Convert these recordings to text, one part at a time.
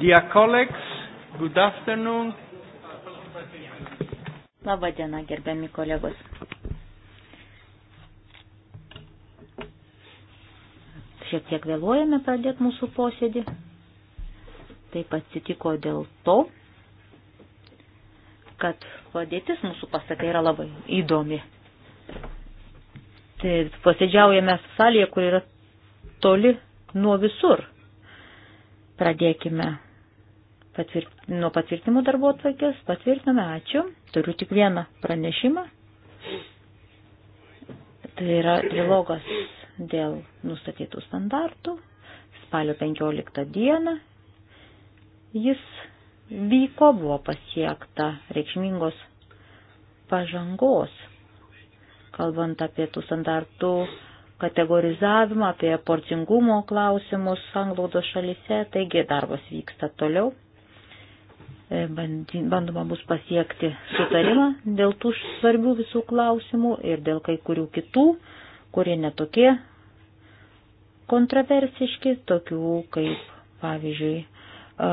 Dear colleagues, good afternoon. Labą dieną, gerbiami kolegos. Šiek tiek vėluojame pradėti mūsų posėdį. Taip atsitiko dėl to, kad padėtis mūsų pasakai yra labai įdomi. Tai posėdžiaujame salėje, kur yra toli nuo visur. Pradėkime patvirt, nuo patvirtinimo darbo atvarkės. Patvirtiname, ačiū. Turiu tik vieną pranešimą. Tai yra trilogas dėl nustatytų standartų. Spalio 15 dieną jis vyko, buvo pasiekta reikšmingos pažangos, kalbant apie tų standartų kategorizavimą, apie porcingumo klausimus sanglaudos šalise, taigi darbas vyksta toliau. E, bandoma bus pasiekti sutarimą dėl tų svarbių visų klausimų ir dėl kai kurių kitų, kurie netokie kontroversiški, tokių kaip, pavyzdžiui, e,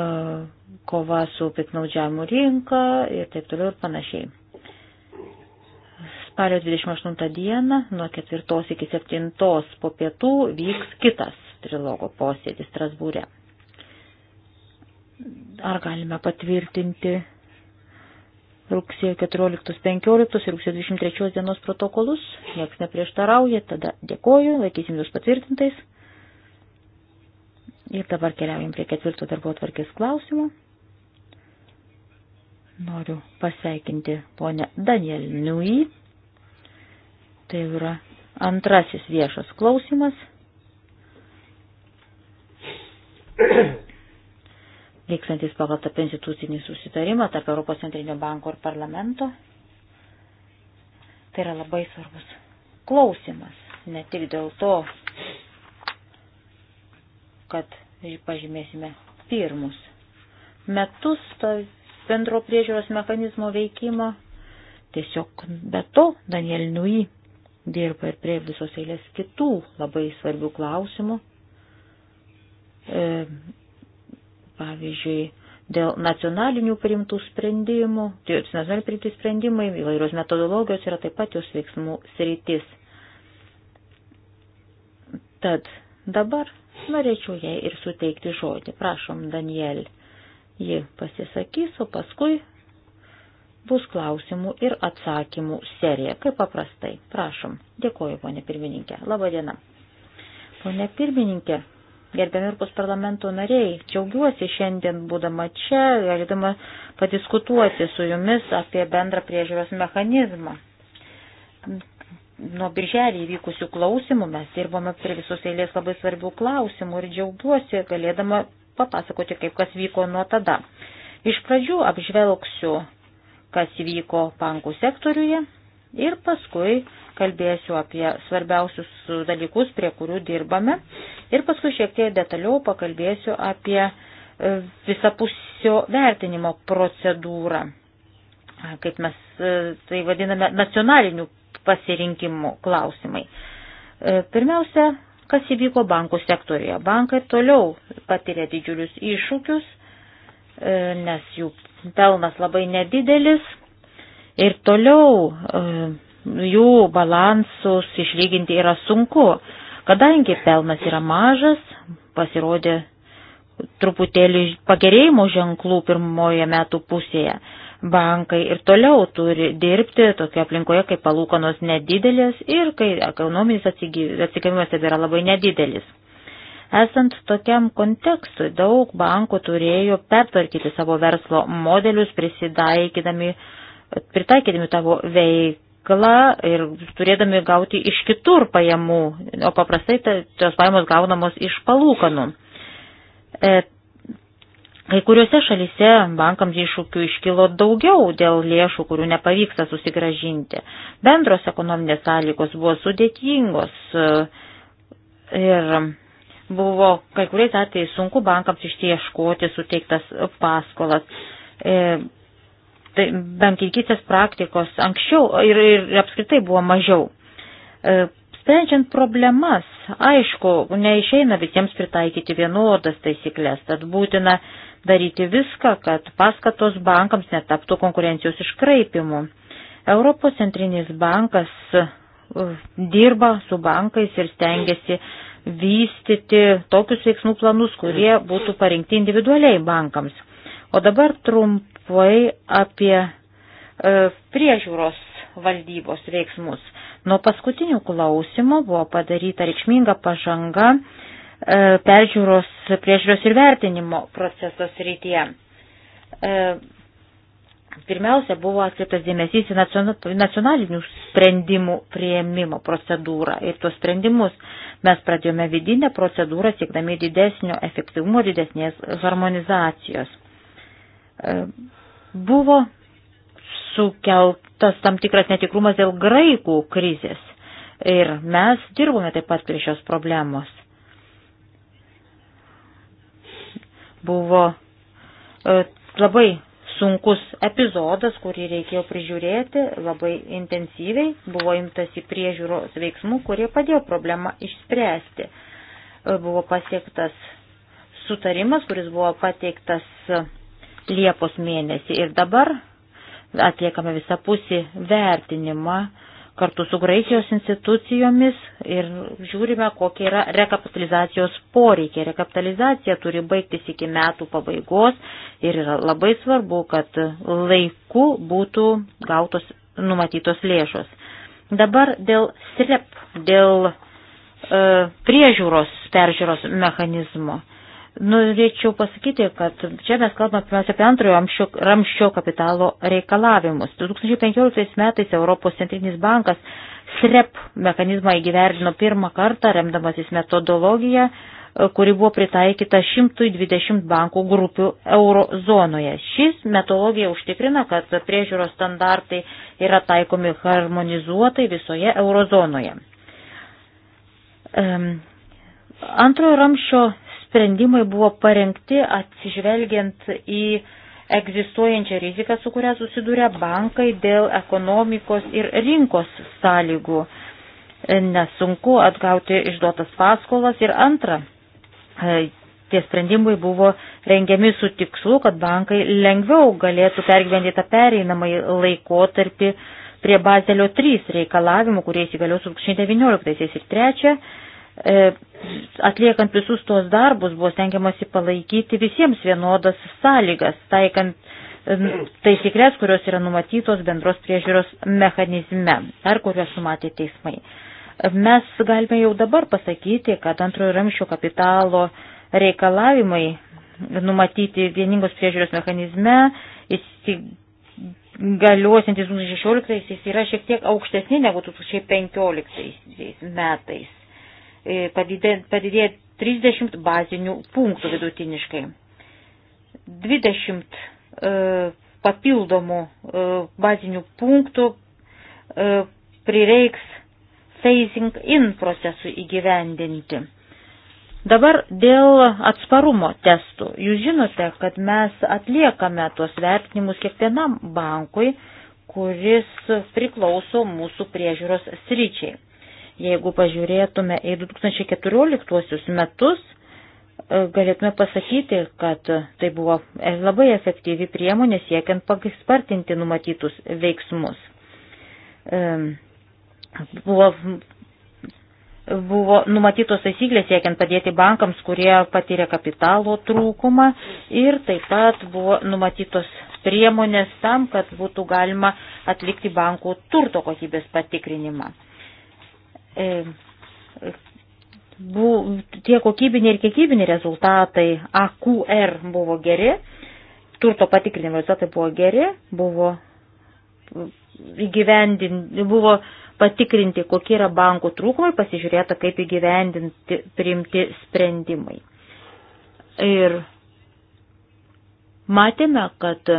kova su piknaudžiavimu rinka ir taip toliau ir panašiai. Spalio 28 dieną nuo 4 iki 7 po pietų vyks kitas trilogo posėdis Strasbūrė. Ar galime patvirtinti rugsėjo 14-15 ir rugsėjo 23 dienos protokolus? Niekas neprieštarauja, tada dėkoju, laikysim jūs patvirtintais. Ir dabar keliaujam prie ketvirto darbo atvarkės klausimo. Noriu pasveikinti ponę Daniel Nui. Tai yra antrasis viešas klausimas. vykstantis pagal tarp institucinį susitarimą tarp Europos centrinio banko ir parlamento. Tai yra labai svarbus klausimas, ne tik dėl to, kad pažymėsime pirmus metus to bendro priežiūros mechanizmo veikimo. Tiesiog be to Daniel Nui dirba ir prie visos eilės kitų labai svarbių klausimų. E, pavyzdžiui, dėl nacionalinių priimtų sprendimų, nacionalinių priimtų sprendimai, įvairios metodologijos yra taip pat jos veiksmų sritis. Tad dabar norėčiau jai ir suteikti žodį. Prašom, Daniel. Ji pasisakys, o paskui bus klausimų ir atsakymų serija, kaip paprastai. Prašom. Dėkoju, ponė pirmininkė. Labadiena. Pone pirmininkė, gerbiami Europos parlamento nariai, džiaugiuosi šiandien būdama čia, galėdama padiskutuoti su jumis apie bendrą priežiūros mechanizmą. Nuo birželį įvykusių klausimų mes dirbome prie visus eilės labai svarbių klausimų ir džiaugiuosi galėdama papasakoti, kaip kas vyko nuo tada. Iš pradžių apžvelgsiu, kas vyko bankų sektoriuje, ir paskui kalbėsiu apie svarbiausius dalykus, prie kurių dirbame ir paskui šiek tiek detaliau pakalbėsiu apie e, visapusio vertinimo procedūrą, kaip mes e, tai vadiname nacionalinių pasirinkimų klausimai. E, pirmiausia, kas įvyko bankų sektorija. Bankai toliau patiria didžiulius iššūkius, nes jų pelnas labai nedidelis, ir toliau e, jų balansus išlyginti yra sunku, kadangi pelnas yra mažas, pasirodė truputėlį pagerėjimo ženklų pirmoje metų pusėje. Bankai ir toliau turi dirbti tokioje aplinkoje, kai palūkanos nedidelės ir kai ekonominis atsigavimas yra labai nedidelis. Esant tokiam kontekstui, daug bankų turėjo pertvarkyti savo verslo modelius, prisidaikydami uh, pritaikydami tavo veiklą ir turėdami gauti iš kitur pajamų, o paprastai tos pajamos gaunamos iš palūkanų. E, kai kuriuose šalise bankams iššūkių iškilo daugiau dėl lėšų, kurių nepavyksta susigražinti. Bendros ekonominės sąlygos buvo sudėtingos e, ir buvo kai kuriais atvejais sunku bankams ištieškoti suteiktas paskolas. E, tai bankininkystės praktikos anksčiau ir, ir apskritai buvo mažiau. E, sprendžiant problemas, aišku, neišeina visiems pritaikyti vienodas taisyklės, tad būtina daryti viską, kad paskatos bankams netaptų konkurencijos iškraipimų. Europos centrinis bankas e, dirba su bankais ir stengiasi vystyti tokius veiksmų planus, kurie būtų parinkti individualiai bankams. O dabar trumpai trumpai apie e, priežiūros valdybos veiksmus. Nuo paskutinių klausimų buvo padaryta reikšminga pažanga e, peržiūros, priežiūros ir vertinimo procesos rytyje. E, pirmiausia, buvo atkreiptas dėmesys į nacionalinių sprendimų prieimimo procedūrą ir tuos sprendimus mes pradėjome vidinę procedūrą siekdami didesnio efektyvumo, didesnės harmonizacijos. E, buvo sukeltas tam tikras netikrumas dėl graikų krizės ir mes dirbome taip pat prie šios problemos. Buvo e, labai sunkus epizodas, kurį reikėjo prižiūrėti labai intensyviai, buvo imtasi priežiūros veiksmų, kurie padėjo problemą išspręsti. E, buvo pasiektas sutarimas, kuris buvo pateiktas Liepos mėnesį. Ir dabar atliekame visapusį vertinimą kartu su Graikijos institucijomis ir žiūrime, kokie yra rekapitalizacijos poreikiai. Rekapitalizacija turi baigtis iki metų pabaigos ir yra labai svarbu, kad laiku būtų gautos numatytos lėšos. Dabar dėl SREP, dėl e, priežiūros peržiūros mechanizmo. E, Norėčiau pasakyti, kad čia mes kalbame pirmiausia apie antrojo amšio, ramščio kapitalo reikalavimus. 2015 metais Europos centrinis bankas SREP mechanizmą įgyverdino pirmą kartą, remdamasis metodologiją, kuri buvo pritaikyta 120 bankų grupių eurozonoje. Šis metodologija užtikrina, kad priežiūros standartai yra taikomi harmonizuotai visoje eurozonoje. Um, antrojo ramščio sprendimai buvo parengti atsižvelgiant į egzistuojančią riziką, su kuria susiduria bankai dėl ekonomikos ir rinkos sąlygų. Nesunku atgauti išduotas paskolas. Ir antra, e, tie sprendimai buvo rengiami su tikslu, kad bankai lengviau galėtų pergyventi tą pereinamąjį laikotarpį prie Bazelio 3 reikalavimų, kurie įsigalios 2019. Ir trečia, E, atliekant visus tuos darbus buvo stengiamasi palaikyti visiems vienodas sąlygas, taikant e, taisyklės, kurios yra numatytos bendros priežiūros mechanizme ar kurios numatė teismai. Mes galime jau dabar pasakyti, kad antrojo ramščio kapitalo reikalavimai numatyti vieningos priežiūros mechanizme galiuosiantis 2016 yra šiek tiek aukštesni negu 2015 metais E, padidėja 30 bazinių punktų vidutiniškai. 20 e, papildomų e, bazinių punktų prireiks phasing in procesui įgyvendinti. Dabar dėl atsparumo testų. Jūs žinote, kad mes atliekame tuos vertinimus kiekvienam bankui, kuris priklauso mūsų priežiūros sryčiai. Jeigu pažiūrėtume į 2014 metus, e, galėtume pasakyti, kad tai buvo e, labai efektyvi priemonė siekiant pagispartinti numatytus veiksmus. E, buvo, buvo numatytos taisyklės siekiant padėti bankams, kurie patyrė kapitalo trūkumą ir taip pat buvo numatytos priemonės tam, kad būtų galima atlikti bankų turto kokybės patikrinimą. E, bu, tie kokybiniai ir kiekybiniai rezultatai AQR buvo geri, turto patikrinimo rezultatai buvo geri, buvo, buvo patikrinti, kokie yra bankų trūkumai, pasižiūrėta, kaip įgyvendinti priimti sprendimai. Ir matėme, kad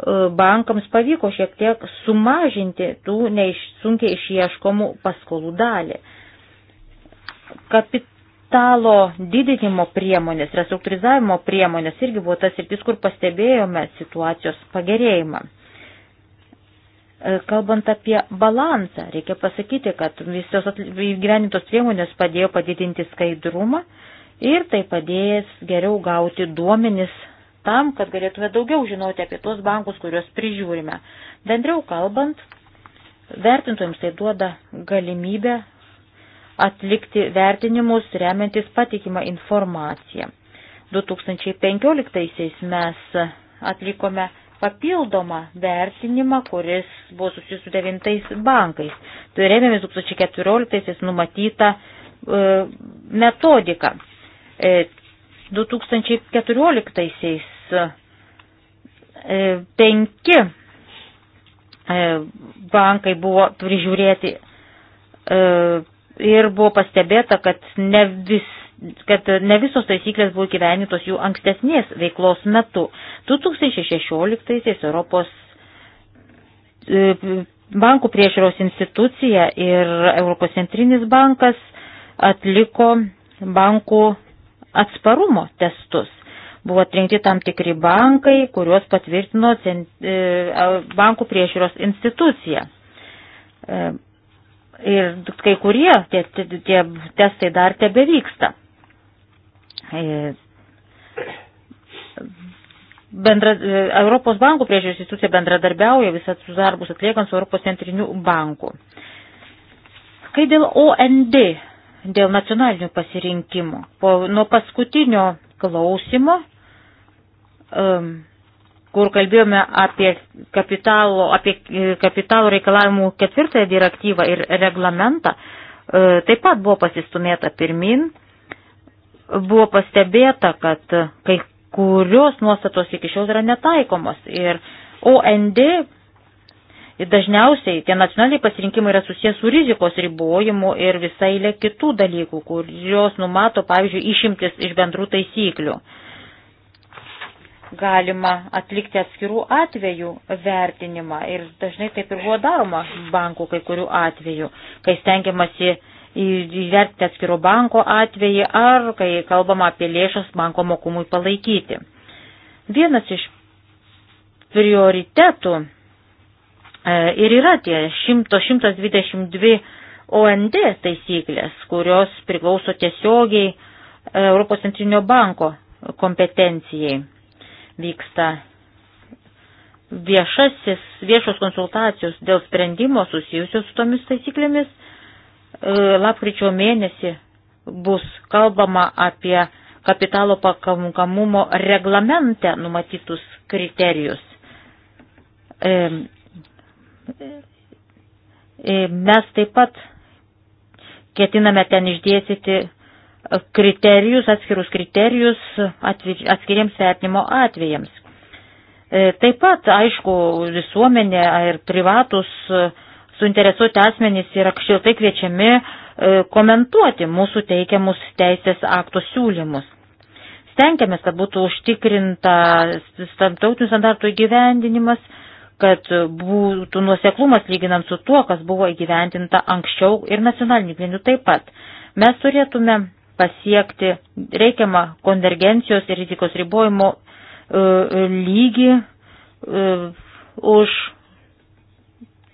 E, bankams pavyko šiek tiek sumažinti tų neiš, sunkiai išieškomų paskolų dalį. Kapitalo didinimo priemonės, restruktūrizavimo priemonės irgi buvo tas ir tis, kur pastebėjome situacijos pagerėjimą. E, kalbant apie balansą, reikia pasakyti, kad visos gyvenintos priemonės padėjo padidinti skaidrumą ir tai padės geriau gauti duomenis tam, kad galėtume daugiau žinoti apie tuos bankus, kuriuos prižiūrime. Bendriau kalbant, vertintojams tai duoda galimybę atlikti vertinimus remiantis patikimą informaciją. 2015 mes atlikome papildomą vertinimą, kuris buvo susijęs su devintais bankais. Tai remiamės 2014 numatytą e, metodiką. E, 2014-aisiais e, penki e, bankai buvo prižiūrėti e, ir buvo pastebėta, kad ne, vis, kad ne visos taisyklės buvo gyvenintos jų ankstesnės veiklos metu. 2016-aisiais Europos bankų priežiūros institucija ir Europos centrinis bankas atliko bankų atsparumo testus. Buvo atrinkti tam tikri bankai, kuriuos patvirtino e, bankų priežiūros institucija. E, ir kai kurie tie, tie, tie testai dar tebe vyksta. E, bendra, Europos bankų priežiūros institucija bendradarbiauja visat darbus atliekant su Europos centriniu banku. Kai dėl OND dėl nacionalinių pasirinkimų. Po, nuo paskutinio klausimo, um, kur kalbėjome apie kapitalo, apie e, kapitalo reikalavimų ketvirtąją direktyvą ir reglamentą, uh, taip pat buvo pasistumėta pirmin. Buvo pastebėta, kad kai kurios nuostatos iki šiol yra netaikomos ir OND Ir dažniausiai tie nacionaliniai pasirinkimai yra susijęs su rizikos ribojimu ir visai lė kitų dalykų, kurios numato, pavyzdžiui, išimtis iš bendrų taisyklių. Galima atlikti atskirų atvejų vertinimą ir dažnai taip ir buvo daroma bankų kai kurių atvejų, kai stengiamasi įvertinti atskiro banko atvejį ar kai kalbama apie lėšas banko mokumui palaikyti. Vienas iš prioritetų E, ir yra tie 100, 122 OND taisyklės, kurios priklauso tiesiogiai e, Europos centrinio banko kompetencijai. Vyksta viešasis, viešos konsultacijos dėl sprendimo susijusios su tomis taisyklėmis. E, lapkričio mėnesį bus kalbama apie kapitalo pakankamumo reglamente numatytus kriterijus. E, mes taip pat ketiname ten išdėsyti kriterijus, atskirus kriterijus atskiriems vertinimo atvejams. E, taip pat, aišku, visuomenė ir privatus e, suinteresuoti asmenys yra šiltai kviečiami komentuoti mūsų teikiamus teisės aktų siūlymus. Stengiamės, kad būtų užtikrinta tarptautinių standartų įgyvendinimas kad būtų nuoseklumas lyginant su tuo, kas buvo įgyvendinta anksčiau ir nacionalinių lygmenių taip pat. Mes turėtume pasiekti reikiamą konvergencijos ir rizikos ribojimo e, lygį e, už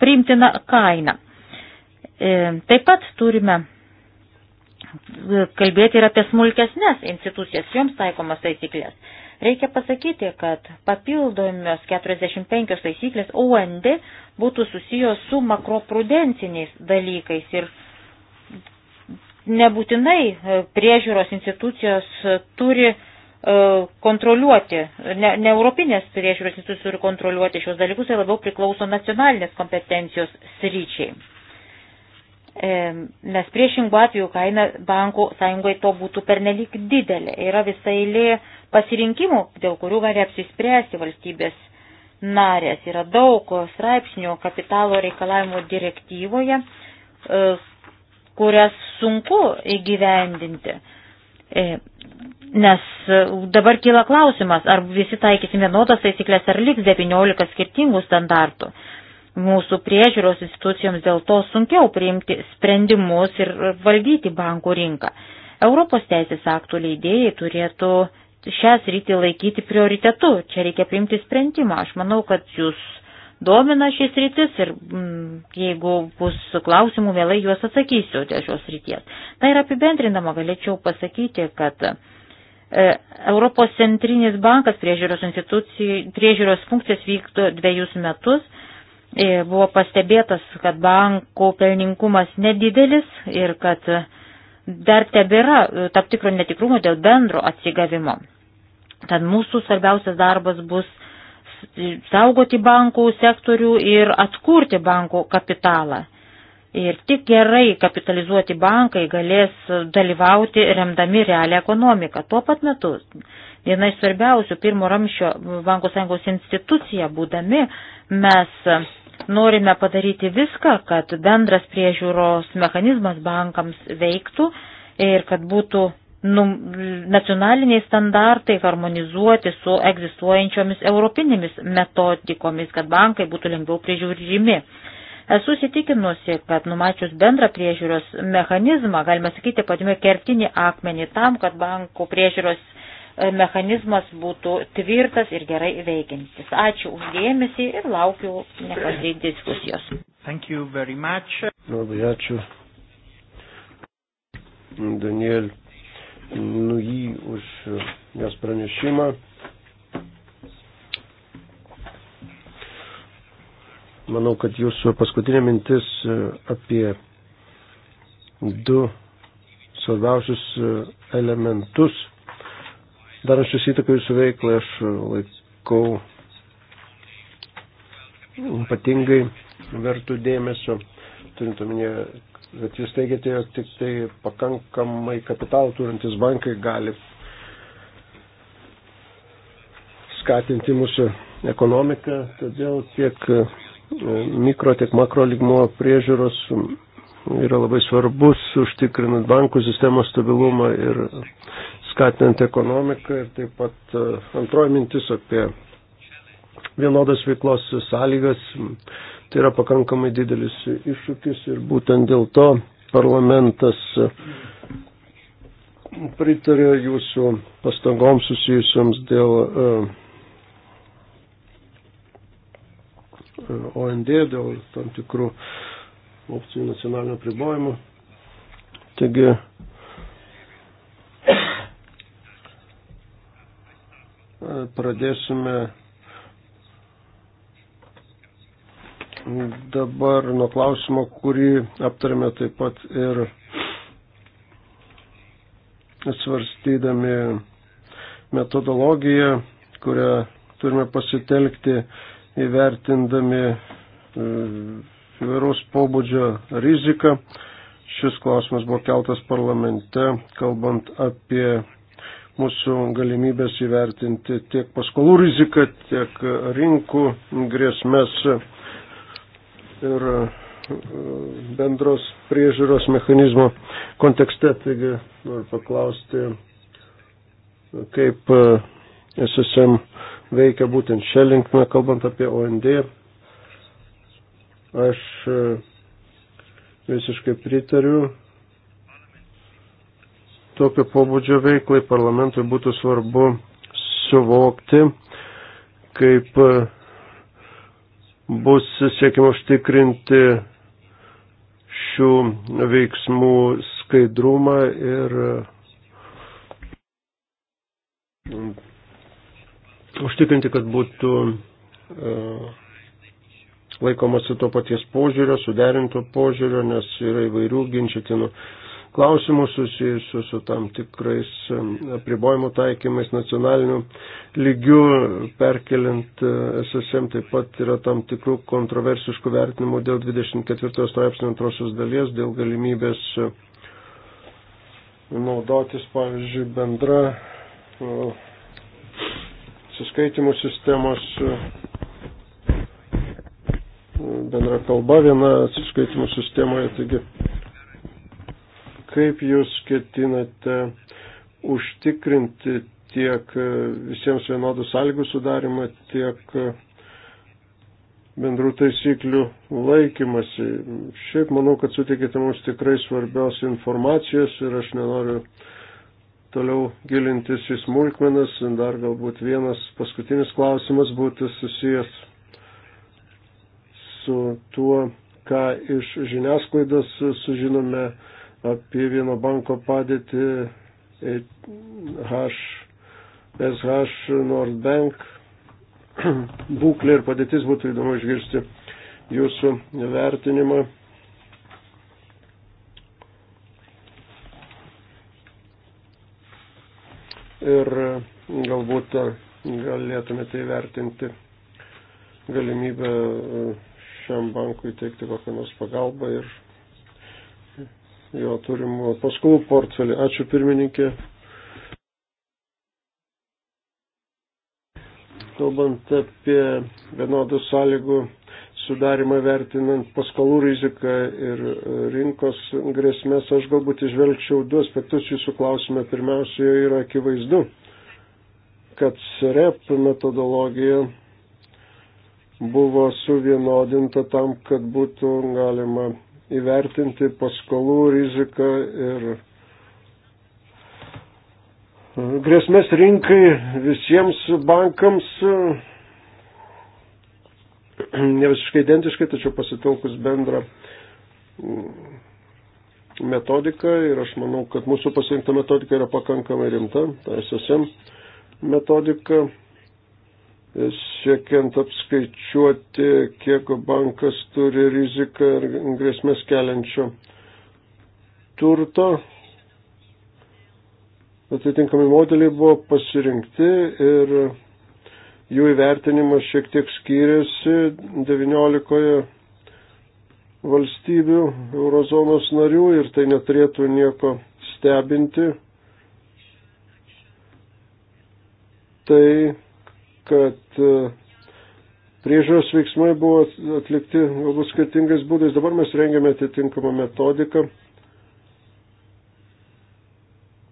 priimtiną kainą. E, taip pat turime kalbėti ir apie smulkesnės institucijas, joms taikomas taisyklės. Reikia pasakyti, kad papildomios 45 taisyklės OND būtų susijęs su makroprudenciniais dalykais ir nebūtinai e, priežiūros institucijos turi e, kontroliuoti, ne, ne europinės priežiūros institucijos turi kontroliuoti šios dalykus, tai labiau priklauso nacionalinės kompetencijos sryčiai. E, nes priešingų atveju kaina bankų sąjungoje to būtų pernelyg didelė. Yra visai lė pasirinkimų, dėl kurių gali apsispręsti valstybės narės. Yra daug straipsnių kapitalo reikalavimų direktyvoje, e, kurias sunku įgyvendinti. E, nes dabar kyla klausimas, ar visi taikysim vienodas taisyklės, ar liks 19 skirtingų standartų. Mūsų priežiūros institucijoms dėl to sunkiau priimti sprendimus ir valdyti bankų rinką. Europos teisės aktų leidėjai turėtų šią sritį laikyti prioritetu. Čia reikia priimti sprendimą. Aš manau, kad jūs domina šis rytis ir m, mm, jeigu bus klausimų, vėlai juos atsakysiu dėl šios ryties. Na ir apibendrindama galėčiau pasakyti, kad e, Europos centrinis bankas priežiūros, priežiūros funkcijas vykdo dviejus metus. E, buvo pastebėtas, kad bankų pelninkumas nedidelis ir kad e, dar tebėra e, tam tikro netikrumo dėl bendro atsigavimo. Tad mūsų svarbiausias darbas bus saugoti bankų sektorių ir atkurti bankų kapitalą. Ir tik gerai kapitalizuoti bankai galės dalyvauti remdami realią ekonomiką. Tuo pat metu viena iš svarbiausių pirmo ramščio bankų sąjungos institucija būdami mes norime padaryti viską, kad bendras priežiūros mechanizmas bankams veiktų ir kad būtų nu, nacionaliniai standartai harmonizuoti su egzistuojančiomis europinėmis metodikomis, kad bankai būtų lengviau prižiūrimi. Esu įsitikinusi, kad numačius bendrą priežiūros mechanizmą, galima sakyti, padėmė kertinį akmenį tam, kad bankų priežiūros E, mechanizmas būtų tvirtas ir gerai veikiantis. Ačiū uždėmesį ir laukiu nekasdien diskusijos. Labai ačiū. Daniel, nu jį už jos pranešimą. Manau, kad jūsų paskutinė mintis apie du svarbiausius elementus darančius įtaką jūsų veiklai, aš laikau ypatingai vertų dėmesio, turint omenyje, kad jūs teigiate, jog tik tai pakankamai kapitalą turintis bankai gali skatinti mūsų ekonomiką, todėl tiek e, mikro, tiek makro lygmo priežiūros yra labai svarbus, užtikrinant bankų sistemos stabilumą ir skatinant ekonomiką ir taip pat e, antroji mintis apie vienodas veiklos sąlygas. Tai yra pakankamai didelis iššūkis ir būtent dėl to parlamentas e, pritarė jūsų pastangoms susijusiams dėl e, OND, dėl tam tikrų opcijų nacionalinio pribojimo. Taigi Pradėsime dabar nuo klausimo, kurį aptarėme taip pat ir svarstydami metodologiją, kurią turime pasitelkti įvertindami e, įvairaus pobūdžio riziką. Šis klausimas buvo keltas parlamente, kalbant apie mūsų galimybės įvertinti tiek paskolų riziką, tiek rinkų grėsmės ir e, bendros priežiūros mechanizmo kontekste. Taigi noriu paklausti, kaip e, SSM veikia būtent šią linkmę, kalbant apie OND. Aš e, visiškai pritariu tokio pobūdžio veiklai parlamentui būtų svarbu suvokti, kaip e, bus siekiama užtikrinti šių veiksmų skaidrumą ir e, užtikrinti, kad būtų e, laikomasi to paties požiūrio, suderinto požiūrio, nes yra įvairių ginčytinų klausimų susijusių su tam tikrais apribojimų taikymais nacionaliniu lygiu, perkeliant e, SSM taip pat yra tam tikrų kontroversiškų vertinimų dėl 24 straipsnio antrosios dalies, dėl galimybės e, naudotis, pavyzdžiui, bendra suskaitimų sistemos e, bendra kalba viena atsiskaitimų sistemoje, taigi Kaip jūs ketinate užtikrinti tiek visiems vienodų sąlygų sudarimą, tiek bendrų taisyklių laikymasi. Šiaip manau, kad sutikite mums tikrai svarbios informacijos ir aš nenoriu toliau gilintis į smulkmenas. Dar galbūt vienas paskutinis klausimas būtų susijęs su tuo, ką iš žiniasklaidos sužinome apie vieno banko padėtį H, SH Nord Bank būklė ir padėtis būtų įdomu išgirsti jūsų vertinimą. Ir galbūt galėtumėte įvertinti galimybę šiam bankui teikti kokią nors pagalbą ir jo turimų paskolų portfelį. Ačiū pirmininkė. Kalbant apie vienodų sąlygų sudarimą vertinant paskolų riziką ir e, rinkos grėsmės, aš galbūt išvelgčiau du aspektus jūsų klausime. Pirmiausia, yra akivaizdu, kad SREP metodologija buvo suvienodinta tam, kad būtų galima įvertinti paskolų riziką ir e, grėsmės rinkai visiems bankams e, ne visiškai identiškai, tačiau pasitelkus bendrą mm, metodiką ir aš manau, kad mūsų pasirinkta metodika yra pakankamai rimta, ta SSM metodika siekiant apskaičiuoti, kiek bankas turi riziką ir grėsmės keliančio turto. Atitinkami modeliai buvo pasirinkti ir jų įvertinimas šiek tiek skyrėsi 19 valstybių eurozonos narių ir tai neturėtų nieko stebinti. Tai kad e, priežiūros veiksmai buvo atlikti galbūt skirtingais būdais. Dabar mes rengiame atitinkamą metodiką,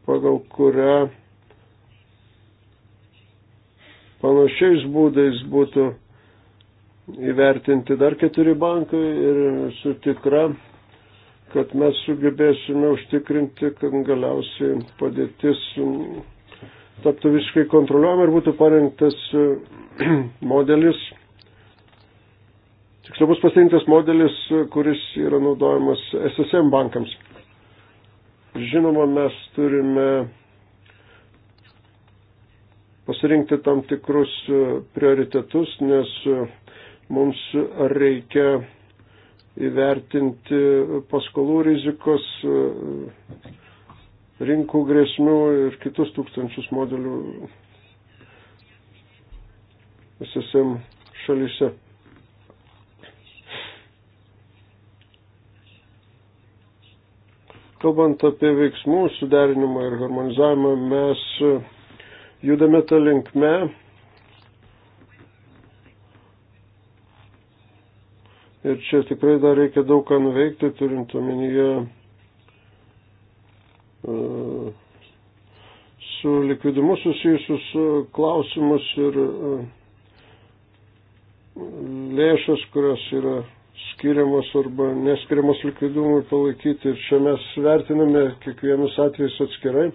pagal kurią panašiais būdais būtų įvertinti dar keturi bankai ir su tikra, kad mes sugebėsime užtikrinti, kad galiausiai padėtis taptų visiškai kontroliuojama ir būtų parengtas e, modelis, tiksliau bus pasirinktas modelis, e, kuris yra naudojamas SSM bankams. Žinoma, mes turime pasirinkti tam tikrus e, prioritetus, nes mums reikia įvertinti paskolų rizikos rinkų grėsmių ir kitus tūkstančius modelių SSM šalyse. Kalbant apie veiksmų suderinimą ir harmonizavimą, mes judame tą linkme, Ir čia tikrai dar reikia daug ką nuveikti, turint omenyje su likvidumu susijusius e, klausimus ir e, lėšas, kurios yra skiriamos arba neskiriamos likvidumui palaikyti. Ir čia mes vertiname kiekvienus atvejus atskirai,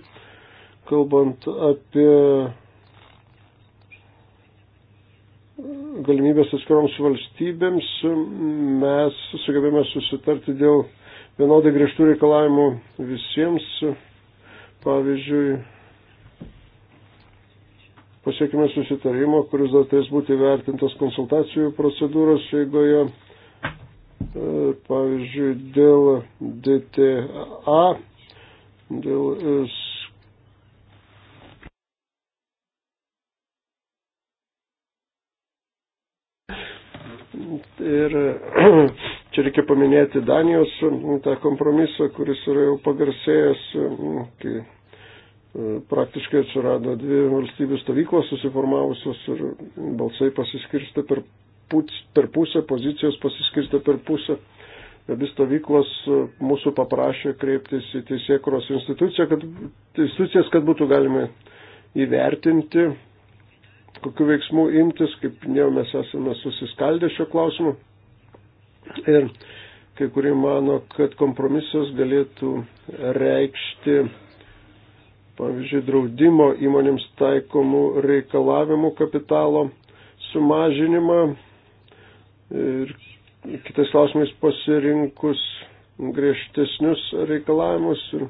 kalbant apie e, galimybės atskiroms valstybėms, mes sugebėjome susitarti dėl vienodai griežtų reikalavimų visiems. Pavyzdžiui, pasiekime susitarimo, kuris dar turės būti vertintas konsultacijų procedūros eigoje. E, pavyzdžiui, dėl DTA, dėl e, ir Čia reikia paminėti Danijos tą kompromisą, kuris yra jau pagarsėjęs, kai e, praktiškai atsirado dvi valstybių stovyklos susiformavusios ir balsai pasiskirsta per, pus, per pusę, pozicijos pasiskirsta per pusę. Abi stovyklos e, mūsų paprašė kreiptis į teisėkuros instituciją, kad, institucijas, kad būtų galima įvertinti, kokiu veiksmu imtis, kaip minėjau, mes esame susiskaldę šio klausimu. Ir kai kurie mano, kad kompromisas galėtų reikšti, pavyzdžiui, draudimo įmonėms taikomų reikalavimų kapitalo sumažinimą ir kitais klausimais pasirinkus griežtesnius reikalavimus. Ir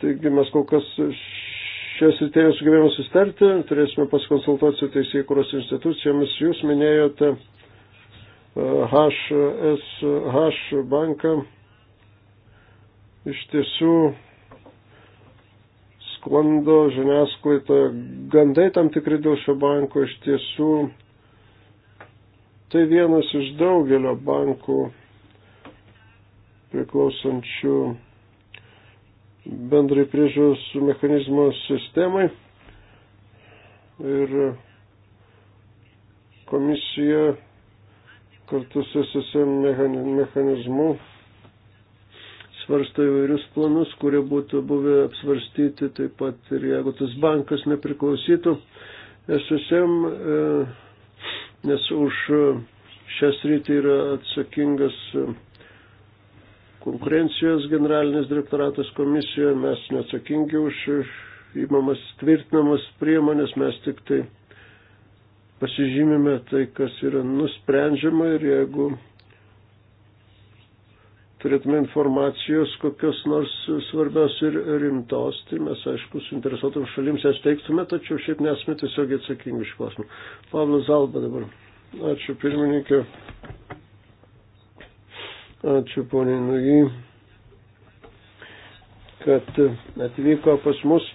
taigi mes kol kas šią sritį nesugebėjome sustarti, turėsime pasikonsultuoti su teisėjų kuros institucijomis. Jūs minėjote HSH banką iš tiesų sklando žiniasklaidoje gandai tam tikri dėl šio banko, iš tiesų tai vienas iš daugelio bankų priklausančių bendrai priežiūros mechanizmo sistemai. Ir komisija kartu su SSM mechanizmu svarsto įvairius planus, kurie būtų buvę apsvarstyti taip pat ir jeigu tas bankas nepriklausytų SSM, e, nes už e, šią sritį yra atsakingas e, konkurencijos generalinis direktoratas komisijoje, mes neatsakingi už įmamas tvirtinamas priemonės, mes tik tai pasižymime tai, kas yra nusprendžiama ir jeigu turėtume informacijos kokios nors svarbios ir rimtos, tai mes, aišku, suinteresuotam šalims jas teiktume, tačiau šiaip nesame tiesiog atsakingi iš klausimų. Pavlas Zalba dabar. Ačiū pirmininkė. Ačiū poniai Nugy, kad atvyko pas mus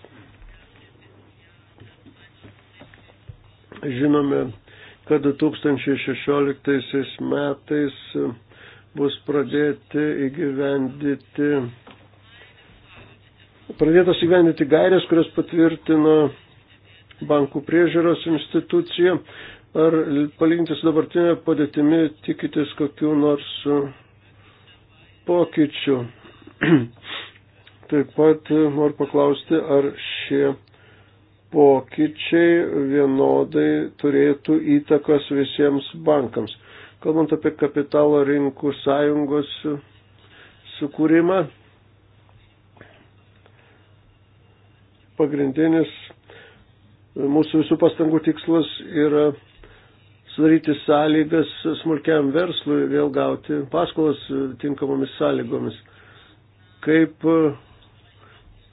Žinome, kad 2016 metais bus pradėti įgyvendyti, pradėtos įgyvendyti gairės, kurias patvirtino bankų priežiūros institucija. Ar palyginti su dabartinė padėtimi tikitės kokių nors pokyčių? Taip pat noriu paklausti, ar šie pokyčiai vienodai turėtų įtakos visiems bankams. Kalbant apie kapitalo rinkų sąjungos sukūrimą, pagrindinis mūsų visų pastangų tikslas yra sudaryti sąlygas smulkiam verslui vėl gauti paskolas tinkamomis sąlygomis. Kaip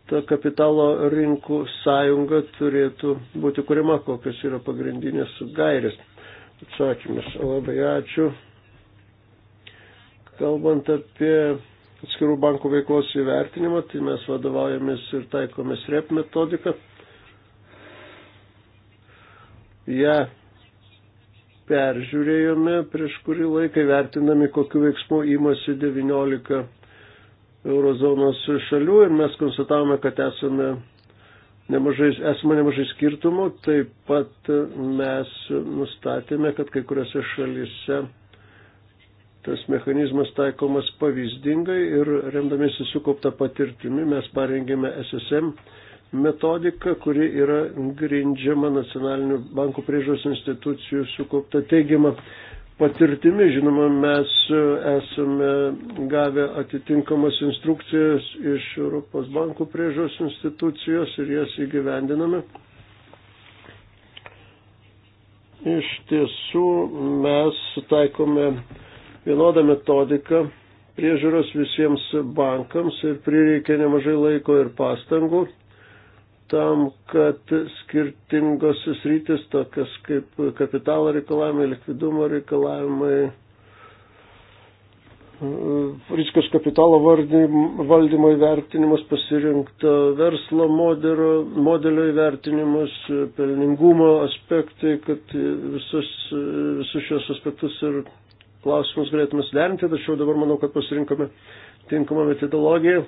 ta kapitalo rinkų sąjunga turėtų būti kuriama, kokios yra pagrindinės gairės. Atsakymas. Labai ačiū. Kalbant apie atskirų bankų veiklos įvertinimą, tai mes vadovaujamės ir taikomės REP metodiką. Ja peržiūrėjome prieš kurį laiką vertinami, kokiu veiksmu įmasi 19 eurozonos šalių ir mes konstatavome, kad esame nemažai, esame nemažai skirtumų. Taip pat mes nustatėme, kad kai kuriuose šalyse tas mechanizmas taikomas pavyzdingai ir remdamiesi sukauptą patirtimi mes parengėme SSM metodiką, kuri yra grindžiama nacionalinių bankų priežos institucijų sukaupta teigiama patirtimi. Žinoma, mes esame gavę atitinkamas instrukcijas iš Europos bankų priežos institucijos ir jas įgyvendiname. Iš tiesų mes taikome vienodą metodiką priežiūros visiems bankams ir prireikė nemažai laiko ir pastangų tam, kad skirtingos sritis, tokias kaip kapitalo reikalavimai, likvidumo reikalavimai, e, rizikos kapitalo valdymo įvertinimas, pasirinkto verslo modelio, modelio įvertinimas, pelningumo aspektai, kad visus, visus šios aspektus ir klausimus galėtume suderinti, tačiau dabar manau, kad pasirinkome tinkamą metodologiją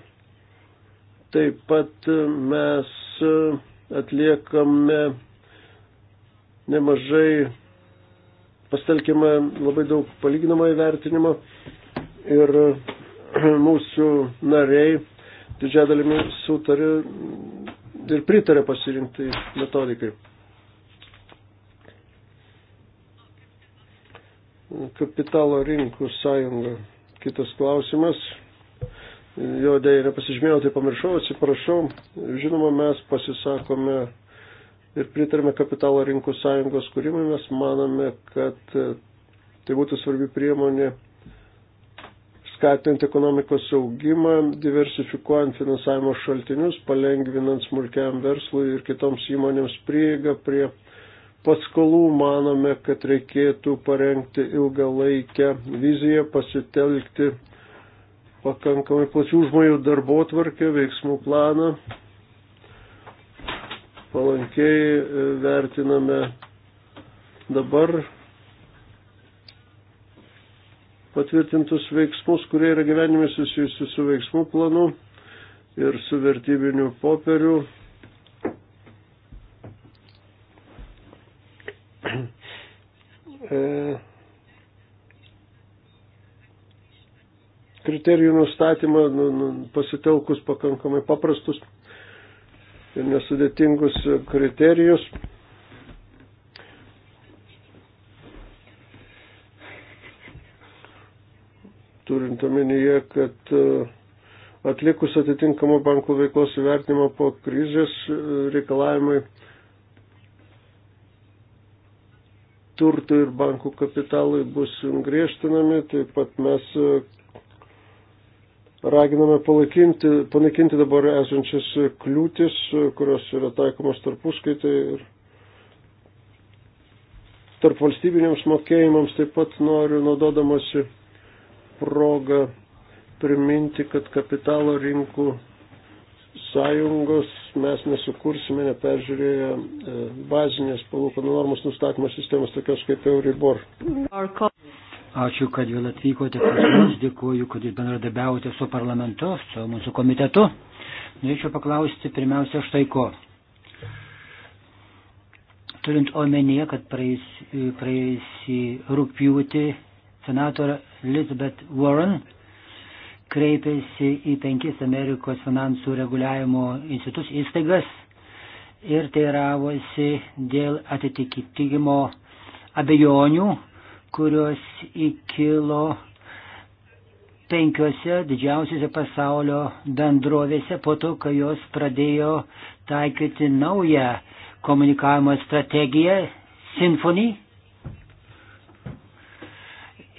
Taip pat mes atliekame nemažai, pastelkime labai daug palyginamą įvertinimą ir mūsų nariai didžiąją dalimi sutarė ir pritarė pasirinktai metodikai. Kapitalo rinkų sąjunga. Kitas klausimas jo dėja nepasižymėjau, tai pamiršau, atsiprašau. Žinoma, mes pasisakome ir pritarėme kapitalo rinkų sąjungos kūrimui, mes manome, kad e, tai būtų svarbi priemonė skatinti ekonomikos augimą, diversifikuojant finansavimo šaltinius, palengvinant smulkiam verslui ir kitoms įmonėms prieigą prie paskolų manome, kad reikėtų parengti ilgalaikę viziją, pasitelkti pakankamai plačių žmonių darbo tvarkę, veiksmų planą. Palankiai e, vertiname dabar patvirtintus veiksmus, kurie yra gyvenime susijusi su veiksmų planu ir su vertybiniu popieriu. E, kriterijų nustatymą nu, nu, pasitelkus pakankamai paprastus ir nesudėtingus kriterijus. Turint omenyje, kad uh, atlikus atitinkamą bankų veiklos įvertinimą po krizės uh, reikalavimai turtų ir bankų kapitalai bus griežtinami, taip pat mes uh, raginame palaikinti, panaikinti dabar esančias kliūtis, kurios yra taikomos tarpuskaitai ir tarp valstybiniams mokėjimams. Taip pat noriu, naudodamasi progą, priminti, kad kapitalo rinkų sąjungos mes nesukursime, neperžiūrėję e, bazinės palūkanų normos nustatymo sistemos, tokios kaip Euribor. Ačiū, kad vėl atvykote pas mus, dėkuoju, kad jūs bendradabiavote su parlamentu, su mūsų komitetu. Norėčiau paklausti pirmiausia štai ko. Turint omenyje, kad praėjusį rūpjūtį senatorė Elizabeth Warren kreipėsi į penkis Amerikos finansų reguliavimo institus įstaigas ir teiravosi dėl atitikimo abejonių kurios įkilo penkiose didžiausiose pasaulio bendrovėse po to, kai jos pradėjo taikyti naują komunikavimo strategiją Symphony.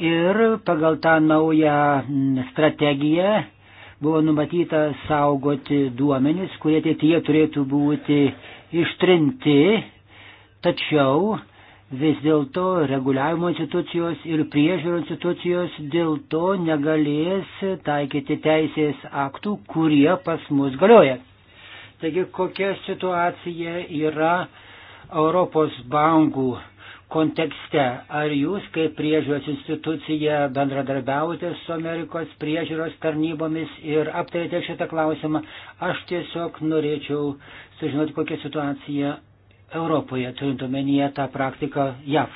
Ir pagal tą naują strategiją buvo numatyta saugoti duomenis, kurie ateityje turėtų būti ištrinti, tačiau vis dėlto reguliavimo institucijos ir priežiūro institucijos dėl to negalės taikyti teisės aktų, kurie pas mus galioja. Taigi kokia situacija yra Europos bankų kontekste? Ar jūs kaip priežiūros institucija bendradarbiavote su Amerikos priežiūros tarnybomis ir aptarėte šitą klausimą? Aš tiesiog norėčiau sužinoti, kokia situacija Europoje, turint omenyje tą praktiką JAV.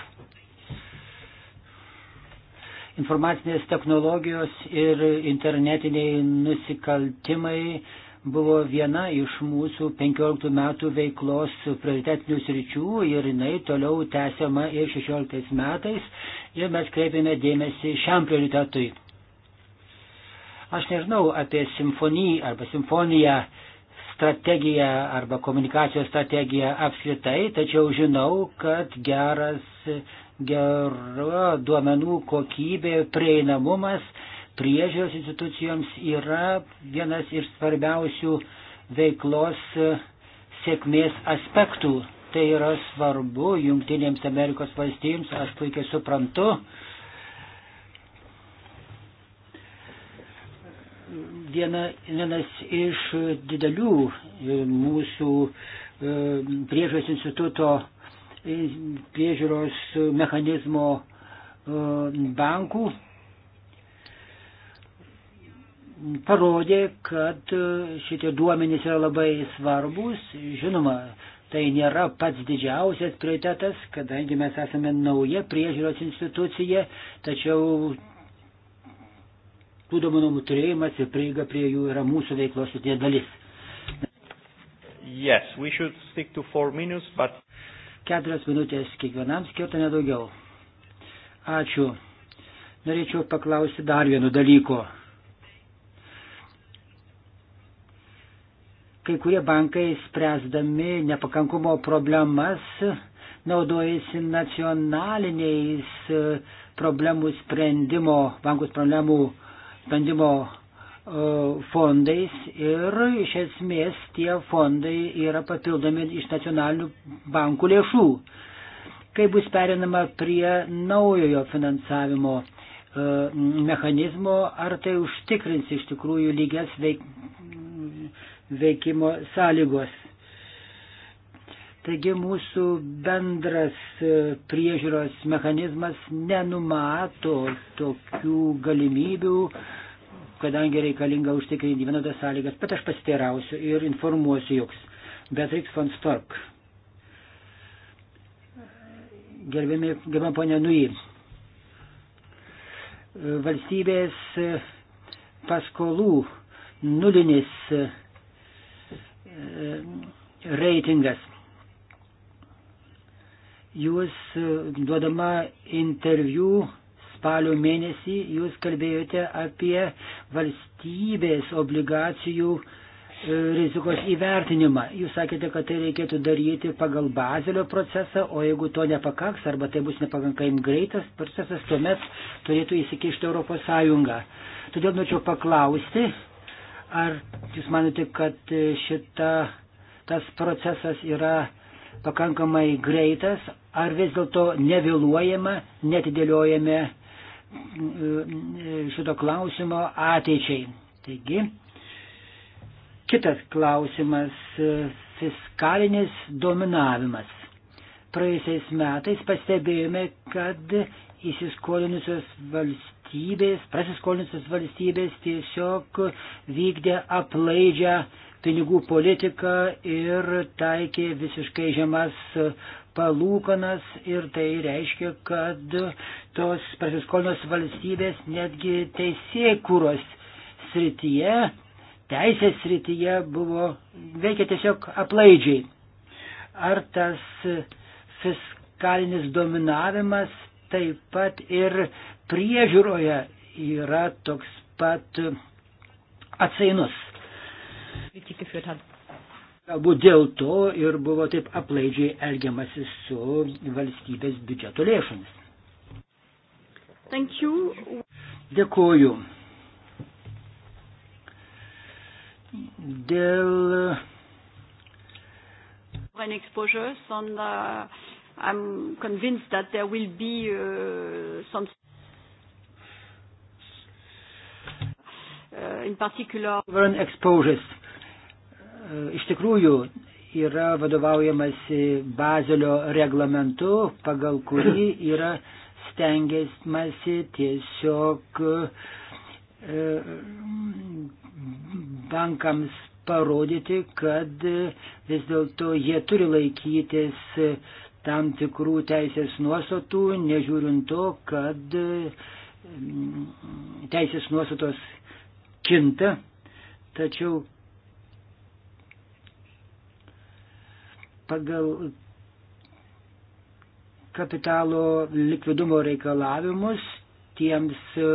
Informacinės technologijos ir internetiniai nusikaltimai buvo viena iš mūsų 15 metų veiklos prioritetinių sričių ir jinai toliau tęsiama ir 16 metais ir mes kreipiame dėmesį šiam prioritetui. Aš nežinau apie simfoniją arba simfoniją strategiją arba komunikacijos strategiją apskritai, tačiau žinau, kad geras, gera duomenų kokybė, prieinamumas priežiūros institucijoms yra vienas iš svarbiausių veiklos sėkmės aspektų. Tai yra svarbu Junktinėms Amerikos valstijoms, aš puikiai suprantu, viena, vienas iš didelių e, mūsų e, priežiūros instituto e, priežiūros mechanizmo bankų parodė, kad šitie duomenys yra labai svarbus. Žinoma, tai nėra pats didžiausias prioritetas, kadangi mes esame nauja priežiūros institucija, tačiau tų duomenų turėjimas ir prieiga prie jų yra mūsų veiklos sutinė dalis. Yes, we should stick to four minutes, but... Keturias minutės kiekvienam skirta nedaugiau. Ačiū. Norėčiau paklausti dar vienu dalyku. Kai kurie bankai spręsdami nepakankumo problemas naudojasi nacionaliniais e, problemų sprendimo, bankus problemų sprendimo e, fondais ir iš esmės tie fondai yra papildomi iš nacionalinių bankų lėšų. Kai bus perinama prie naujojo finansavimo e, mechanizmo, ar tai užtikrins iš tikrųjų lygias veik, veikimo sąlygos. Taigi mūsų bendras e, priežiūros mechanizmas nenumato tokių galimybių, kadangi reikalinga užtikrinti vienodas sąlygas, bet aš pasiteirausiu ir informuosiu jums. Beatrix von Stork. Gerbėmi, gerbėm ponė Nui. Valstybės e, paskolų nulinis e, reitingas Jūs e, duodama interviu spalio mėnesį, jūs kalbėjote apie valstybės obligacijų e, rizikos įvertinimą. Jūs sakėte, kad tai reikėtų daryti pagal bazelio procesą, o jeigu to nepakaks arba tai bus nepakankamai greitas procesas, tuomet turėtų įsikišti Europos Sąjunga. Todėl norėčiau paklausti, ar jūs manote, kad e, šita, tas procesas yra pakankamai greitas, ar vis dėlto nevėluojama, netidėliojame mm, šito klausimo ateičiai. Taigi, kitas klausimas - fiskalinis dominavimas. Praėjusiais metais pastebėjome, kad įsiskolinusios valstybės, prasiskolinusios valstybės tiesiog vykdė aplaidžią pinigų politiką ir taikė visiškai žemas palūkanas ir tai reiškia, kad tos pasiskolinos valstybės netgi teisėkūros srityje, teisės srityje buvo, veikia tiesiog aplaidžiai. Ar tas fiskalinis dominavimas taip pat ir priežiūroje yra toks pat atsainus. Galbūt dėl to ir buvo taip aplaidžiai elgiamasi su valstybės biudžeto lėšomis. Dėkuoju. Dėl foreign exposures, and uh, I'm convinced that there will be uh, some, uh, in particular, foreign exposures iš tikrųjų yra vadovaujamasi Bazelio reglamentu, pagal kurį yra stengiamasi tiesiog e, bankams parodyti, kad vis dėlto jie turi laikytis tam tikrų teisės nuostatų, nežiūrint to, kad mm, teisės nuostatos kinta, tačiau pagal kapitalo likvidumo reikalavimus tiems e,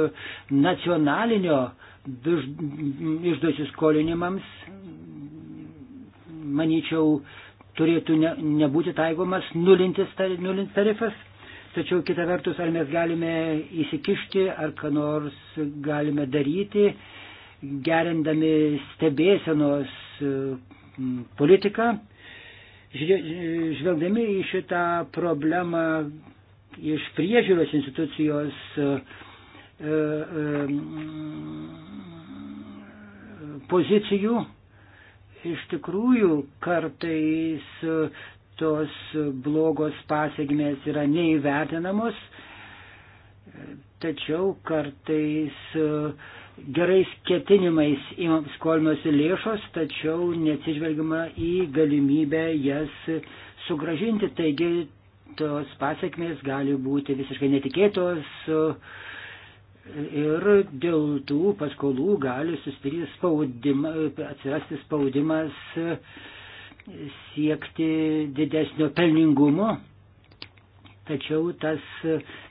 nacionalinio išduosius skolinimams, manyčiau, turėtų ne, nebūti taikomas nulintis, nulintis tarifas. Tačiau kita vertus, ar mes galime įsikišti, ar ką nors galime daryti, gerindami stebėsenos e, politiką, Žvelgdami į šitą problemą iš priežiūros institucijos e, e, pozicijų, iš tikrųjų kartais e, tos blogos pasiekmės yra neįvertinamos, tačiau kartais uh, gerais ketinimais imam skolimosi lėšos, tačiau neatsižvelgiama į galimybę jas sugražinti. Taigi tos pasiekmės gali būti visiškai netikėtos ir dėl tų paskolų gali spaudima, atsirasti spaudimas siekti didesnio pelningumo. Tačiau tas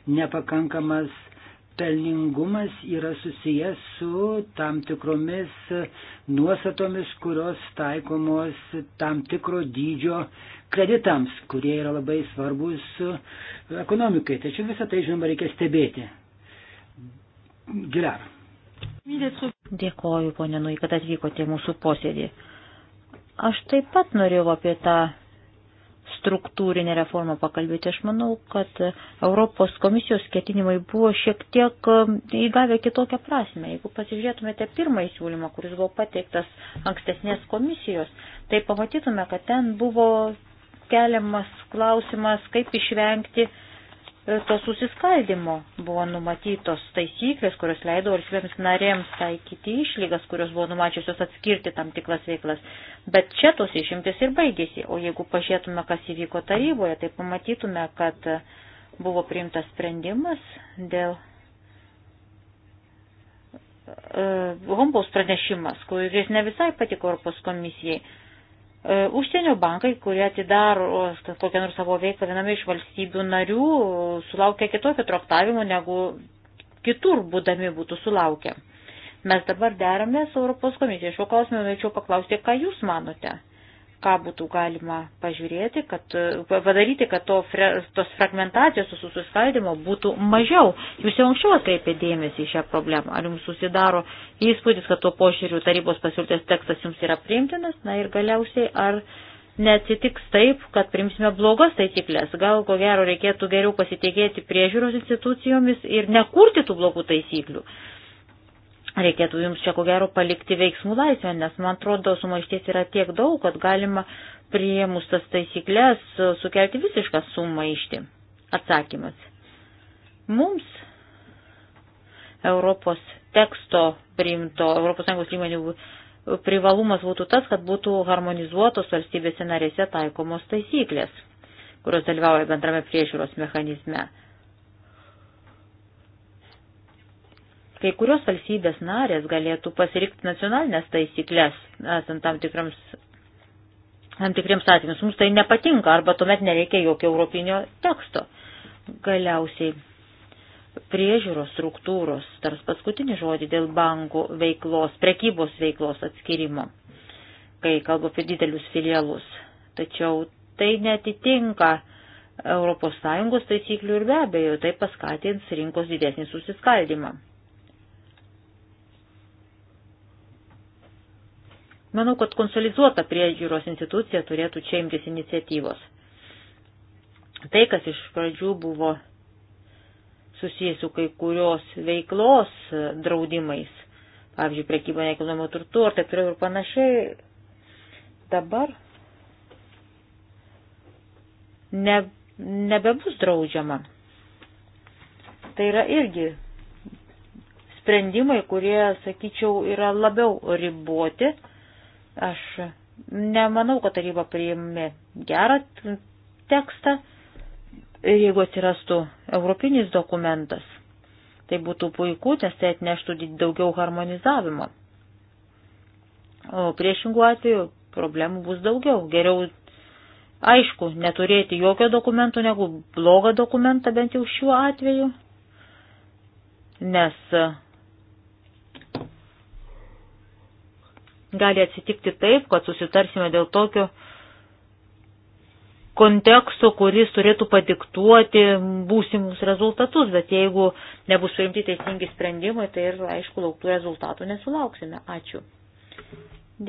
nepakankamas pelningumas yra susijęs su tam tikromis nuostatomis, kurios taikomos tam tikro dydžio kreditams, kurie yra labai svarbus ekonomikai. Tačiau visą tai, žinoma, reikia stebėti. Gilar. Dėkoju, ponė Nui, kad atvykote į mūsų posėdį. Aš taip pat norėjau apie tą struktūrinę reformą pakalbėti. Aš manau, kad Europos komisijos ketinimai buvo šiek tiek um, įgavę kitokią prasme. Jeigu pasižiūrėtumėte pirmąjį siūlymą, kuris buvo pateiktas ankstesnės komisijos, tai pamatytume, kad ten buvo keliamas klausimas, kaip išvengti uh, E, to susiskaldimo. Buvo numatytos taisyklės, kurios leido valstybėms narėms taikyti išlygas, kurios buvo numačiusios atskirti tam tikras veiklas. Bet čia tos išimtis ir baigėsi. O jeigu pažiūrėtume, kas įvyko taryboje, tai pamatytume, kad buvo priimtas sprendimas dėl e, Hombaus pranešimas, kuris ne visai patiko Europos komisijai. E, užsienio bankai, kurie atidaro kokią nors savo veiklą viename iš valstybių narių, sulaukia kitokio traktavimo negu kitur būdami būtų sulaukę. Mes dabar derame su Europos komisija. Šiuo klausimu norėčiau paklausti, ką Jūs manote? ką būtų galima pažiūrėti, kad padaryti, kad to, tos fragmentacijos susiskaidimo būtų mažiau. Jūs jau anksčiau atkreipė dėmesį į šią problemą. Ar jums susidaro įspūdis, kad tuo požiūriu tarybos pasiūlytas tekstas jums yra priimtinas? Na ir galiausiai, ar neatsitiks taip, kad primsime blogas taisyklės? Gal ko gero reikėtų geriau pasitikėti priežiūros institucijomis ir nekurti tų blogų taisyklių? Uh, Reikėtų jums čia ko gero palikti veiksmų laisvę, nes man atrodo, sumaišties yra tiek daug, kad galima prieimus tas taisyklės e, sukelti visišką sumaištį. Atsakymas. Mums Europos teksto priimto, Europos Sąjungos įmonių privalumas būtų tas, kad būtų harmonizuotos valstybėse narėse taikomos taisyklės, kurios dalyvauja bendrame priežiūros mechanizme. Kai kurios valstybės narės galėtų pasirinkti nacionalinės taisyklės, esant tam tikrams tam tikriems atvejams. Mums tai nepatinka arba tuomet nereikia jokio europinio teksto. Galiausiai priežiūros struktūros, tarsi paskutinį žodį dėl bankų veiklos, prekybos veiklos atskirimo, kai kalbu apie didelius filialus. Tačiau tai netitinka ES taisyklių ir be abejo tai paskatins rinkos didesnį susiskaldimą. Manau, kad konsolizuota priežiūros institucija turėtų čia imtis iniciatyvos. Tai, kas iš pradžių buvo susijęs su kai kurios veiklos draudimais, pavyzdžiui, prekyba nekilnojamo turtu ar taip toliau ir panašiai, dabar ne, nebebus draudžiama. Tai yra irgi sprendimai, kurie, sakyčiau, yra labiau riboti Aš nemanau, kad taryba priėmė gerą tekstą. Ir jeigu atsirastų europinis dokumentas, tai būtų puiku, nes tai atneštų daugiau harmonizavimo. O priešingų atveju problemų bus daugiau. Geriau, aišku, neturėti jokio dokumento negu blogą dokumentą bent jau šiuo atveju, nes gali atsitikti taip, kad susitarsime dėl tokio konteksto, kuris turėtų padiktuoti būsimus rezultatus, bet jeigu nebus priimti teisingi sprendimai, tai ir, aišku, lauktų rezultatų nesulauksime. Ačiū.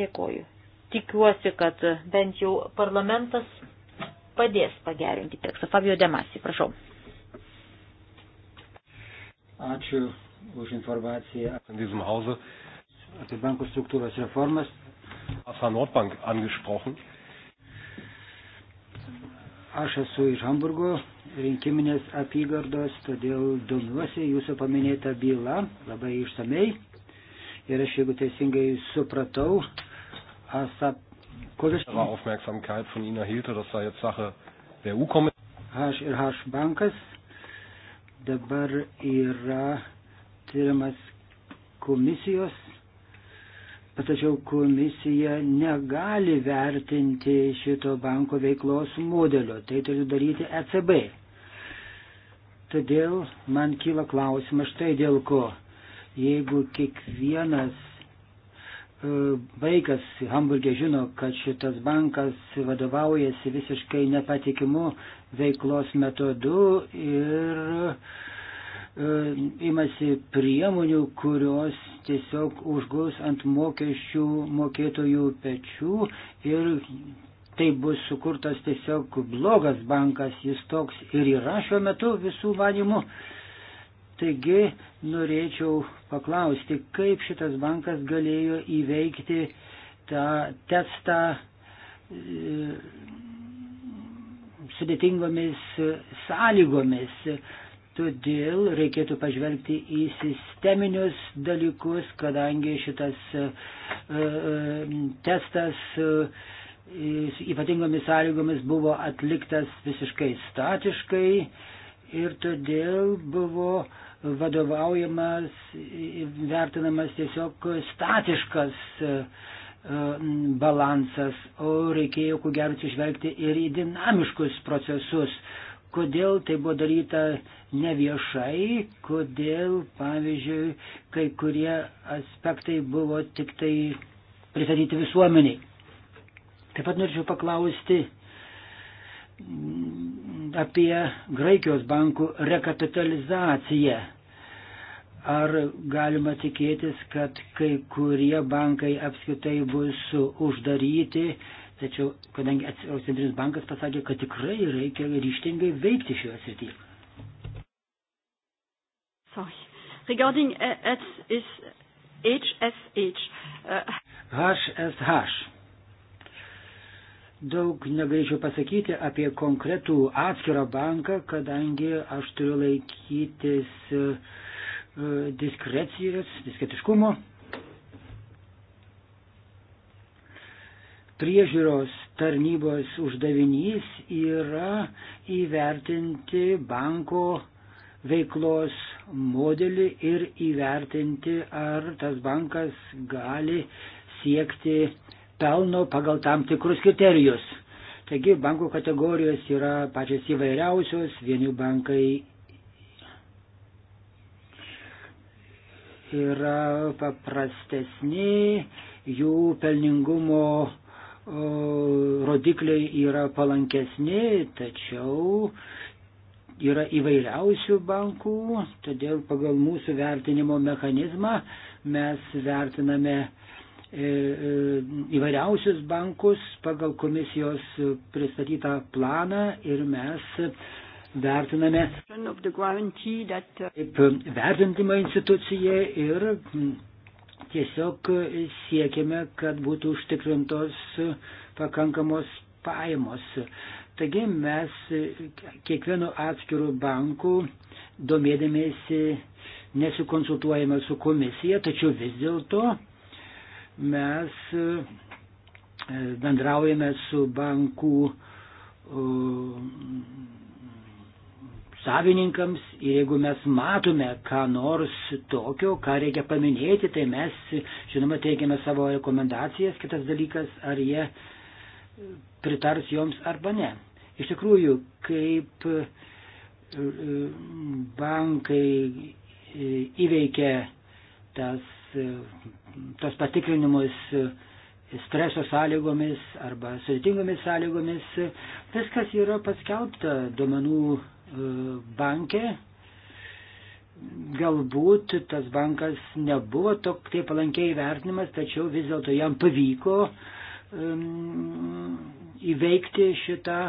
Dėkoju. Tikiuosi, kad bent jau parlamentas padės pagerinti tekstą. Fabio Demasi, prašau. Ačiū už informaciją apie bankų struktūros reformas. Nordbank angesprochen. Aš esu iš Hamburgo rinkiminės apygardos, todėl domiuosi jūsų paminėta byla labai išsamei. Ir aš, jeigu teisingai supratau, Asap Kovič. H ir H bankas dabar yra tyrimas komisijos tačiau komisija negali vertinti šito banko veiklos modelio, tai turi daryti ECB. Todėl man kyla klausimas štai dėl ko. Jeigu kiekvienas e, vaikas Hamburgė žino, kad šitas bankas vadovaujasi visiškai nepatikimu veiklos metodu ir uh, imasi priemonių, kurios tiesiog užguls ant mokesčių mokėtojų pečių ir tai bus sukurtas tiesiog blogas bankas, jis toks ir yra šiuo metu visų manimų. Taigi norėčiau paklausti, kaip šitas bankas galėjo įveikti tą testą e, sudėtingomis sąlygomis. Todėl reikėtų pažvelgti į sisteminius dalykus, kadangi šitas e, e, testas e, ypatingomis sąlygomis buvo atliktas visiškai statiškai ir todėl buvo vadovaujamas, vertinamas tiesiog statiškas balansas, o reikėjo, ko gero, atsižvelgti ir į dinamiškus procesus kodėl tai buvo daryta neviešai, kodėl, pavyzdžiui, kai kurie aspektai buvo tik tai pristatyti visuomeniai. Taip pat norėčiau paklausti apie Graikijos bankų rekapitalizaciją. Ar galima tikėtis, kad kai kurie bankai apskritai bus uždaryti, Tačiau, kadangi Europos centrinis bankas pasakė, kad tikrai reikia ryštingai veikti šioje srityje. Sorry. Regarding uh, S is HSH. Uh. HSH. Daug negalėčiau pasakyti apie konkretų atskirą banką, kadangi aš turiu laikytis uh, diskrecijoje, diskretiškumo priežiūros tarnybos uždavinys yra įvertinti banko veiklos modelį ir įvertinti, ar tas bankas gali siekti pelno pagal tam tikrus kriterijus. Taigi bankų kategorijos yra pačios įvairiausios, vieni bankai yra paprastesni, jų pelningumo rodikliai yra palankesni, tačiau yra įvairiausių bankų, todėl pagal mūsų vertinimo mechanizmą mes vertiname e, e, įvairiausius bankus pagal komisijos pristatytą planą ir mes vertiname uh, kaip vertinimo institucija ir Tiesiog siekiame, kad būtų užtikrintos pakankamos pajamos. Taigi mes kiekvienu atskiru banku domėdamėsi nesikonsultuojame su komisija, tačiau vis dėlto mes e, bendraujame su bankų savininkams ir jeigu mes matome ką nors tokio, ką reikia paminėti, tai mes, žinoma, teikiame savo rekomendacijas, kitas dalykas, ar jie pritars joms arba ne. Iš tikrųjų, kaip e, bankai e, įveikia tas, e, tas patikrinimus streso sąlygomis arba sudėtingomis sąlygomis, viskas yra paskelbta duomenų bankė, galbūt tas bankas nebuvo tok taip palankiai vertinimas, tačiau vis dėlto jam pavyko um, įveikti šitą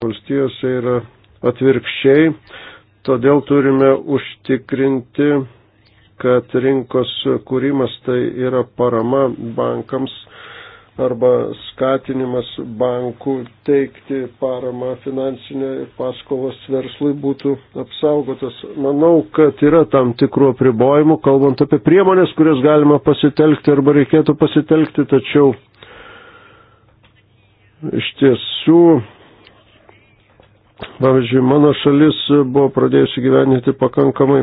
valstijose yra atvirkščiai, todėl turime užtikrinti, kad rinkos kūrimas tai yra parama bankams arba skatinimas bankų teikti paramą finansinę ir paskolas verslui būtų apsaugotas. Manau, kad yra tam tikrų apribojimų, kalbant apie priemonės, kurias galima pasitelkti arba reikėtų pasitelkti, tačiau iš tiesų Pavyzdžiui, mano šalis buvo pradėjusi gyveninti pakankamai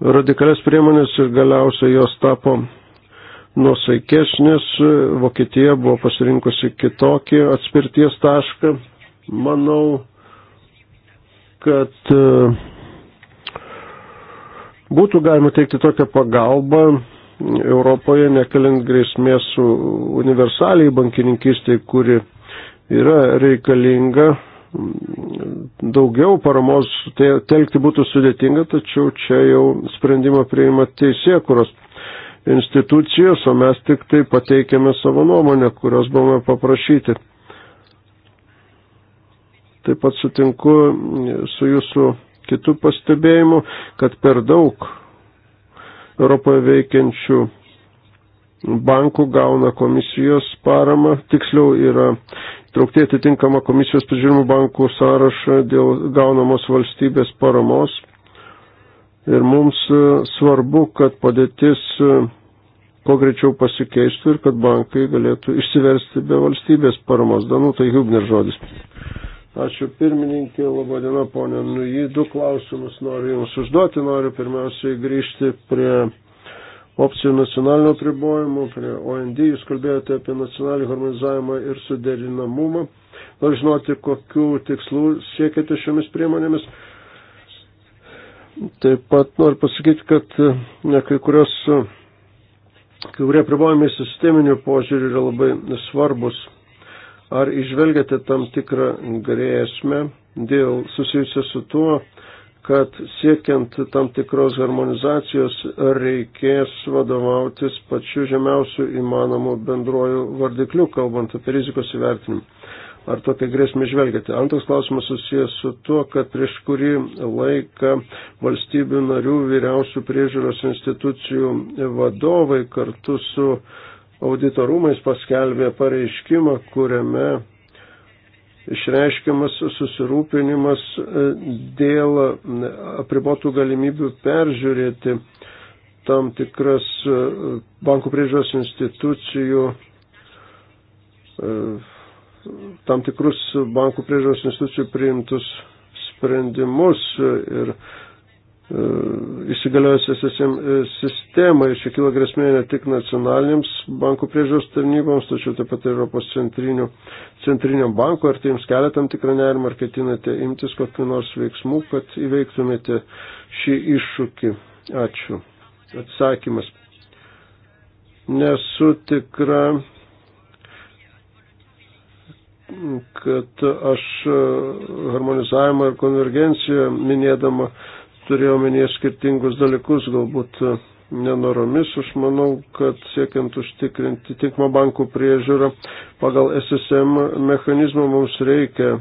radikalias priemonės ir galiausiai jos tapo nusaikesnės. Vokietija buvo pasirinkusi kitokį atspirties tašką. Manau, kad e, būtų galima teikti tokią pagalbą Europoje, nekeliant grėsmės universaliai bankininkistiai, kuri yra reikalinga Mm, daugiau paramos telkti būtų sudėtinga, tačiau čia jau sprendimą priima teisėkuros institucijos, o mes tik tai pateikėme savo nuomonę, kurios buvome paprašyti. Taip pat sutinku su jūsų kitų pastebėjimų, kad per daug Europoje veikiančių bankų gauna komisijos paramą, tiksliau yra įtraukti atitinkamą komisijos prižiūrimų bankų sąrašą dėl gaunamos valstybės paramos. Ir mums e, svarbu, kad padėtis e, kuo greičiau pasikeistų ir kad bankai galėtų išsiversti be valstybės paramos. Danu, tai Hubner žodis. Ačiū pirmininkė, laba diena, ponė Nui. Du klausimus noriu Jums užduoti. Noriu pirmiausiai grįžti prie opcijų nacionalinio apribojimo, prie OND jūs kalbėjote apie nacionalinį harmonizavimą ir suderinamumą. Noriu žinoti, kokių tikslų siekėte šiomis priemonėmis. Taip pat noriu pasakyti, kad ne, kai kurios, kai kurie apribojimai sisteminių požiūrių yra labai svarbus. Ar išvelgiate tam tikrą grėsmę dėl susijusią su tuo, kad siekiant tam tikros harmonizacijos reikės vadovautis pačiu žemiausiu įmanomu bendruoju vardikliu, kalbant apie rizikos įvertinimą. Ar tokia grėsmė žvelgiate? Antras klausimas susijęs su tuo, kad prieš kurį laiką valstybių narių vyriausių priežiūros institucijų vadovai kartu su auditorumais paskelbė pareiškimą, kuriame išreiškiamas susirūpinimas e, dėl apribotų galimybių peržiūrėti tam tikras e, bankų priežiūros institucijų, e, tam tikrus bankų priežiūros institucijų priimtus sprendimus ir E, įsigaliojusią sistemą e, ir čia kyla grėsmė ne tik nacionalinėms bankų priežiūros tarnyboms, tačiau taip pat ir Europos centriniam banko, ar tai jums kelia tam tikrą nerimą, ar ketinate imtis kokiu nors veiksmu, kad įveiktumėte šį iššūkį. Ačiū. Atsakymas. Nesu tikra, kad aš e, harmonizavimą ir konvergenciją minėdama turėjau menyje skirtingus dalykus, galbūt nenoromis. Aš manau, kad siekiant užtikrinti tinkamą bankų priežiūrą pagal SSM mechanizmą mums reikia e,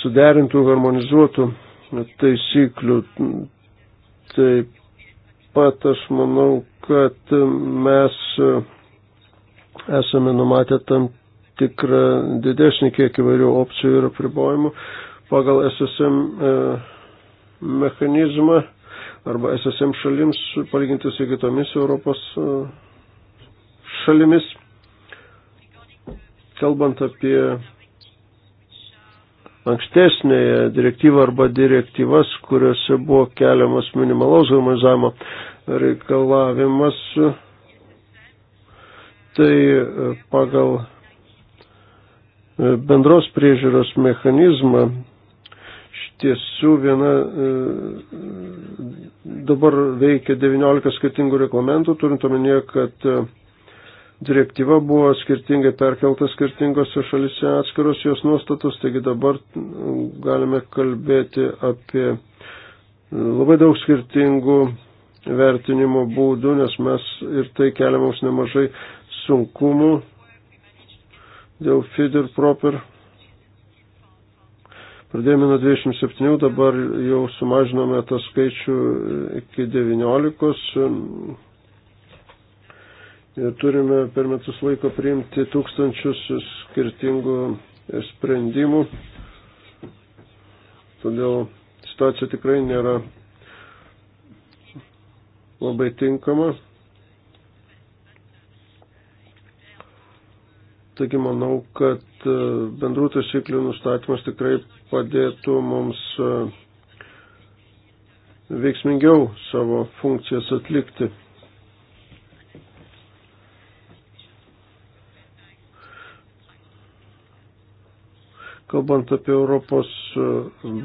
suderintų, harmonizuotų taisyklių. Taip pat aš manau, kad mes esame numatę tam tikrą didesnį kiekį įvairių opcijų ir apribojimų pagal SSM e, mechanizmą arba SSM šalims, palyginti su kitomis Europos e, šalimis. Kalbant apie ankstesnėje direktyvą arba direktyvas, kuriuose buvo keliamas minimalaus harmonizavimo reikalavimas, tai e, pagal e, bendros priežiūros mechanizmą tiesų viena e, dabar veikia 19 skirtingų reglamentų, turint omenyje, kad e, direktyva buvo skirtingai perkelta skirtingose šalise atskiros jos nuostatos, taigi dabar galime kalbėti apie e, labai daug skirtingų vertinimo būdų, nes mes ir tai kelia mums nemažai sunkumų dėl FIDER proper Pradėjome nuo 27, dabar jau sumažinome tą skaičių iki 19. Ir turime per metus laiko priimti tūkstančius skirtingų sprendimų. Todėl situacija tikrai nėra labai tinkama. Taigi manau, kad bendrų taisyklių nustatymas tikrai padėtų mums e, veiksmingiau savo funkcijas atlikti. Kalbant apie Europos e,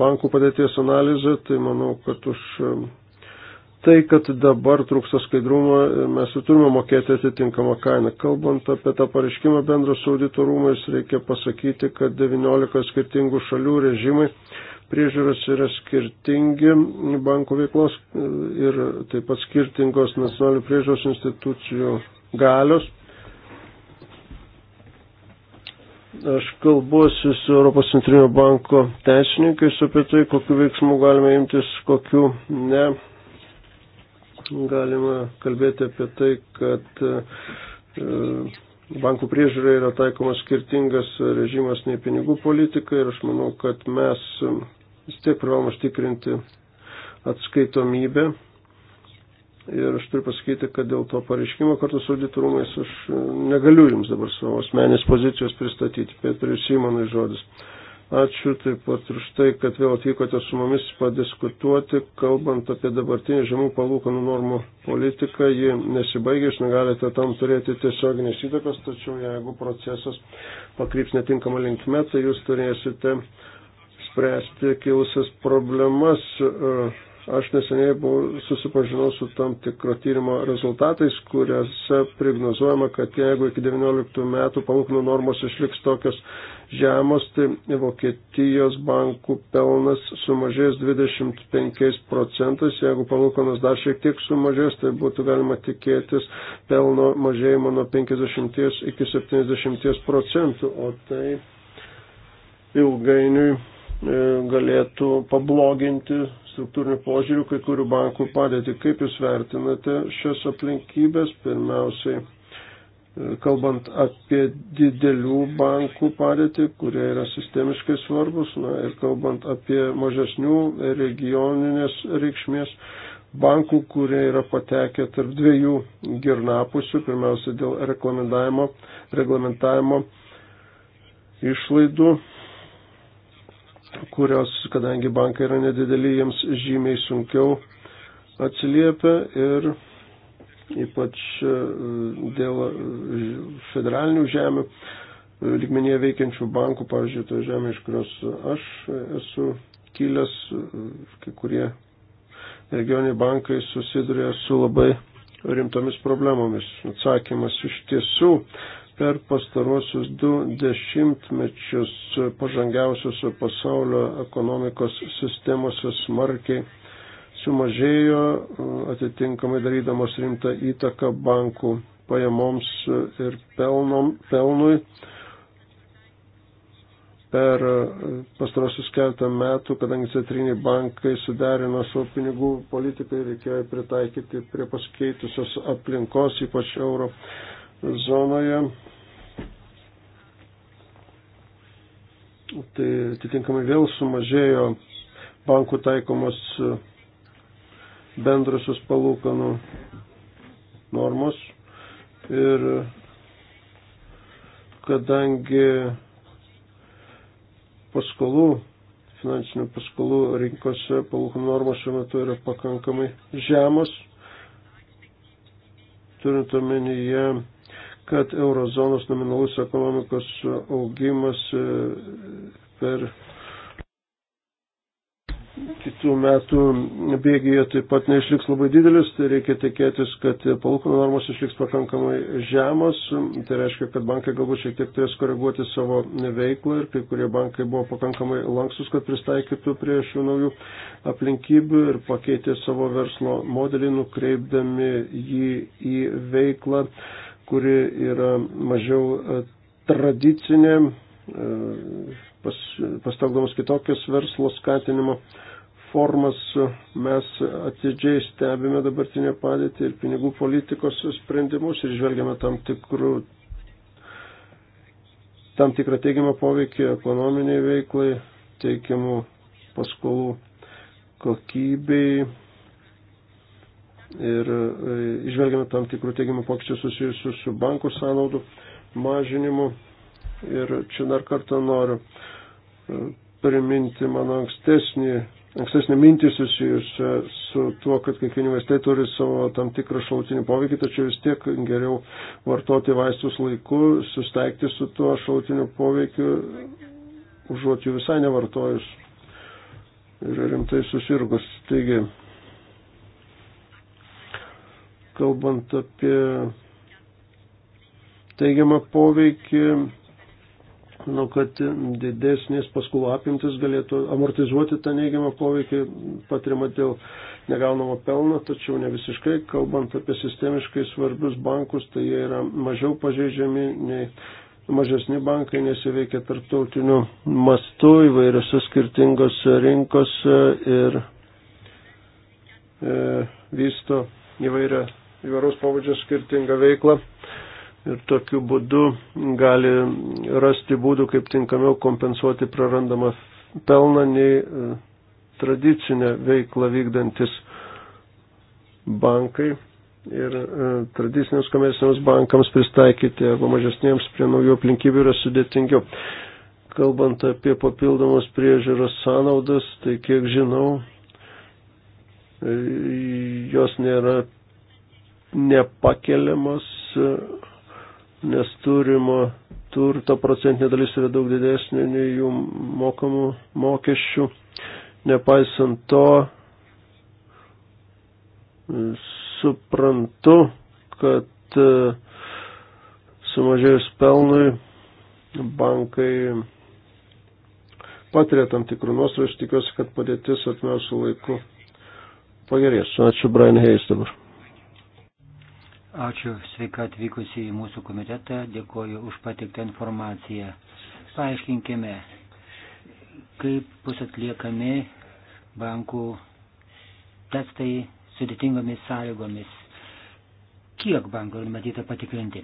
bankų padėties analizę, tai manau, kad už e, tai, kad dabar trūksta skaidrumo, mes jau turime mokėti atitinkamą kainą. Kalbant apie tą pareiškimą bendros audito rūmais, reikia pasakyti, kad 19 skirtingų šalių režimai priežiūros yra skirtingi bankų veiklos ir taip pat skirtingos nacionalinių priežiūros institucijų galios. Aš kalbuosiu su Europos centrinio banko teisininkais apie tai, kokiu veiksmu galime imtis, kokiu ne galima kalbėti apie tai, kad e, bankų priežiūrai yra taikomas skirtingas režimas nei pinigų politika ir aš manau, kad mes e, vis tiek privalom užtikrinti atskaitomybę. Ir aš turiu pasakyti, kad dėl to pareiškimo kartu su auditorumais aš e, negaliu jums dabar savo asmenės pozicijos pristatyti, bet turiu Simonui žodis. Uh, Ačiū taip pat ir štai, kad vėl atvykote su mumis padiskutuoti, kalbant apie dabartinį žemų palūkanų normų politiką. Ji nesibaigia, jūs negalite tam turėti tiesioginės įtakos, tačiau jeigu procesas pakryps netinkamą linkmę, tai jūs turėsite spręsti kilusias problemas. Uh, Aš neseniai buvau susipažinau su tam tikro tyrimo rezultatais, kuriuose prognozuojama, kad jeigu iki 19 metų palūkanų normos išliks tokios žemos, tai Vokietijos bankų pelnas sumažės 25 procentais. Jeigu palūkanos dar šiek tiek sumažės, tai būtų galima tikėtis pelno mažėjimo nuo 50 iki 70 procentų, o tai ilgainiui E, galėtų pabloginti struktūrinių požiūrių kai kurių bankų padėtį. Kaip Jūs vertinate šias aplinkybės, pirmiausiai e, kalbant apie didelių bankų padėtį, kurie yra sistemiškai svarbus, na, ir kalbant apie mažesnių regioninės reikšmės bankų, kurie yra patekę tarp dviejų girnapusių, pirmiausia dėl reglamentavimo, reglamentavimo išlaidų kurios, kadangi bankai yra nedideli, jiems žymiai sunkiau atsiliepia ir ypač e, dėl e, federalinių žemių e, lygmenyje veikiančių bankų, pavyzdžiui, to žemė, iš kurios aš esu kilęs, kai kurie regioniai bankai susiduria su labai rimtomis problemomis. Atsakymas iš tiesų per pastaruosius du dešimtmečius pažangiausiose pasaulio ekonomikos sistemose smarkiai sumažėjo, atitinkamai darydamos rimtą įtaką bankų pajamoms ir pelnom, pelnui. Per pastarosius keletą metų, kadangi centriniai bankai suderino savo pinigų politikai, reikėjo pritaikyti prie pasikeitusios aplinkos, ypač euro zonoje. Tai atitinkamai vėl sumažėjo bankų taikomos e, bendrasios palūkanų normos ir kadangi paskolų, finansinių paskolų rinkose palūkanų normos šiuo metu yra pakankamai žemos, turint omenyje kad eurozonos nominalus ekonomikos augimas e, per kitų metų bėgyje taip pat neišliks labai didelis, tai reikia tikėtis, kad palūkanų normos išliks pakankamai žemos, tai reiškia, kad bankai galbūt šiek tiek turės koreguoti savo veiklą ir kai kurie bankai buvo pakankamai lankstus, kad pristaikytų prie šių naujų aplinkybių ir pakeitė savo verslo modelį, nukreipdami jį į veiklą kuri yra mažiau e, tradicinė, e, pas, pastelgdamas kitokias verslo skatinimo formas, mes atidžiai stebime dabartinę padėtį ir pinigų politikos sprendimus ir žvelgiame tam tikrų tam tikrą teigiamą poveikį ekonominiai veiklai, teikiamų paskolų kokybei ir išvelgiame e, tam tikrų teigiamų pokyčių susijusių su bankų sąnaudų mažinimu. Ir čia dar kartą noriu e, priminti mano ankstesnį, ankstesnį mintį susijusią su tuo, kad kiekvieni vaistai turi savo tam tikrą šalutinį poveikį, tačiau vis tiek geriau vartoti vaistus laiku, sustaikti su tuo šalutiniu poveikiu, užuot jų visai nevartojus ir rimtai susirgus. Taigi, kalbant apie teigiamą poveikį, nu, kad didesnės paskolų apimtis galėtų amortizuoti tą neigiamą poveikį patiriamą dėl negaunamo pelno, tačiau ne visiškai, kalbant apie sistemiškai svarbius bankus, tai jie yra mažiau pažeidžiami nei mažesni bankai, nes jie veikia tarptautiniu mastu įvairiose skirtingose rinkose ir e, vysto įvairią įvairaus pavadžio skirtingą veiklą ir tokiu būdu gali rasti būdų, kaip tinkamiau kompensuoti prarandamą pelną nei e, tradicinę veiklą vykdantis bankai ir e, tradiciniams komerciniams bankams pristaikyti arba mažesniems prie naujų aplinkybių yra sudėtingiau. Kalbant apie papildomos priežiūros sąnaudas, tai kiek žinau, e, jos nėra nepakeliamas, nes turimo turto procentinė dalis yra daug didesnė nei jų mokamų mokesčių. Nepaisant to, suprantu, kad e, sumažėjus pelnui bankai patiria tam tikrų nuostolių, aš tikiuosi, kad padėtis atmiausių laikų pagerės. Ačiū, Brian Hayes dabar. Ačiū sveika atvykusi į mūsų komitetą, dėkoju už patiktą informaciją. Paaiškinkime, kaip bus atliekami bankų testai sudėtingomis sąlygomis. Kiek bankų numatyta patikrinti?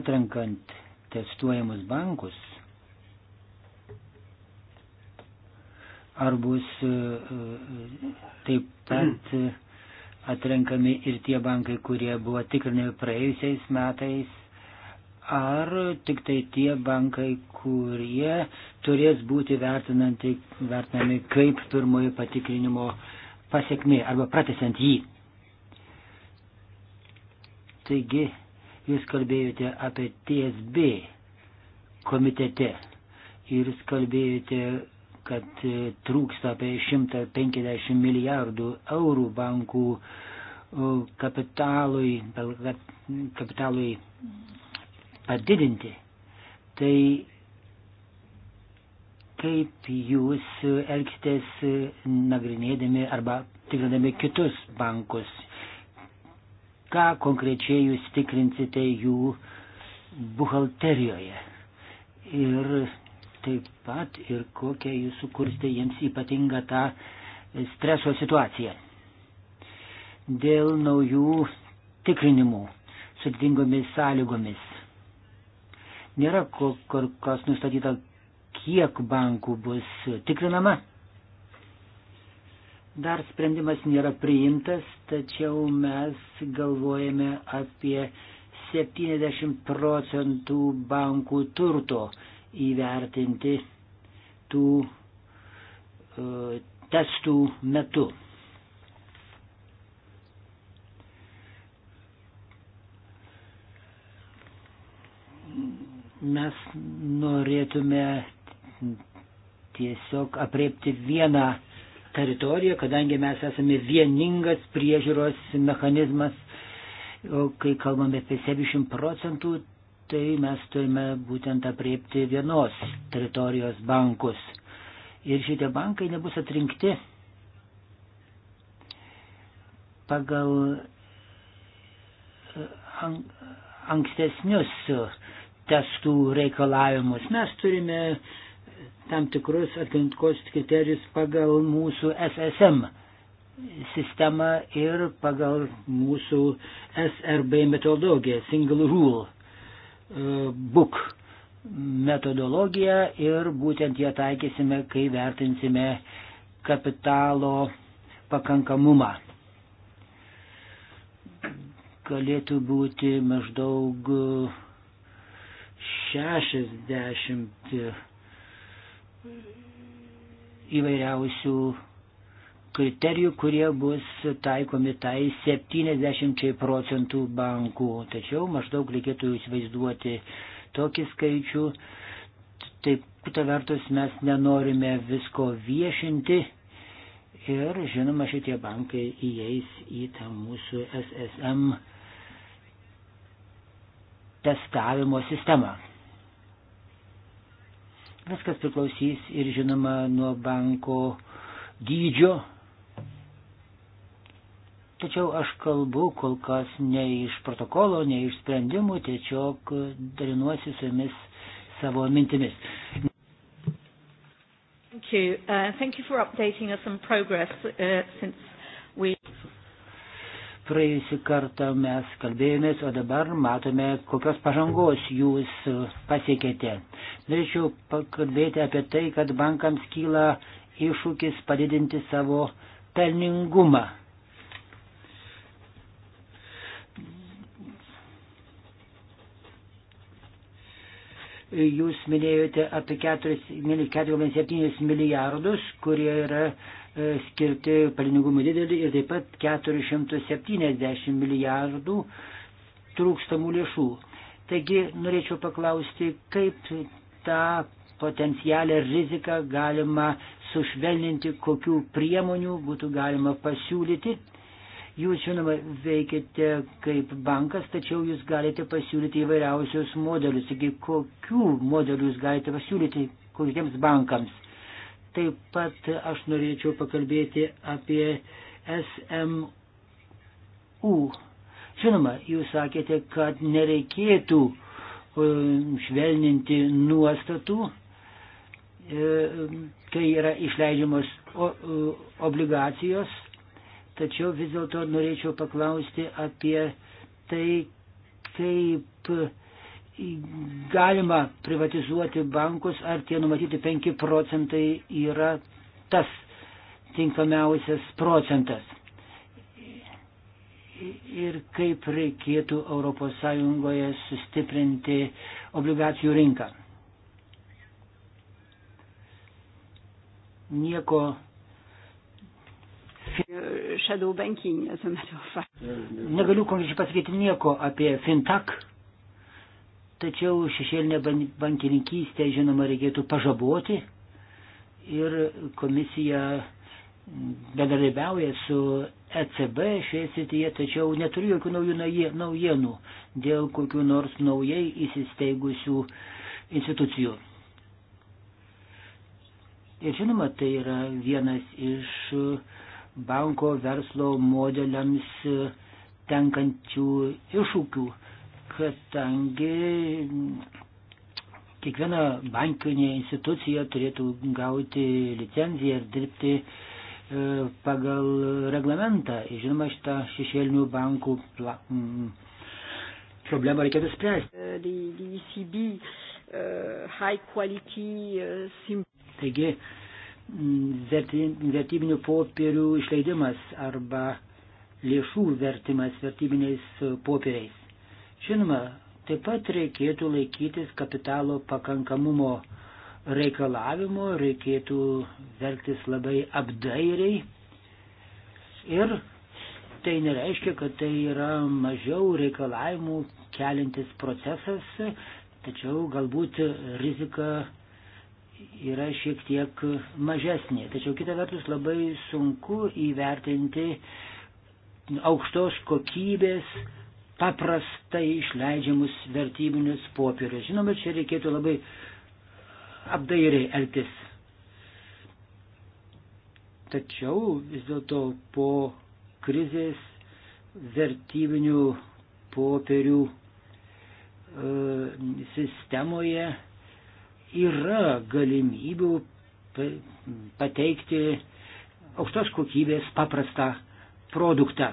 Atrenkant testuojamus bankus, ar bus e, e, taip pat. Mm atrenkami ir tie bankai, kurie buvo tikrinami praėjusiais metais, ar tik tai tie bankai, kurie turės būti vertinami kaip pirmojo patikrinimo pasiekmė arba pratesiant jį. Taigi, jūs kalbėjote apie TSB komitete ir jūs kalbėjote kad e, trūksta apie 150 milijardų eurų bankų e, kapitalui, kapitalui padidinti. Tai kaip jūs elgstės e, nagrinėdami arba tikrindami kitus bankus, ką konkrečiai jūs tikrinsite jų buhalterijoje ir taip pat ir kokią jūs sukurstė jiems ypatingą tą streso situaciją. Dėl naujų tikrinimų sudėtingomis sąlygomis. Nėra kur kas nustatyta, kiek bankų bus tikrinama. Dar sprendimas nėra priimtas, tačiau mes galvojame apie 70 procentų bankų turto įvertinti tų e, testų metu. Mes norėtume tiesiog apriepti vieną teritoriją, kadangi mes esame vieningas priežiūros mechanizmas, o kai kalbame apie 70 procentų, tai mes turime būtent apriepti vienos teritorijos bankus. Ir šitie bankai nebus atrinkti pagal e, ankstesnius testų reikalavimus. Mes turime tam tikrus atrinkos kriterijus pagal mūsų SSM sistemą ir pagal mūsų SRB metodologiją, single rule. E, BUK metodologiją ir būtent ją taikysime, kai vertinsime kapitalo pakankamumą. Galėtų būti maždaug 60 įvairiausių kriterijų, kurie bus taikomi tai 70 procentų bankų. Tačiau maždaug reikėtų įsivaizduoti tokį skaičių. Taip, kita vertus, mes nenorime visko viešinti. Ir, žinoma, šitie bankai įeis į tą mūsų SSM testavimo sistemą. Viskas priklausys ir, žinoma, nuo banko dydžio Tačiau aš kalbu kol kas ne iš protokolo, ne iš sprendimų, tiesiog dalinuosi su jumis savo mintimis. Thank you. Uh, thank you for updating us on progress uh, since we. Praėjusį kartą mes kalbėjomės, o dabar matome, kokios pažangos jūs pasiekėte. Norėčiau pakalbėti apie tai, kad bankams kyla iššūkis padidinti savo pelningumą Jūs minėjote apie 4,7 milijardus, kurie yra e, skirti pelningumui didelį ir taip pat 470 milijardų trūkstamų lėšų. Taigi norėčiau paklausti, kaip tą potencialią riziką galima sušvelninti, kokių priemonių būtų galima pasiūlyti Jūs, žinoma, veikiate kaip bankas, tačiau jūs galite pasiūlyti įvairiausius modelius. Taigi, kokių modelių jūs galite pasiūlyti kokiems bankams? Taip pat aš norėčiau pakalbėti apie SMU. Žinoma, jūs sakėte, kad nereikėtų um, švelninti nuostatų, kai e, um, yra išleidžiamos obligacijos Tačiau vis dėlto norėčiau paklausti apie tai, kaip galima privatizuoti bankus, ar tie numatyti 5 procentai yra tas tinkamiausias procentas. Ir kaip reikėtų ES sustiprinti obligacijų rinką. Nieko Uh, banking, Negaliu konkrečiai pasakyti nieko apie fintech, tačiau šešėlinę bankininkystę, žinoma, reikėtų pažaboti ir komisija bedarbiauja su ECB šioje srityje, tačiau neturiu jokių naujų naujienų dėl kokių nors naujai įsisteigusių institucijų. Ir žinoma, tai yra vienas iš uh, banko verslo modeliams e, tenkančių iššūkių, kadangi kiekviena bankinė institucija turėtų gauti licenciją ir dirbti e, pagal reglamentą. Žinoma, šitą šešėlinių bankų pla, m, problemą reikėtų spręsti. E, Taigi, vertybinių popierių išleidimas arba lėšų vertimas vertybiniais e, popieriais. Žinoma, taip pat reikėtų laikytis kapitalo pakankamumo reikalavimo, reikėtų verktis labai apdairiai. Ir tai nereiškia, kad tai yra mažiau reikalavimų kelintis procesas, tačiau galbūt rizika yra šiek tiek mažesnė. Tačiau kita vertus labai sunku įvertinti aukštos kokybės paprastai išleidžiamus vertybinius popierius. Žinoma, čia reikėtų labai apdairiai elgtis. Tačiau vis dėlto po krizės vertybinių popierių e, sistemoje yra galimybių pateikti aukštos kokybės paprastą produktą.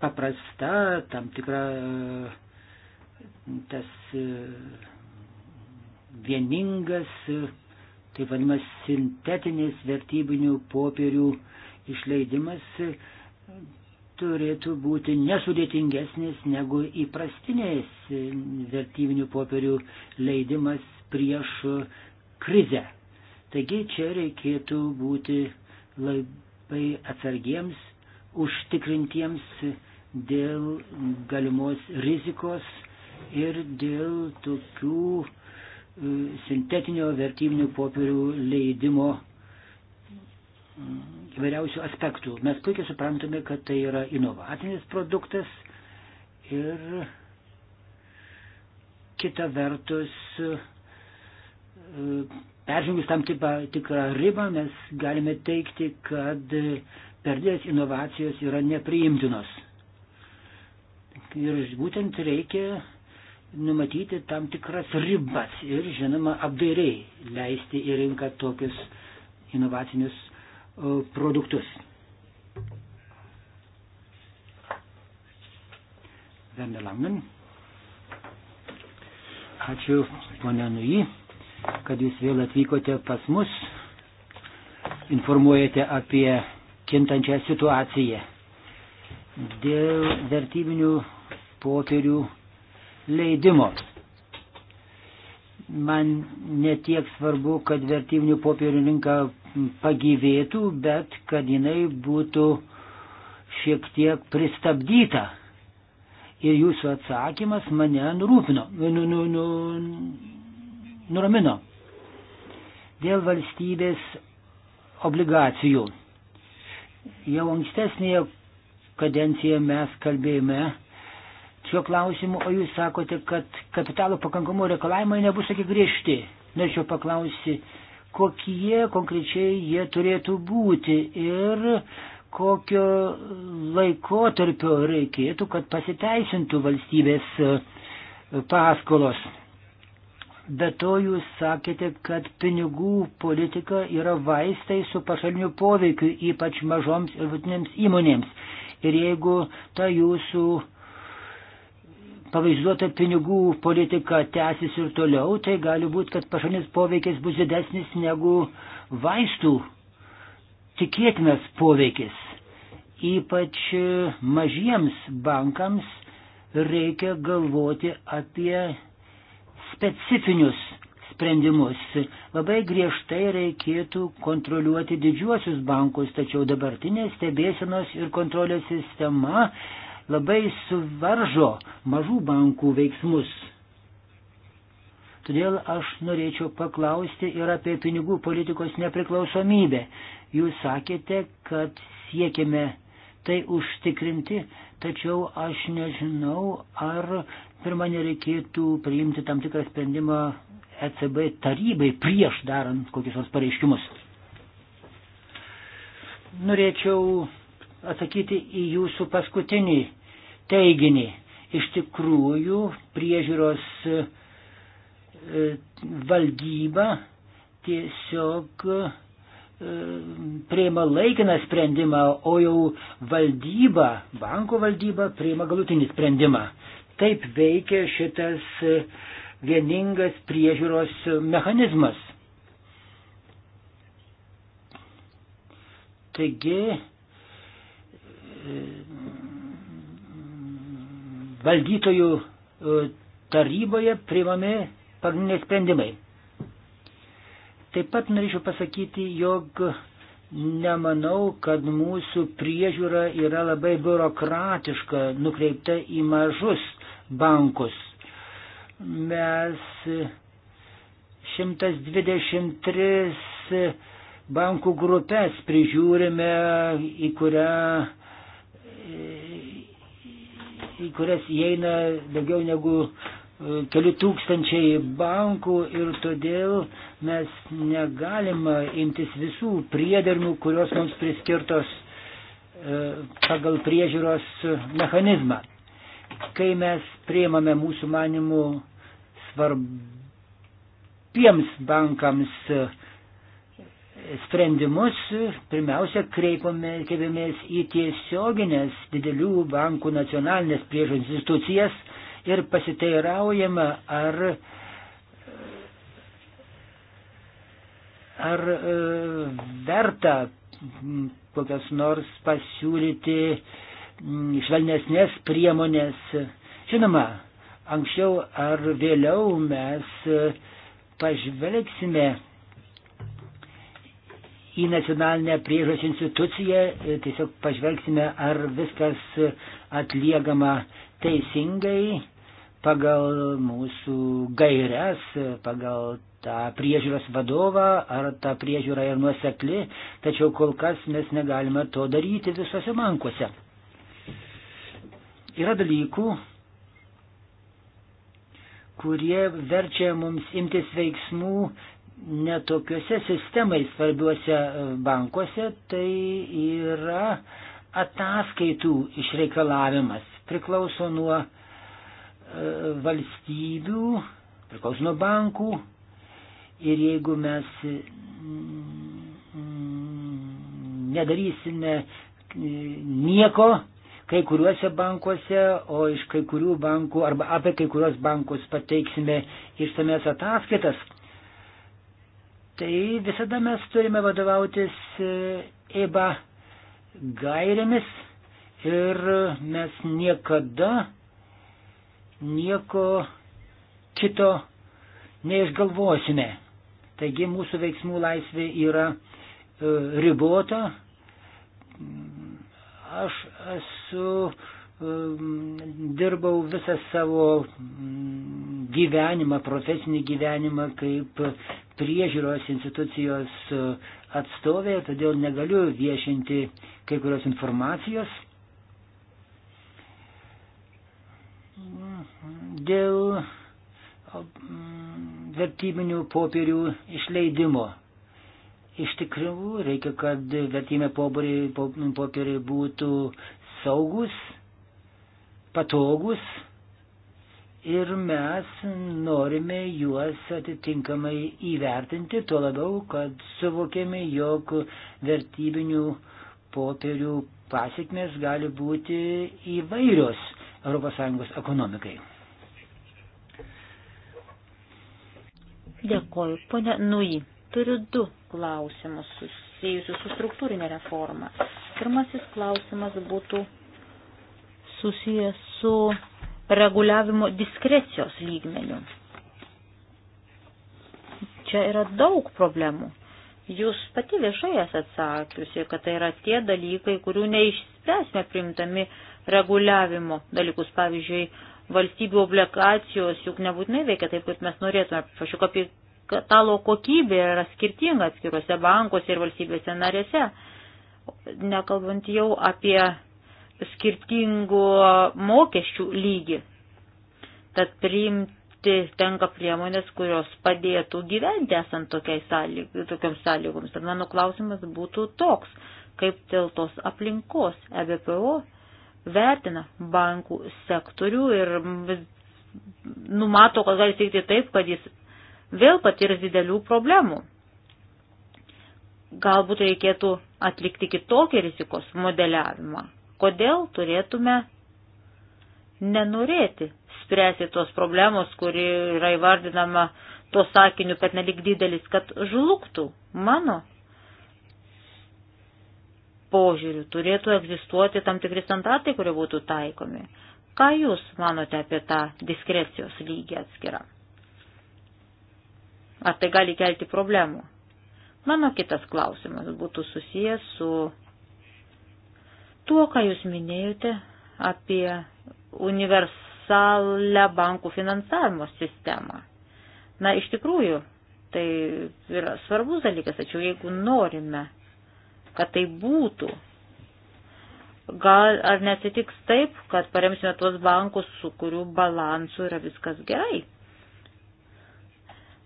Paprasta, tam tikra tas vieningas, tai vadinamas sintetinis vertybinių popierių išleidimas turėtų būti nesudėtingesnis negu įprastinės vertybinių popierių leidimas prieš krizę. Taigi čia reikėtų būti labai atsargiems, užtikrintiems dėl galimos rizikos ir dėl tokių e, sintetinio vertybinių popierių leidimo įvairiausių aspektų. Mes puikiai suprantame, kad tai yra inovacinis produktas ir kita vertus peržengus tam tipa, tikrą ribą mes galime teikti, kad perdės inovacijos yra nepriimtinos. Ir būtent reikia numatyti tam tikras ribas ir, žinoma, apdairiai leisti į rinką tokius inovacinius E, produktus. Vendelangen. Ačiū, ponė Nui, kad jūs vėl atvykote pas mus, informuojate apie kintančią situaciją. Dėl vertybinių popierių leidimo. Man netiek svarbu, kad vertybinių popierių rinka pagyvėtų, bet kad jinai būtų šiek tiek pristabdyta. Ir jūsų atsakymas mane nurūpino, nu, nu, nu, nuramino. Dėl valstybės obligacijų. Jau ankstesnėje kadencijoje mes kalbėjome šiuo klausimu, o jūs sakote, kad kapitalo pakankamumo reikalavimai nebus tokie griežti. Norėčiau paklausyti, kokie konkrečiai jie turėtų būti ir kokio laikotarpio reikėtų, kad pasiteisintų valstybės e, paskolos. Be to jūs sakėte, kad pinigų politika yra vaistai su pašaliniu poveikiu, ypač mažoms ir vidutinėms įmonėms. Ir jeigu ta jūsų uh, pavaizduota pinigų politika tęsis ir toliau, tai gali būti, kad pašalinis poveikis bus didesnis negu vaistų tikėtinas poveikis. Ypač mažiems bankams reikia galvoti apie specifinius sprendimus. Labai griežtai reikėtų kontroliuoti didžiuosius bankus, tačiau dabartinė stebėsenos ir kontrolės sistema labai suvaržo mažų bankų veiksmus. Todėl aš norėčiau paklausti ir apie pinigų politikos nepriklausomybę. Jūs sakėte, kad siekime tai užtikrinti, tačiau aš nežinau, ar pirmą nereikėtų priimti tam tikrą sprendimą ECB tarybai prieš darant kokius nors pareiškimus. Norėčiau atsakyti į jūsų paskutinį teiginį. Iš tikrųjų, priežiūros e, valdyba tiesiog e, prieima laikiną sprendimą, o jau valdyba, banko valdyba prieima galutinį sprendimą. Taip veikia šitas e, vieningas priežiūros mechanizmas. Taigi, valdytojų e, taryboje priimami pagrindiniai sprendimai. Taip pat norėčiau pasakyti, jog nemanau, kad mūsų priežiūra yra labai biurokratiška, nukreipta į mažus bankus. Mes 123 bankų grupės prižiūrime, į kurią į kurias įeina daugiau negu e, keli tūkstančiai bankų ir todėl mes negalime imtis visų priedermių, kurios mums priskirtos e, pagal priežiūros mechanizmą. Kai mes priemame mūsų manimų svarbiems bankams sprendimus pirmiausia kreipiamės į tiesioginės didelių bankų nacionalinės priežos institucijas ir pasiteiraujama, ar, ar e, verta kokias nors pasiūlyti švelnesnės priemonės. Žinoma, anksčiau ar vėliau mes e, pažvelgsime į nacionalinę priežos instituciją, e, tiesiog pažvelgsime, ar viskas atliekama teisingai pagal mūsų gairias, pagal tą priežiūros vadovą, ar ta priežiūra yra nuosekli, tačiau kol kas mes negalime to daryti visose bankuose. Yra dalykų, kurie verčia mums imtis veiksmų netokiuose sistemai svarbiuose e, bankuose tai yra ataskaitų išreikalavimas. Priklauso nuo e, valstybių, priklauso nuo bankų ir jeigu mes mm, nedarysime e, nieko, kai kuriuose bankuose, o iš kai kurių bankų arba apie kai kurios bankus pateiksime išsames ataskaitas, Tai visada mes turime vadovautis e, EBA gairėmis ir mes niekada nieko kito neišgalvosime. Taigi mūsų veiksmų laisvė yra e, ribota. Aš esu Ehm, dirbau visą savo mm, gyvenimą, profesinį gyvenimą kaip priežiūros institucijos e, atstovė, todėl negaliu viešinti kai kurios informacijos. Dėl mm, vertybinių popierių išleidimo. Iš tikrųjų, reikia, kad vertybė popieriai būtų saugus, patogus ir mes norime juos atitinkamai įvertinti, tuo labiau, kad suvokėme, jog vertybinių popierių pasiekmes gali būti įvairios ES ekonomikai. Dėkoju, ponia Nui. Turiu du klausimus susijusius su struktūrinė reforma. Pirmasis klausimas būtų susijęs su reguliavimo diskrecijos lygmeniu. Čia yra daug problemų. Jūs pati viešai esate sakiusi, kad tai yra tie dalykai, kurių neišspręsime primtami reguliavimo dalykus. Pavyzdžiui, valstybių obligacijos juk nebūtinai veikia taip, kaip mes norėtume. Pašiuk apie kapitalo kokybė yra skirtinga atskiruose bankuose ir valstybėse narėse. Nekalbant jau apie skirtingų mokesčių lygį. Tad priimti tenka priemonės, kurios padėtų gyventi esant sąlyg, tokiams sąlygoms. Tad mano klausimas būtų toks, kaip dėl tos aplinkos EBPO vertina bankų sektorių ir numato, kad gali sėkti taip, kad jis vėl patirs didelių problemų. Galbūt reikėtų atlikti kitokį rizikos modeliavimą Kodėl turėtume nenorėti spręsti tos problemos, kuri yra įvardinama tuo sakiniu, kad nelik didelis, kad žlugtų mano požiūrių, turėtų egzistuoti tam tikri standartai, kurie būtų taikomi. Ką Jūs manote apie tą diskrecijos lygį atskirą? Ar tai gali kelti problemų? Mano kitas klausimas būtų susijęs su tuo, ką jūs minėjote apie universalę bankų finansavimo sistemą. Na, iš tikrųjų, tai yra svarbus dalykas, tačiau jeigu norime, kad tai būtų, gal ar nesitiks taip, kad paremsime tuos bankus, su kurių balansu yra viskas gerai.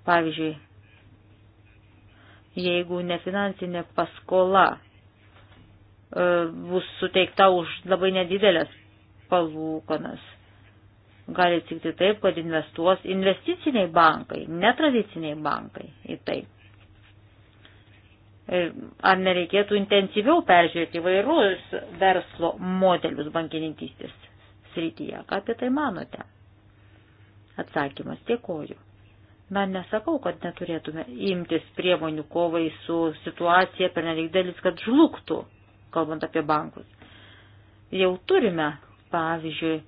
Pavyzdžiui, jeigu nefinansinė paskola bus suteikta už labai nedidelės palūkanas. Gali atsitikti taip, kad investuos investiciniai bankai, netradiciniai bankai į tai. E, ar nereikėtų intensyviau peržiūrėti vairus verslo modelius bankininkystės srityje? Ką apie tai manote? Atsakymas dėkoju. Na, nesakau, kad neturėtume imtis priemonių kovai su situacija per nelik dalis, kad žlugtų kalbant apie bankus. Jau turime, pavyzdžiui,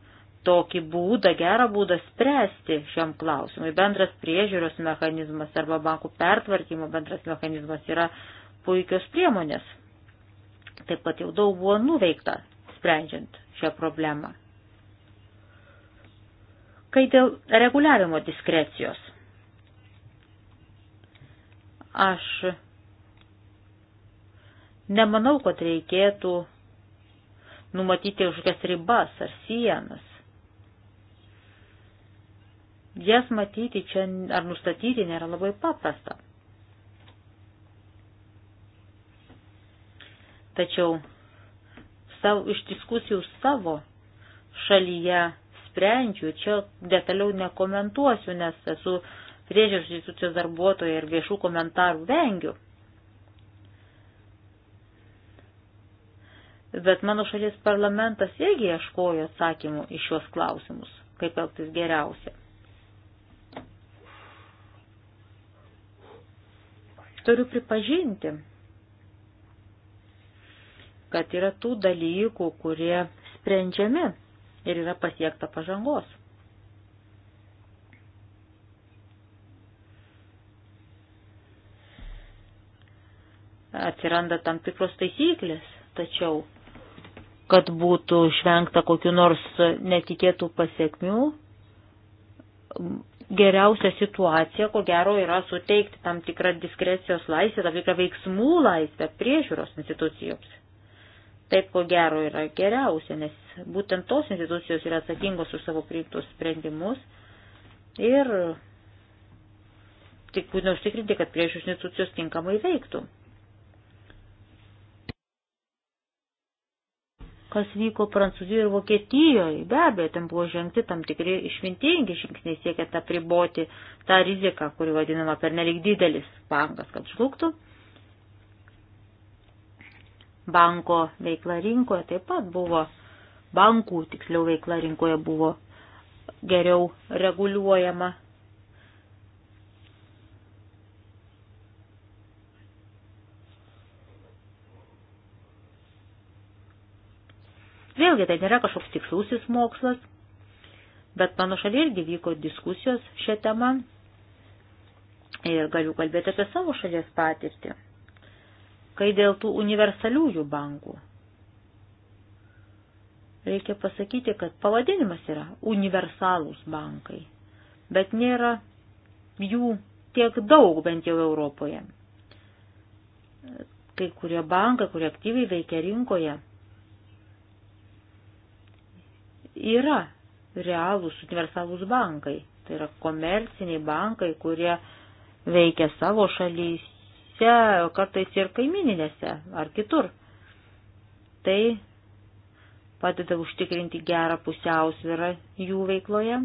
tokį būdą, gerą būdą spręsti šiam klausimui. Bendras priežiūros mechanizmas arba bankų pertvarkymo bendras mechanizmas yra puikios priemonės. Taip pat jau daug buvo nuveikta sprendžiant šią problemą. Kai dėl reguliavimo diskrecijos. Aš Nemanau, kad reikėtų numatyti kažkokias ribas ar sienas. Jas matyti čia ar nustatyti nėra labai paprasta. Tačiau savo, iš diskusijų savo šalyje sprendžiu, čia detaliau nekomentuosiu, nes esu priežiūros institucijos darbuotoja ir viešų komentarų vengiu. bet mano šalies parlamentas irgi ieškojo atsakymų iš šios klausimus, kaip elgtis geriausia. Turiu pripažinti, kad yra tų dalykų, kurie sprendžiami ir yra pasiekta pažangos. Atsiranda tam tikros taisyklės, tačiau kad būtų išvengta kokiu nors netikėtų pasiekmių, geriausia situacija, ko gero, yra suteikti tam tikrą diskrecijos laisvę, tam tikrą veiksmų laisvę priežiūros institucijoms. Taip, ko gero, yra geriausia, nes būtent tos institucijos yra atsakingos už savo priimtus sprendimus ir tik būtina užtikrinti, kad priežiūros institucijos tinkamai veiktų. kas vyko Prancūzijoje ir Vokietijoje. Be abejo, ten buvo žengti tam tikri išmintingi žingsniai siekiant apriboti tą riziką, kuri vadinama pernelik didelis bankas, kad žlugtų. Banko veikla rinkoje taip pat buvo, bankų tiksliau veikla rinkoje buvo geriau reguliuojama Vėlgi tai nėra kažkoks tikslusis mokslas, bet mano šalyje irgi vyko diskusijos šią temą ir galiu kalbėti apie savo šalies patirtį, kai dėl tų universaliųjų bankų. Reikia pasakyti, kad pavadinimas yra universalūs bankai, bet nėra jų tiek daug bent jau Europoje. Kai kurie bankai, kurie aktyviai veikia rinkoje, yra realūs universalūs bankai. Tai yra komerciniai bankai, kurie veikia savo šalyse, kartais ir kaimininėse ar kitur. Tai padeda užtikrinti gerą pusiausvyrą jų veikloje.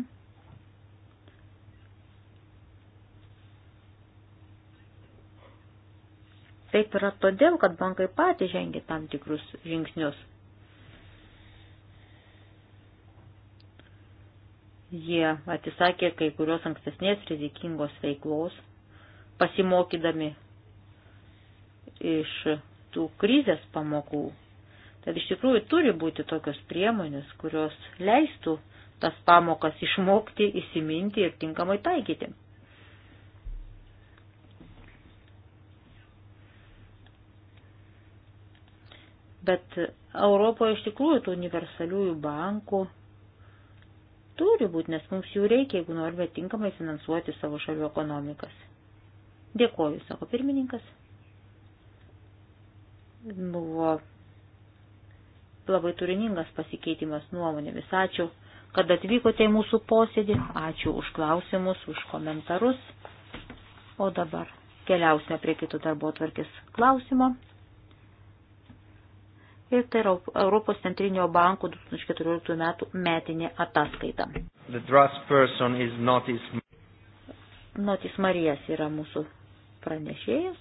Taip yra todėl, kad bankai patys žengia tam tikrus žingsnius. Jie atsisakė kai kurios ankstesnės rizikingos veiklos, pasimokydami iš tų krizės pamokų. Tad iš tikrųjų turi būti tokios priemonės, kurios leistų tas pamokas išmokti, įsiminti ir tinkamai taikyti. Bet Europoje iš tikrųjų tų universaliųjų bankų turi būti, nes mums jų reikia, jeigu norime tinkamai finansuoti savo šalių ekonomikas. Dėkoju, sako pirmininkas. Buvo labai turiningas pasikeitimas nuomonėmis. Ačiū, kad atvykote į mūsų posėdį. Ačiū už klausimus, už komentarus. O dabar keliausime prie kito darbo tvarkės klausimo ir tai yra Europos centrinio banko 2014 metų metinė ataskaita. Notis... notis Marijas yra mūsų pranešėjas.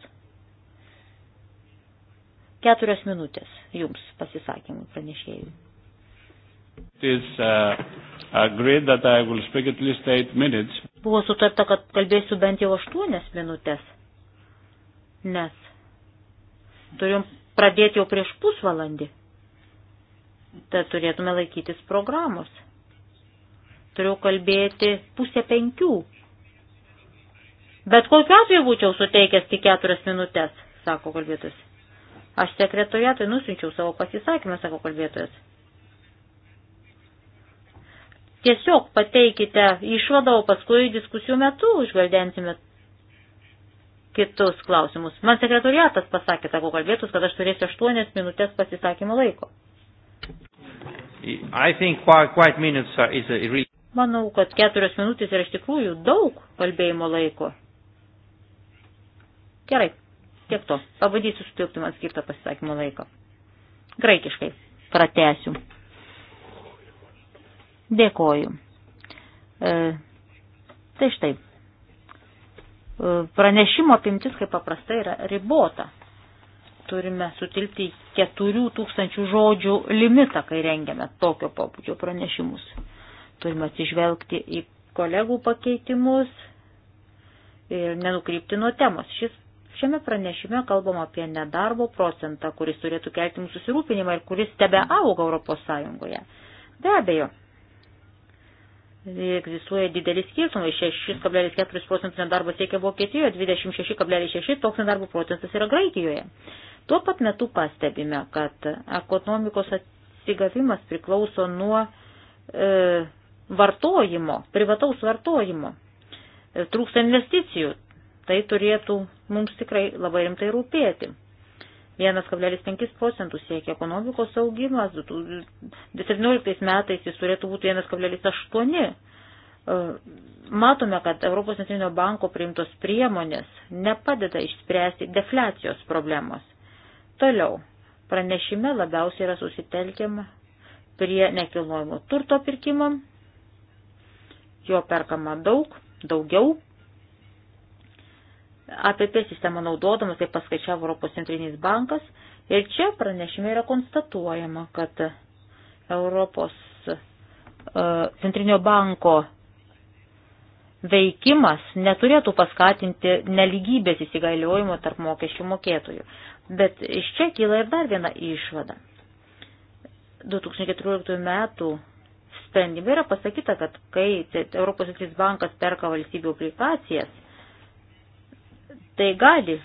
Keturios minutės jums pasisakymų pranešėjų. Uh, Buvo sutarta, kad kalbėsiu bent jau aštuonias minutės, nes turim pradėti jau prieš pusvalandį. Tad turėtume laikytis programos. Turiu kalbėti pusę penkių. Bet kokiu atveju būčiau suteikęs tik keturias minutės, sako kalbėtojas. Aš sekretoriatui nusinčiau savo pasisakymą, sako kalbėtojas. Tiesiog pateikite išvadą, o paskui diskusijų metu išgaldensime kitus klausimus. Man sekretoriatas pasakė, sako kalbėtus, kad aš turėsiu 8 minutės pasisakymo laiko. Quite, quite minutes is a... Manau, kad keturios minutės yra iš tikrųjų daug kalbėjimo laiko. Gerai, tiek to. Pabandysiu sutilpti man skirtą pasisakymo laiką. Graikiškai pratesiu. Dėkoju. E, tai štai. Pranešimo apimtis, kaip paprastai, yra ribota. Turime sutilpti 4000 žodžių limitą, kai rengiame tokio pobūdžio pranešimus. Turime atsižvelgti į kolegų pakeitimus ir nenukrypti nuo temos. Šis Šiame pranešime kalbam apie nedarbo procentą, kuris turėtų kelti mūsų susirūpinimą ir kuris tebe auga Europos Sąjungoje. Be abejo, egzistuoja dideli skirtumai. 6,4 procentų nedarbo siekia Vokietijoje, 26,6 toks nedarbo procentas yra Graikijoje. Tuo pat metu pastebime, kad ekonomikos atsigavimas priklauso nuo e, vartojimo, privataus vartojimo. E, trūksta investicijų. Tai turėtų mums tikrai labai rimtai rūpėti. 1,5 procentų siekia ekonomikos augimas, 2017 metais jis turėtų būti 1,8. E, matome, kad Europos centrinio banko priimtos priemonės nepadeda išspręsti defliacijos problemos. Toliau, pranešime labiausiai yra susitelkiama prie nekilnojimo turto pirkimo, jo perkama daug, daugiau APP sistemą naudodamas, tai paskaičiavo Europos centrinis bankas. Ir čia pranešime yra konstatuojama, kad Europos e, centrinio banko veikimas neturėtų paskatinti neligybės įsigaliojimo tarp mokesčių mokėtojų. Bet iš čia kyla ir dar viena išvada. 2014 metų sprendime yra pasakyta, kad kai Europos centrinis bankas perka valstybių obligacijas, tai gali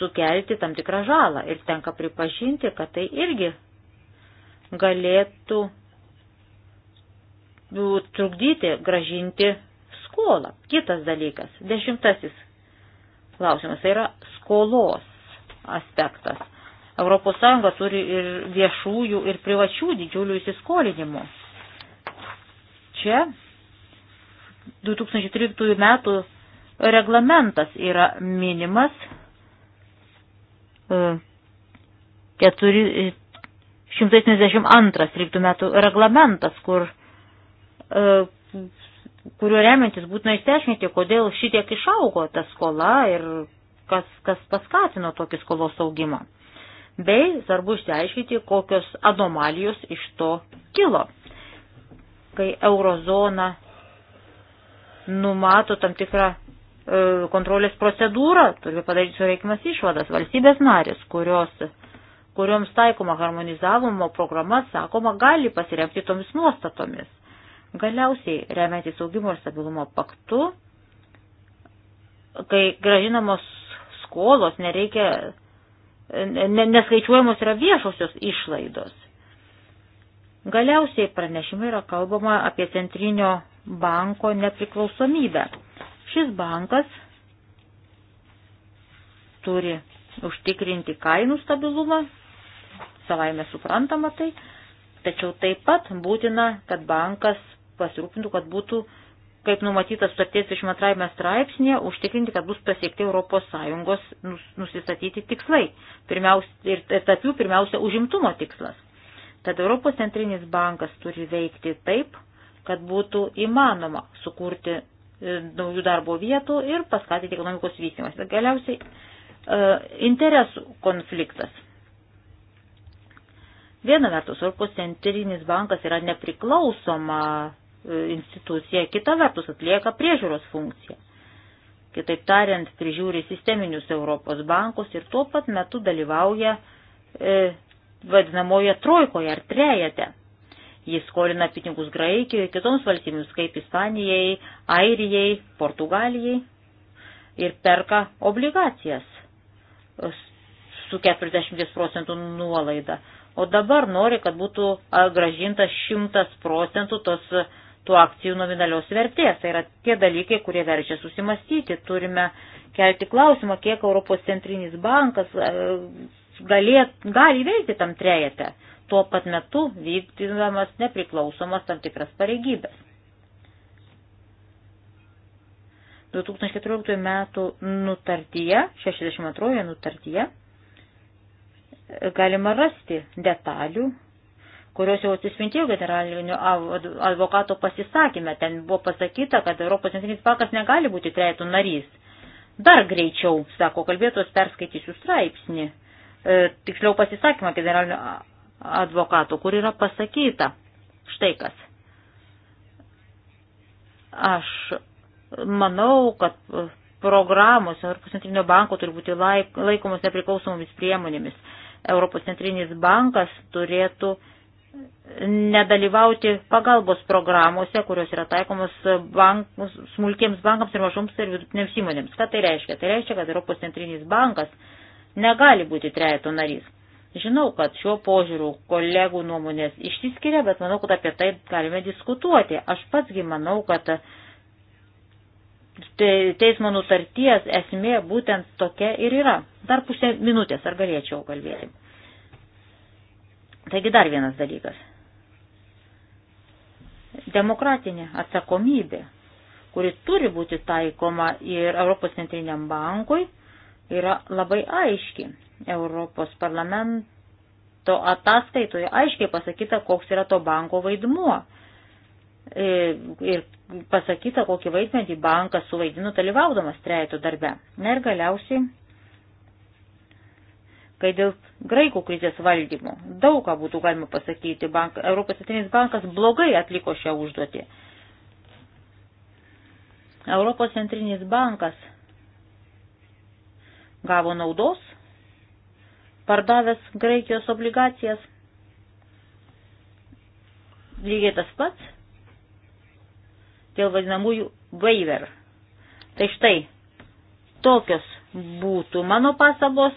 sukelti tam tikrą žalą ir tenka pripažinti, kad tai irgi galėtų nu, trukdyti gražinti skolą. Kitas dalykas, dešimtasis klausimas, tai yra skolos aspektas. ES turi ir viešųjų, ir privačių didžiulių įsiskolinimų. Čia 2013 metų reglamentas yra minimas 472 e, e, metų reglamentas, kur, e, kuriuo remiantis būtina išsiaiškinti, kodėl šitiek išaugo ta skola ir kas, kas paskatino tokį skolos augimą. Bei svarbu išsiaiškinti, kokios anomalijos iš to kilo, kai eurozona numato tam tikrą E, kontrolės procedūrą, turi padaryti sureikimas išvadas. Valstybės narės, kurios, kurioms taikoma harmonizavimo programa, sakoma, gali pasiremti tomis nuostatomis. Galiausiai, remiantis augimo ir stabilumo paktu, kai gražinamos skolos nereikia, neskaičiuojamos yra viešosios išlaidos. Galiausiai pranešime yra kalbama apie centrinio banko nepriklausomybę Šis bankas turi užtikrinti kainų stabilumą, savaime suprantama tai, tačiau taip pat būtina, kad bankas pasirūpintų, kad būtų, kaip numatytas sutarties 22 straipsnėje, užtikrinti, kad bus pasiekti ES nusistatyti tikslai. Pirmiausia, ir tarp jų pirmiausia užimtumo tikslas. Tad Europos centrinis bankas turi veikti taip, kad būtų įmanoma sukurti E, naujų darbo vietų ir paskatinti ekonomikos vystimas. Bet galiausiai e, interesų konfliktas. Viena vertus, Europos centrinis bankas yra nepriklausoma e, institucija, kita vertus atlieka priežiūros funkciją. Kitaip tariant, prižiūri sisteminius Europos bankus ir tuo pat metu dalyvauja e, vadinamoje trojkoje ar trejate. Jis skolina pinigus Graikijoje, kitoms valstybėms kaip Ispanijai, Airijai, Portugalijai ir perka obligacijas su 40 procentų nuolaida. O dabar nori, kad būtų gražinta 100 procentų tos tų akcijų nominalios vertės. Tai yra tie dalykai, kurie verčia susimastyti. Turime kelti klausimą, kiek Europos centrinis bankas galėt, gali veikti tam trejete tuo pat metu vykdydamas nepriklausomas tam tikras pareigybės. 2014 metų nutartyje, 62 nutartyje, galima rasti detalių, kurios jau atsispintėjo generalinio advokato pasisakymę. Ten buvo pasakyta, kad Europos centrinis bankas negali būti trejato narys. Dar greičiau, sako kalbėtos, perskaitysiu straipsnį, e, tiksliau pasisakymą generalinio advokatų, kur yra pasakyta štai kas. Aš manau, kad programos Europos centrinio banko turi būti laikomos nepriklausomomis priemonėmis. Europos centrinis bankas turėtų nedalyvauti pagalbos programuose, kurios yra taikomos bank, smulkiems bankams ir mažoms ir vidutinėms įmonėms. Ką tai reiškia? Tai reiškia, kad Europos centrinis bankas negali būti trejato narys. Žinau, kad šiuo požiūriu kolegų nuomonės išsiskiria, bet manau, kad apie tai galime diskutuoti. Aš patsgi manau, kad teismo nutarties esmė būtent tokia ir yra. Dar pusę minutės, ar galėčiau kalbėti. Taigi dar vienas dalykas. Demokratinė atsakomybė, kuri turi būti taikoma ir Europos centriniam bankui, yra labai aiški Europos parlamento ataskaitoje aiškiai pasakyta, koks yra to banko vaidmuo. E, ir pasakyta, kokį vaidmenį bankas suvaidino dalyvaudamas trejato darbe. Na ir galiausiai, kai dėl graikų krizės valdymo daug ką būtų galima pasakyti, bank, Europos Centrinis bankas blogai atliko šią užduotį. Europos Centrinis bankas gavo naudos pardavęs Graikijos obligacijas. Lygiai tas pats dėl vadinamųjų waiver. Tai štai, tokios būtų mano pasabos,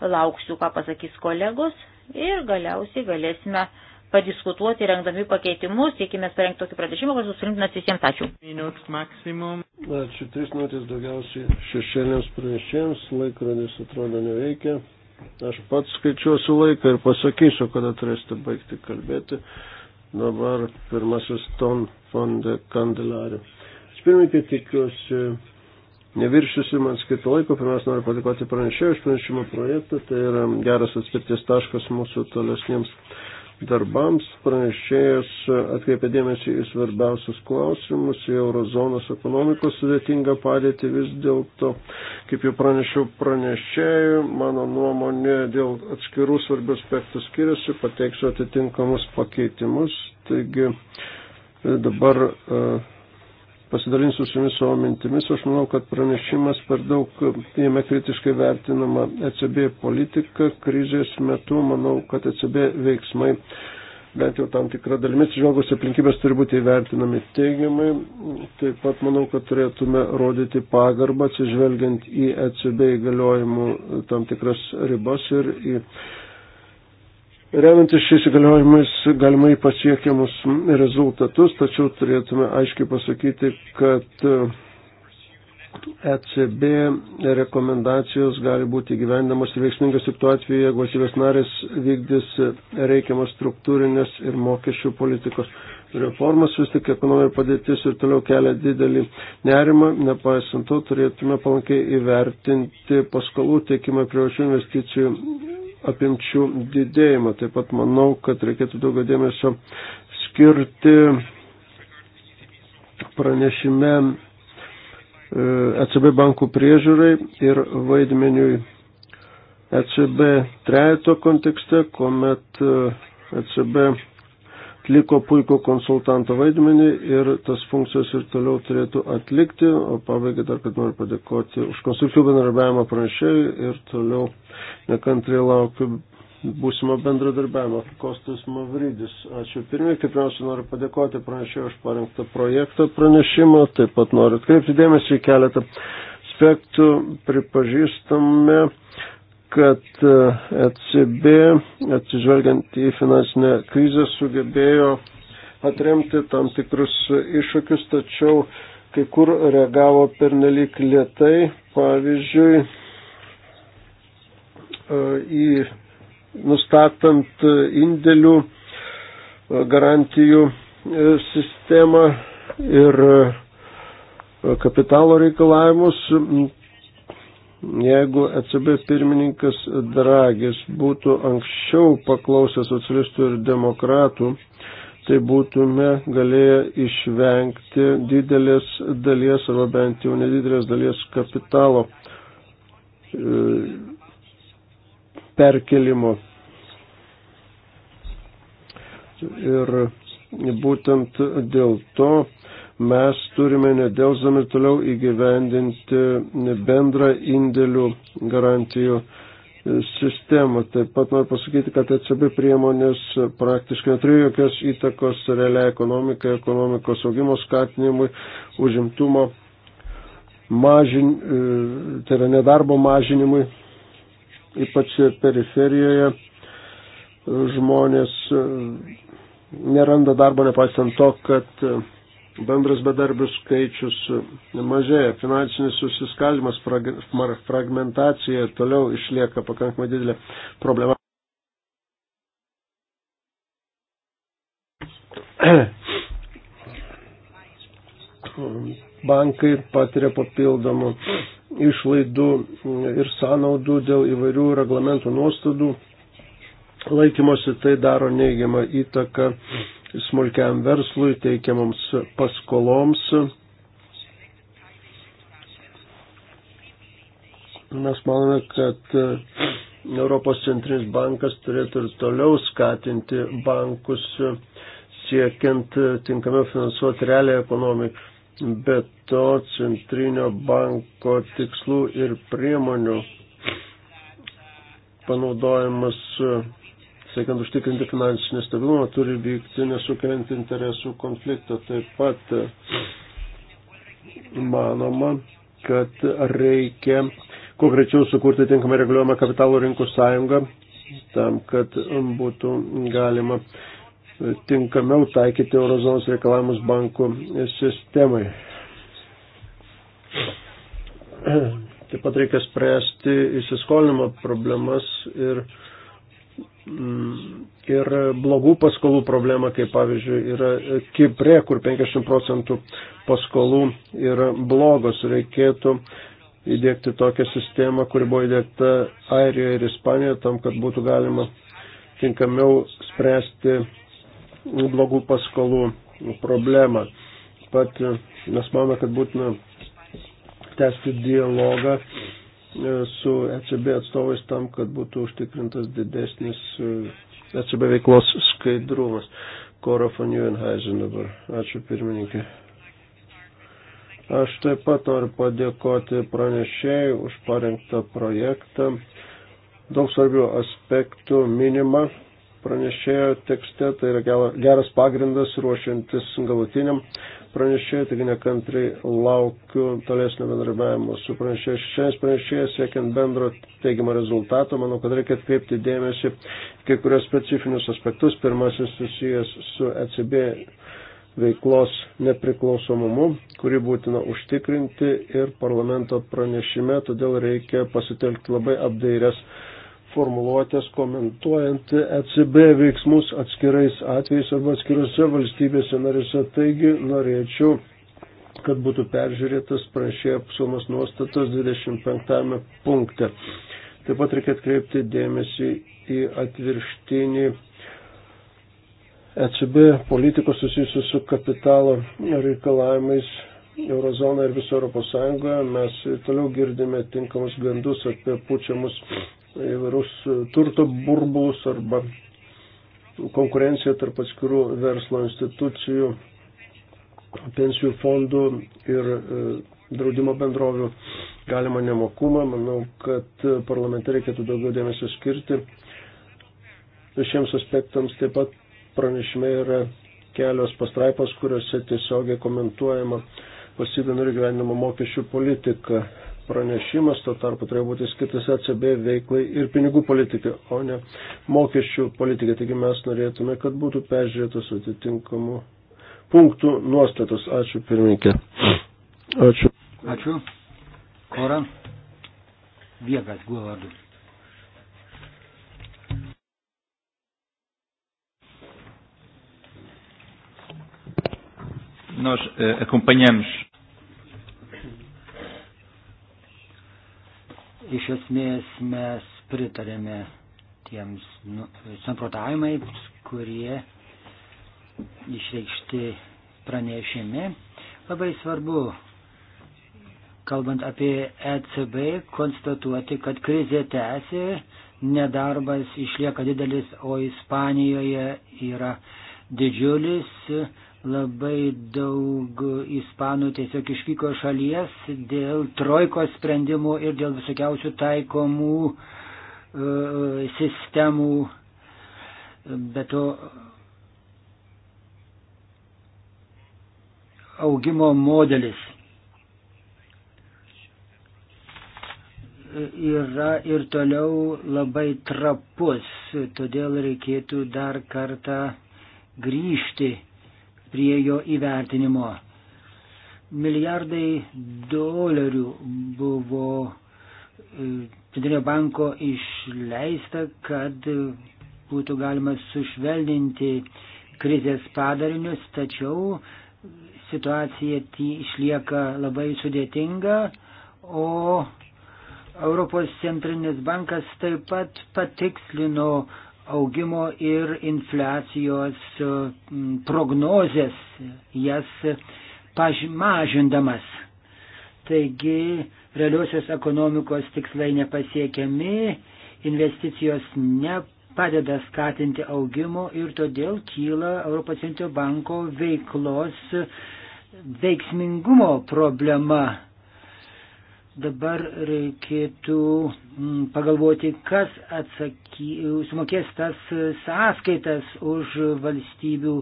lauksiu, ką pasakys kolegos ir galiausiai galėsime padiskutuoti, rengdami pakeitimus, tikimės parengti tokį pranešimą, kad susirinkimas visiems ačiū. Minut maksimum. Ačiū, tris minutės daugiausiai šešėlėms pranešėjams, laikrodis atrodo neveikia. Aš pats skaičiuosiu laiką ir pasakysiu, kada turėsite baigti kalbėti. Dabar pirmasis ton fonde kandelarių. Aš pirmininkai tikiuosi, neviršiusi man skirto laiko, pirmiausia noriu padėkoti pranešėjui už pranešimo projektą, tai yra geras atspirties taškas mūsų tolesniems darbams. Pranešėjas atkreipė dėmesį į svarbiausius klausimus, į eurozonos ekonomikos sudėtingą padėtį vis dėlto, kaip jau pranešiau pranešėjui, mano nuomonė dėl atskirų svarbių aspektų skiriasi, pateiksiu atitinkamus pakeitimus. Taigi dabar uh, pasidalinsiu su jumis savo mintimis. Aš manau, kad pranešimas per daug jame kritiškai vertinama ECB politika. Krizės metu manau, kad ECB veiksmai bent jau tam tikrą dalimi atsižvelgus aplinkybės turi būti įvertinami teigiamai. Taip pat manau, kad turėtume rodyti pagarbą atsižvelgiant į ECB įgaliojimų tam tikras ribas ir į Remiantis šiais įgaliojimais galimai pasiekiamus rezultatus, tačiau turėtume aiškiai pasakyti, kad ECB e rekomendacijos gali būti gyvendamos ir veiksmingas tik tuo atveju, jeigu valstybės narės vykdys reikiamas struktūrinės ir mokesčių politikos reformas, vis tik ekonominė padėtis ir toliau kelia didelį nerimą. Nepaisant to, turėtume palankiai įvertinti paskolų teikimą privačių investicijų apimčių didėjimą. Taip pat manau, kad reikėtų daugiau dėmesio skirti pranešime ECB e bankų priežiūrai ir vaidmeniui ECB trejato kontekste, kuomet ECB e atliko puikų konsultanto vaidmenį ir tas funkcijas ir toliau turėtų atlikti. O pabaigai dar, kad noriu padėkoti už konstruktyvų bendradarbiavimą pranešėjui ir toliau nekantriai laukiu būsimo bendradarbiavimo. Kostas Mavrydis, ačiū pirmininkai, pirmiausia noriu padėkoti pranešėjui už parengtą projektą pranešimą, taip pat noriu atkreipti dėmesį į keletą aspektų, pripažįstame kad ECB, e atsižvelgiant į finansinę krizę, sugebėjo atremti tam tikrus iššūkius, tačiau kai kur reagavo pernelyg lietai, pavyzdžiui, e, į nustatant indėlių e, garantijų sistemą ir kapitalo reikalavimus, Jeigu ECB pirmininkas Dragis būtų anksčiau paklausęs socialistų ir demokratų, tai būtume galėję išvengti didelės dalies arba bent jau nedidelės dalies kapitalo e, perkelimo. Ir būtent dėl to mes turime nedėlzami toliau įgyvendinti bendrą indėlių garantijų sistemą. Taip pat noriu pasakyti, kad ECB priemonės praktiškai neturėjo jokios įtakos realiai ekonomikai, ekonomikos augimo skatinimui, užimtumo mažin, tai yra nedarbo mažinimui, ypač periferijoje žmonės neranda darbo nepaisant to, kad bendras bedarbių skaičius mažėja, finansinis susiskalimas, fragmentacija toliau išlieka pakankamai didelė problema. Bankai patiria papildomų išlaidų ir sąnaudų dėl įvairių reglamentų nuostadų laikymosi tai daro neigiamą įtaką smulkiam verslui teikiamams paskoloms. Mes manome, kad Europos centrinis bankas turėtų ir toliau skatinti bankus siekiant tinkamiau finansuoti realią ekonomiką. Be to centrinio banko tikslų ir priemonių panaudojimas siekiant užtikrinti finansinį stabilumą, turi vykti nesukeliant interesų konfliktą. Taip pat e, manoma, kad reikia kuo greičiau sukurti tinkamą reguliuojamą kapitalų rinkų sąjungą, tam, kad būtų galima tinkamiau taikyti eurozonos reikalavimus bankų sistemai. Taip pat reikia spręsti įsiskolinimo problemas ir uh, Mm, ir blogų paskolų problema, kaip pavyzdžiui yra Kiprė, kur 50 procentų paskolų yra blogos. Reikėtų įdėkti tokią sistemą, kuri buvo įdėkta Airijoje ir Ispanijoje, tam, kad būtų galima tinkamiau spręsti blogų paskolų problemą. Pat e, mes manome, kad būtina tęsti dialogą E, su ECB atstovais tam, kad būtų užtikrintas didesnis ECB e veiklos skaidrumas. Kora von Juenheisen dabar. Ačiū pirmininkai. Aš taip pat noriu padėkoti pranešėjai už parengtą projektą. Daug svarbių aspektų minima pranešėjo tekste, tai yra geras pagrindas ruošiantis galutiniam pranešėjų, taigi nekantrai laukiu tolesnio bendrabiavimo su pranešėjais. Šiandien pranešėjas siekiant bendro teigiamo rezultato, manau, kad reikia atkreipti dėmesį kai kurios specifinius aspektus. Pirmasis susijęs su ECB veiklos nepriklausomumu, kurį būtina užtikrinti ir parlamento pranešime, todėl reikia pasitelkti labai apdairias formuluotės komentuojant ECB veiksmus atskirais atvejais arba atskirose valstybėse narėse. Taigi norėčiau, kad būtų peržiūrėtas prašė apsumas nuostatos 25 punkte. Taip pat reikia atkreipti dėmesį į atvirštinį ECB politikos susijusius su kapitalo reikalavimais Eurozona ir viso Europos Sąjungoje mes toliau girdime tinkamus gandus apie pučiamus įvairūs turto burbulus arba konkurencija tarp atskirų verslo institucijų, pensijų fondų ir e, draudimo bendrovių galima nemokumą. Manau, kad parlamente reikėtų daugiau dėmesio skirti. Šiems aspektams taip pat pranešime yra kelios pastraipos, kuriuose tiesiogiai komentuojama valstybė nori gyvenimo mokesčių politiką pranešimas, to tarpu turėjo būti skirtas ECB veiklai ir pinigų politikai, o ne mokesčių politikai. Taigi mes norėtume, kad būtų peržiūrėtos atitinkamų punktų nuostatos. Ačiū pirmininkė. Ačiū. Ačiū. Kora. Viegas Guovadu. Nós uh, acompanhamos iš esmės mes pritarėme tiems nu, samprotavimais, kurie išreikšti pranešime. Labai svarbu, kalbant apie ECB, konstatuoti, kad krizė tęsi, nedarbas išlieka didelis, o Ispanijoje yra didžiulis Labai daug ispanų tiesiog išvyko šalies dėl trojkos sprendimų ir dėl visokiausių taikomų e, sistemų. Bet to augimo modelis yra ir toliau labai trapus, todėl reikėtų dar kartą grįžti prie jo įvertinimo. Milijardai dolerių buvo e, Centrinio banko išleista, kad būtų galima sušvelninti krizės padarinius, tačiau situacija išlieka labai sudėtinga, o Europos centrinis bankas taip pat patikslino augimo ir infliacijos prognozes, jas mažindamas. Taigi realiosios ekonomikos tikslai nepasiekiami, investicijos nepadeda skatinti augimo ir todėl kyla Europos Centrinio banko veiklos veiksmingumo problema Dabar reikėtų mm, pagalvoti, kas atsaky, sumokės tas sąskaitas už valstybių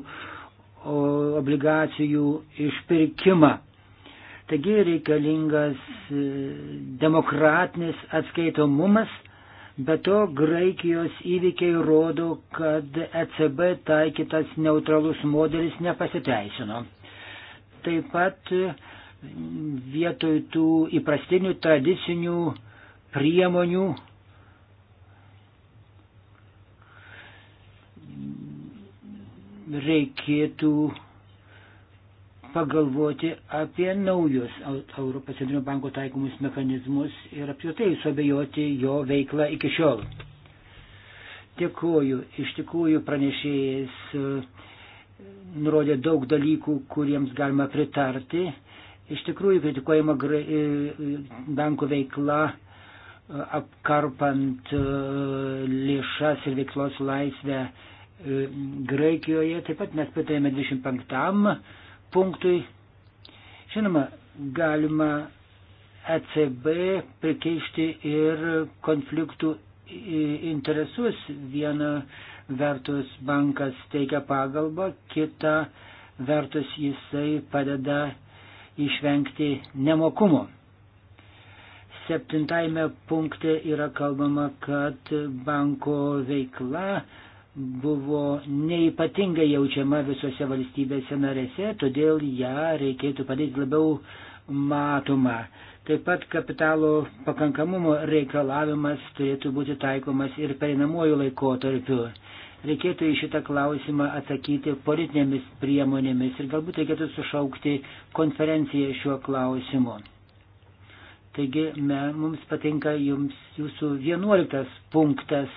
obligacijų išpirkimą. Taigi reikalingas e, demokratinis atskaitomumas, bet to Graikijos įvykiai rodo, kad ECB taikytas neutralus modelis nepasiteisino. Taip pat vietoj tų įprastinių tradicinių priemonių reikėtų pagalvoti apie naujus Europos Centrinio banko taikomus mechanizmus ir apskritai suabejoti jo veiklą iki šiol. Dėkuoju, iš tikrųjų pranešėjas e, nurodė daug dalykų, kuriems galima pritarti. Iš tikrųjų kritikuojama e, e, bankų veikla e, apkarpant lėšas ir veiklos laisvę Graikijoje. Taip pat mes pritarėme 25 punktui. Žinoma, galima ECB prikeišti ir konfliktų interesus. Viena vertus bankas teikia pagalbą, kita vertus jisai padeda išvengti nemokumo. Septintajame punkte yra kalbama, kad banko veikla buvo neipatingai jaučiama visose valstybėse narėse, todėl ją reikėtų padaryti labiau matomą. Taip pat kapitalo pakankamumo reikalavimas turėtų būti taikomas ir pereinamuoju laikotarpiu reikėtų į šitą klausimą atsakyti politinėmis priemonėmis ir galbūt reikėtų sušaukti konferenciją šiuo klausimu. Taigi me, mums patinka jums jūsų vienuoliktas punktas,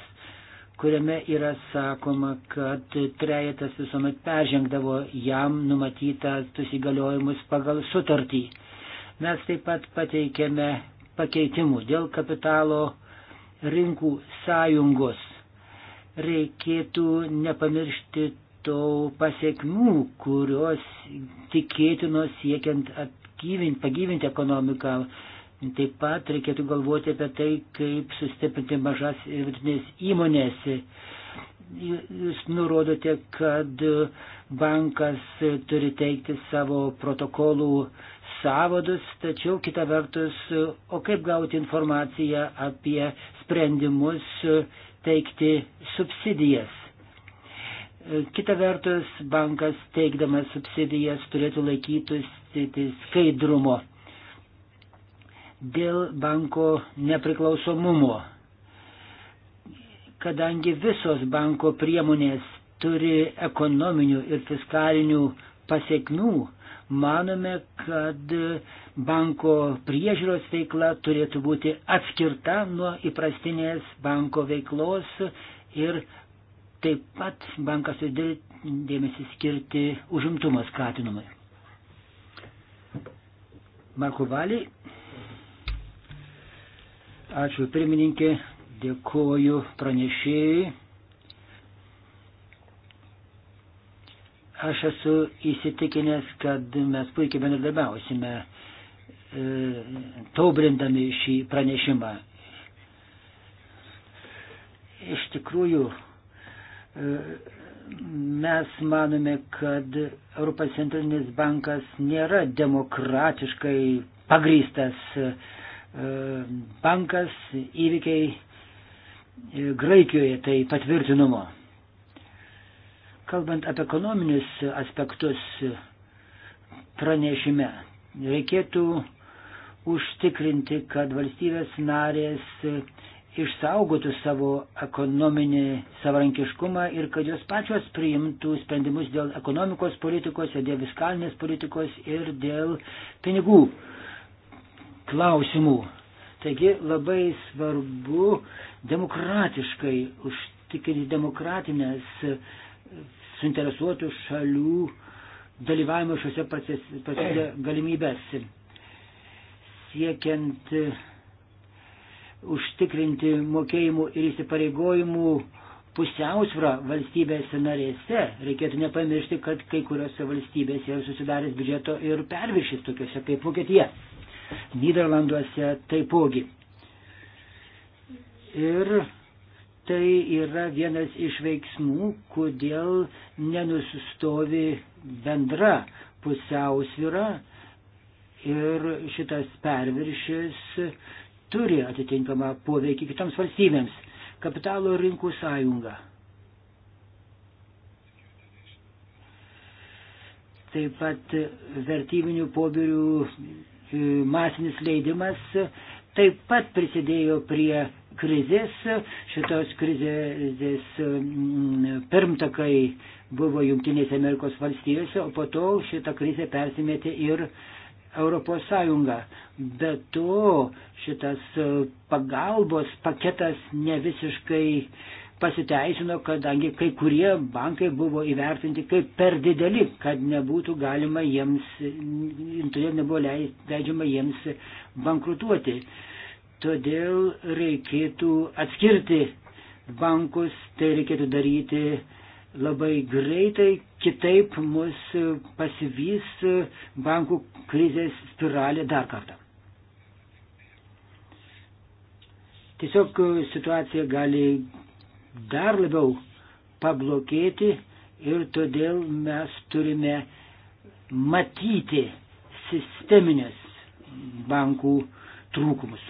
kuriame yra sakoma, kad trejetas visuomet peržengdavo jam numatytas įgaliojimus pagal sutartį. Mes taip pat pateikėme pakeitimų dėl kapitalo rinkų sąjungos reikėtų nepamiršti to pasiekmių, kurios tikėtinos siekiant atgyvinti, pagyvinti ekonomiką. Taip pat reikėtų galvoti apie tai, kaip sustiprinti mažas ir vidutinės įmonės. Jūs nurodote, kad bankas turi teikti savo protokolų savadus, tačiau kita vertus, o kaip gauti informaciją apie sprendimus teikti subsidijas. Kita vertus, bankas teikdamas subsidijas turėtų laikytis skaidrumo dėl banko nepriklausomumo. Kadangi visos banko priemonės turi ekonominių ir fiskalinių pasiekmių, manome, kad banko priežiūros veikla turėtų būti atskirta nuo įprastinės banko veiklos ir taip pat bankas turi dėmesį skirti užimtumo skatinimui. Marko Valį. Ačiū pirmininkė, dėkoju pranešėjai. Aš esu įsitikinęs, kad mes puikiai bendradarbiausime e, tobrindami šį pranešimą. Iš tikrųjų, e, mes manome, kad Europos centrinis bankas nėra demokratiškai pagrystas e, bankas įvykiai e, Graikijoje tai patvirtinumo. Kalbant apie ekonominius aspektus pranešime, reikėtų užtikrinti, kad valstybės narės išsaugotų savo ekonominį savarankiškumą ir kad jos pačios priimtų sprendimus dėl ekonomikos politikos, dėl fiskalinės politikos ir dėl pinigų klausimų. Taigi labai svarbu demokratiškai užtikrinti demokratinės suinteresuotų šalių dalyvavimo šiuose procese galimybės. Siekiant e, užtikrinti mokėjimų ir įsipareigojimų pusiausvyrą valstybėse narėse, reikėtų nepamiršti, kad kai kuriuose valstybėse yra susidaręs biudžeto ir perviršis tokiuose kaip Vokietija, Niderlanduose taipogi. Ir Tai yra vienas iš veiksmų, kodėl nenusistovi bendra pusiausvyra ir šitas perviršis turi atitinkamą poveikį kitoms valstybėms. Kapitalo rinkų sąjunga. Taip pat vertybinių pobirių e, masinis leidimas taip pat prisidėjo prie krizės. Šitos krizės mm, pirmtakai buvo Junktinėse Amerikos valstijose, o po to šitą krizę persimėtė ir Europos Sąjunga. Be to šitas pagalbos paketas ne visiškai pasiteisino, kadangi kai kurie bankai buvo įvertinti kaip per dideli, kad nebūtų galima jiems, todėl nebuvo leidžiama jiems bankrutuoti. Todėl reikėtų atskirti bankus, tai reikėtų daryti labai greitai, kitaip mus pasivys bankų krizės spiralė dar kartą. Tiesiog situacija gali dar labiau pablokėti ir todėl mes turime matyti sisteminės bankų trūkumus.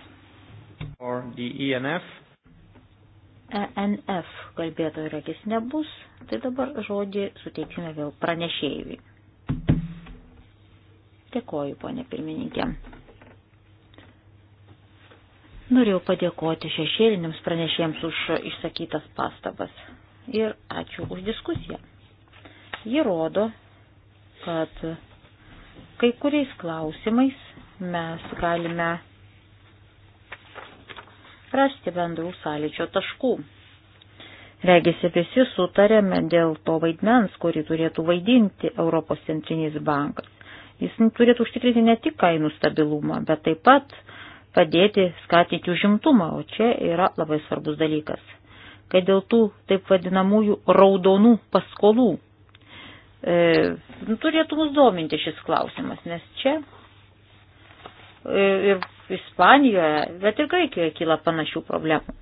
ENF. E ENF kalbėtojų regis nebus, tai dabar žodį suteiksime vėl pranešėjui. Dėkoju, ponė pirmininkė. Norėjau padėkoti šešėliniams pranešėjams už išsakytas pastabas ir ačiū už diskusiją. Ji rodo, kad kai kuriais klausimais mes galime rasti bendrų sąlyčio taškų. Regisi visi sutarėme dėl to vaidmens, kurį turėtų vaidinti Europos centrinis bankas. Jis turėtų užtikrinti ne tik kainų stabilumą, bet taip pat padėti skatinti užimtumą, o čia yra labai svarbus dalykas. Kai dėl tų taip vadinamųjų raudonų paskolų e, nu, turėtų mus dominti šis klausimas, nes čia ir Ispanijoje, bet ir Graikijoje kyla panašių problemų.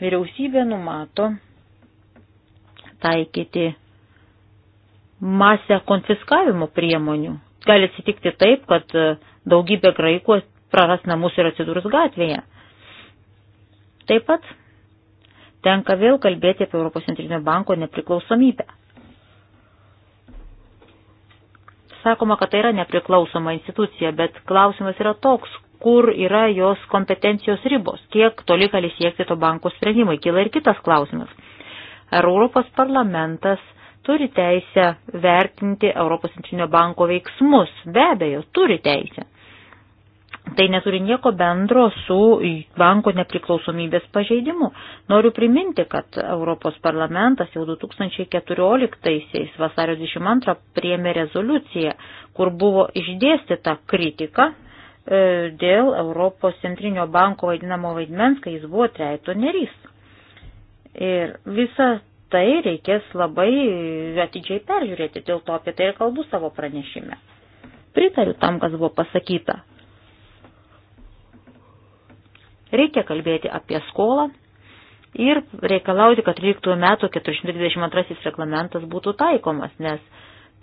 Vyriausybė numato taikyti masę konfiskavimo priemonių. Gali atsitikti taip, kad daugybė graikų praras namus ir atsidurs gatvėje. Taip pat tenka vėl kalbėti apie Europos centrinio banko nepriklausomybę. sakoma, kad tai yra nepriklausoma institucija, bet klausimas yra toks, kur yra jos kompetencijos ribos, kiek toli gali siekti to banko sprendimai. Kila ir kitas klausimas. Ar Europos parlamentas turi teisę vertinti Europos centrinio banko veiksmus? Be abejo, turi teisę. Tai neturi nieko bendro su banko nepriklausomybės pažeidimu. Noriu priminti, kad Europos parlamentas jau 2014 vasario 22 priėmė rezoliuciją, kur buvo išdėstyta kritika e, dėl Europos centrinio banko vaidinamo vaidmens, kai jis buvo treito nerys. Ir visa tai reikės labai atidžiai peržiūrėti, dėl to apie tai ir kalbu savo pranešime. Pritariu tam, kas buvo pasakyta. Reikia kalbėti apie skolą ir reikalauti, kad 13 metų 422 reglamentas būtų taikomas, nes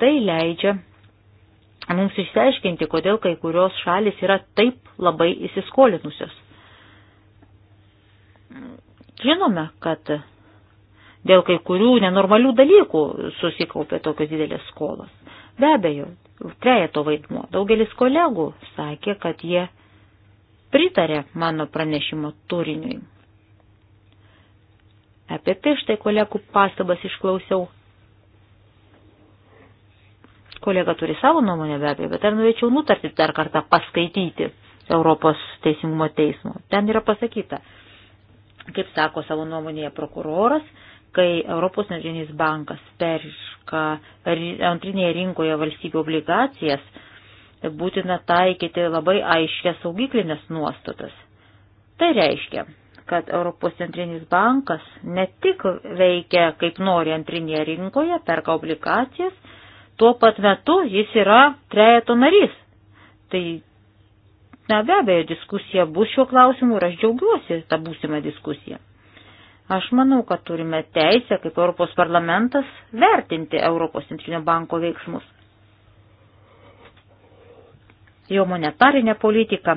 tai leidžia mums išsiaiškinti, kodėl kai kurios šalis yra taip labai įsiskolinusios. Žinome, kad dėl kai kurių nenormalių dalykų susikaupė tokios didelės skolos. Be abejo, trejeto vaidmuo. Daugelis kolegų sakė, kad jie pritarė mano pranešimo turiniui. Apie tai štai kolegų pastabas išklausiau. Kolega turi savo nuomonę be abejo, bet ar norėčiau nutarti dar kartą paskaityti Europos teisingumo teismo. Ten yra pasakyta, kaip sako savo nuomonėje prokuroras, kai Europos centrinis bankas perška antrinėje rinkoje valstybių obligacijas, būtina taikyti labai aiškias saugiklinės nuostatas. Tai reiškia, kad Europos centrinis bankas ne tik veikia kaip nori antrinėje rinkoje, perka obligacijas, tuo pat metu jis yra trejeto narys. Tai na, be abejo diskusija bus šiuo klausimu ir aš džiaugiuosi tą būsimą diskusiją. Aš manau, kad turime teisę kaip Europos parlamentas vertinti Europos centrinio banko veiksmus jo monetarinę politiką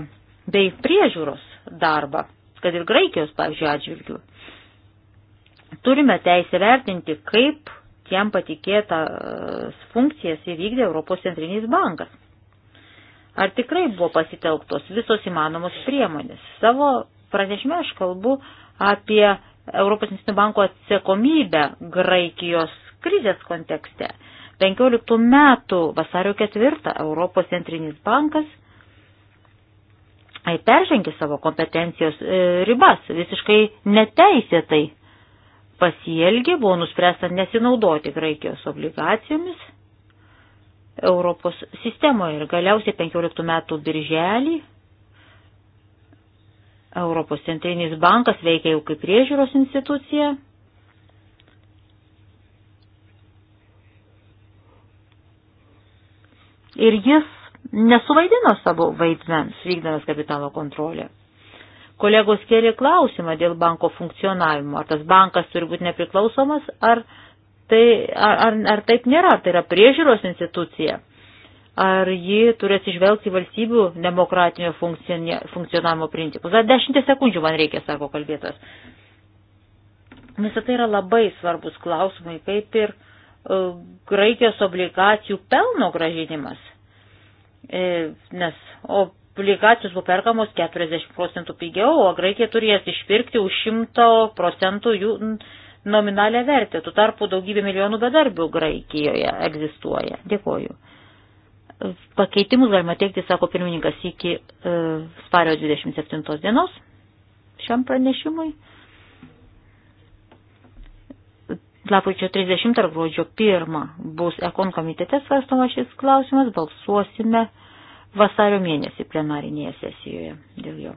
bei priežiūros darbą, kad ir Graikijos, pavyzdžiui, atžvilgių. Turime teisę vertinti, kaip jam patikėtas funkcijas įvykdė Europos centrinis bankas. Ar tikrai buvo pasitelktos visos įmanomos priemonės? Savo pranešime aš kalbu apie Europos centrinio banko atsakomybę Graikijos krizės kontekste. 15 metų vasario 4 Europos centrinis bankas e, peržengė savo kompetencijos e, ribas, visiškai neteisėtai pasielgė, buvo nuspręsta nesinaudoti Graikijos obligacijomis Europos sistemoje ir galiausiai 15 metų birželį Europos centrinis bankas veikia jau kaip priežiūros institucija, ir jis nesuvaidino savo vaidmens vykdamas kapitalo kontrolę. Kolegos kėlė klausimą dėl banko funkcionavimo, ar tas bankas turi būti nepriklausomas, ar, tai, ar, ar, ar taip nėra, ar tai yra priežiūros institucija, ar ji turi atsižvelgti valstybių demokratinio funkcionavimo principus. Dar dešimtį sekundžių man reikia, sako kalbėtas. Visą tai yra labai svarbus klausimai, kaip ir uh, Graikijos obligacijų pelno gražinimas E, nes obligacijos buvo perkamos 40 procentų pigiau, o Graikija turės išpirkti už 100 procentų jų nominalę vertę. Tuo tarpu daugybė milijonų bedarbių Graikijoje egzistuoja. Dėkoju. Pakeitimus galima teikti, sako pirmininkas, iki e, spario 27 dienos šiam pranešimui. Lapučio 30 ar gruodžio 1 bus ekon komitete svarstoma šis klausimas, balsuosime vasario mėnesį plenarinėje sesijoje dėl jo.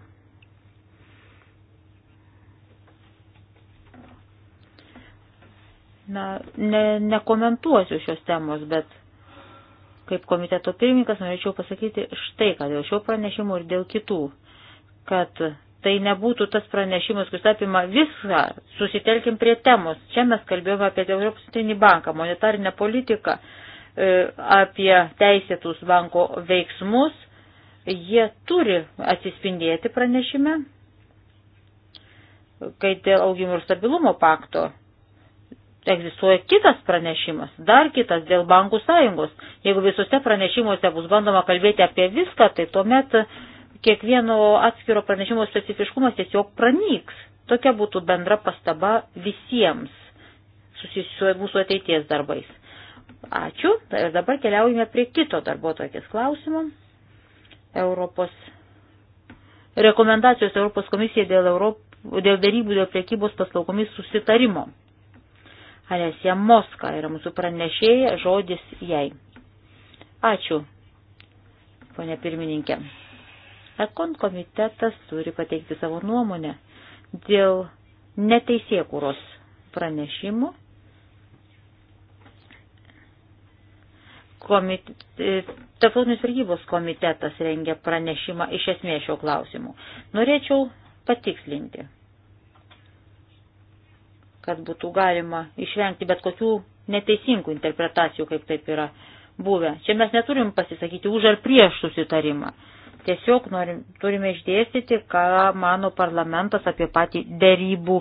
Na, ne, nekomentuosiu šios temos, bet kaip komiteto pirmininkas norėčiau pasakyti štai, kad dėl šio pranešimo ir dėl kitų, kad tai nebūtų tas pranešimas, kuris apima viską, susitelkim prie temos. Čia mes kalbėjome apie Europos centrinį banką, monetarinę politiką, e, apie teisėtus banko veiksmus. Jie turi atsispindėti pranešime, kai dėl augimo ir stabilumo pakto egzistuoja kitas pranešimas, dar kitas dėl bankų sąjungos. Jeigu visose pranešimuose bus bandoma kalbėti apie viską, tai tuomet uh, kiekvieno atskiro pranešimo specifiškumas tiesiog pranyks. Tokia būtų bendra pastaba visiems susijusiu mūsų ateities darbais. Ačiū. Ir dabar keliaujame prie kito darbuotojas klausimo. Europos rekomendacijos Europos komisijai dėl, Europ... dėl darybų dėl priekybos paslaugomis susitarimo. Alesija Moska yra mūsų pranešėja, žodis jai. Ačiū, ponė pirmininkė. Ekon komitetas turi pateikti savo nuomonę dėl neteisėkūros pranešimų. Komit... E, Tarptautinės prekybos komitetas rengia pranešimą iš esmės šio klausimu. Norėčiau patikslinti, kad būtų galima išvengti bet kokių neteisingų interpretacijų, kaip taip yra buvę. Čia mes neturim pasisakyti už ar prieš susitarimą. Tiesiog norim, turime išdėstyti, ką mano parlamentas apie patį dėrybų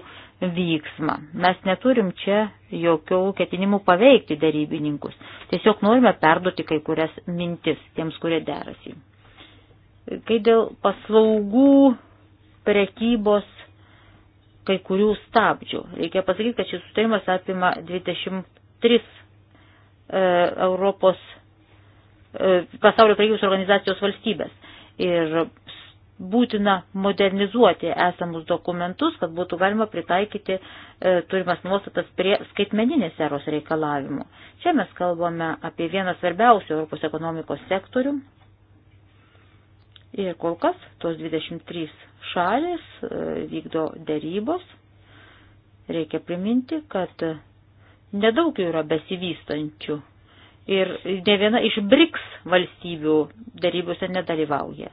vyksmą. Mes neturim čia jokių ketinimų paveikti dėrybininkus. Tiesiog norime perduoti kai kurias mintis tiems, kurie derasi. Kai dėl paslaugų prekybos kai kurių stabdžių. Reikia pasakyti, kad šis sutarimas apima 23 e, Europos e, pasaulio prekybos organizacijos valstybės ir būtina modernizuoti esamus dokumentus, kad būtų galima pritaikyti e, turimas nuostatas prie skaitmeninės eros reikalavimų. Čia mes kalbame apie vieną svarbiausių Europos ekonomikos sektorių. Ir kol kas tos 23 šalis e, vykdo dėrybos. Reikia priminti, kad nedaug jų yra besivystančių ir ne viena iš BRICS valstybių darybose nedalyvauja.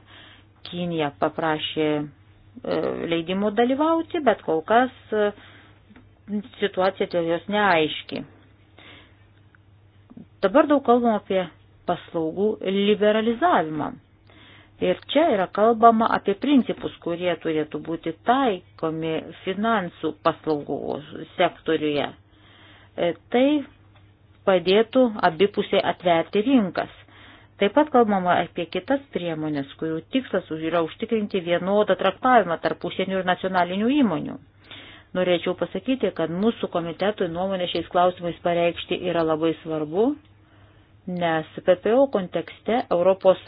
Kinija paprašė e, leidimų dalyvauti, bet kol kas e, situacija dėl jos neaiški. Dabar daug kalbam apie paslaugų liberalizavimą. Ir čia yra kalbama apie principus, kurie turėtų būti taikomi finansų paslaugų sektoriuje. E, tai padėtų abipusiai atverti rinkas. Taip pat kalbama apie kitas priemonės, kurių tikslas yra užtikrinti vienodą traktavimą tarp užsienio ir nacionalinių įmonių. Norėčiau pasakyti, kad mūsų komitetui nuomonė šiais klausimais pareikšti yra labai svarbu, nes PPO kontekste ES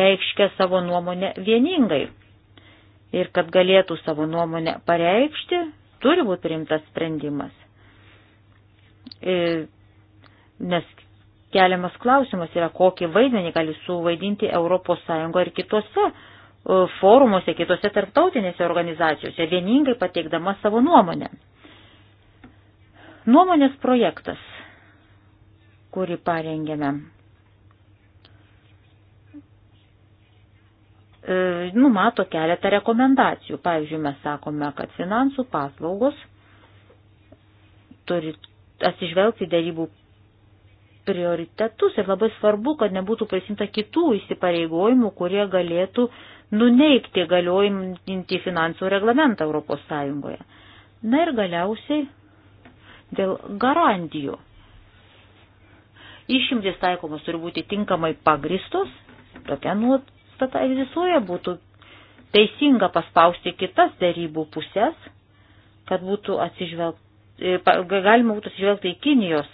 reiškia savo nuomonę vieningai. Ir kad galėtų savo nuomonę pareikšti, turi būti rimtas sprendimas. E, nes keliamas klausimas yra, kokį vaidmenį gali suvaidinti ES ir kitose e, forumuose, kitose tarptautinėse organizacijose, vieningai pateikdama savo nuomonę. Nuomonės projektas, kurį parengėme. E, numato keletą rekomendacijų. Pavyzdžiui, mes sakome, kad finansų paslaugos turi atsižvelgti darybų prioritetus ir labai svarbu, kad nebūtų prisimta kitų įsipareigojimų, kurie galėtų nuneikti galiojantį finansų reglamentą Europos Sąjungoje. Na ir galiausiai dėl garantijų. Išimtis taikomos turi būti tinkamai pagristos, tokia nuostata egzistuoja, būtų teisinga paspausti kitas darybų pusės, kad būtų atsižvelgta E, galima būtų atsižvelgti į Kinijos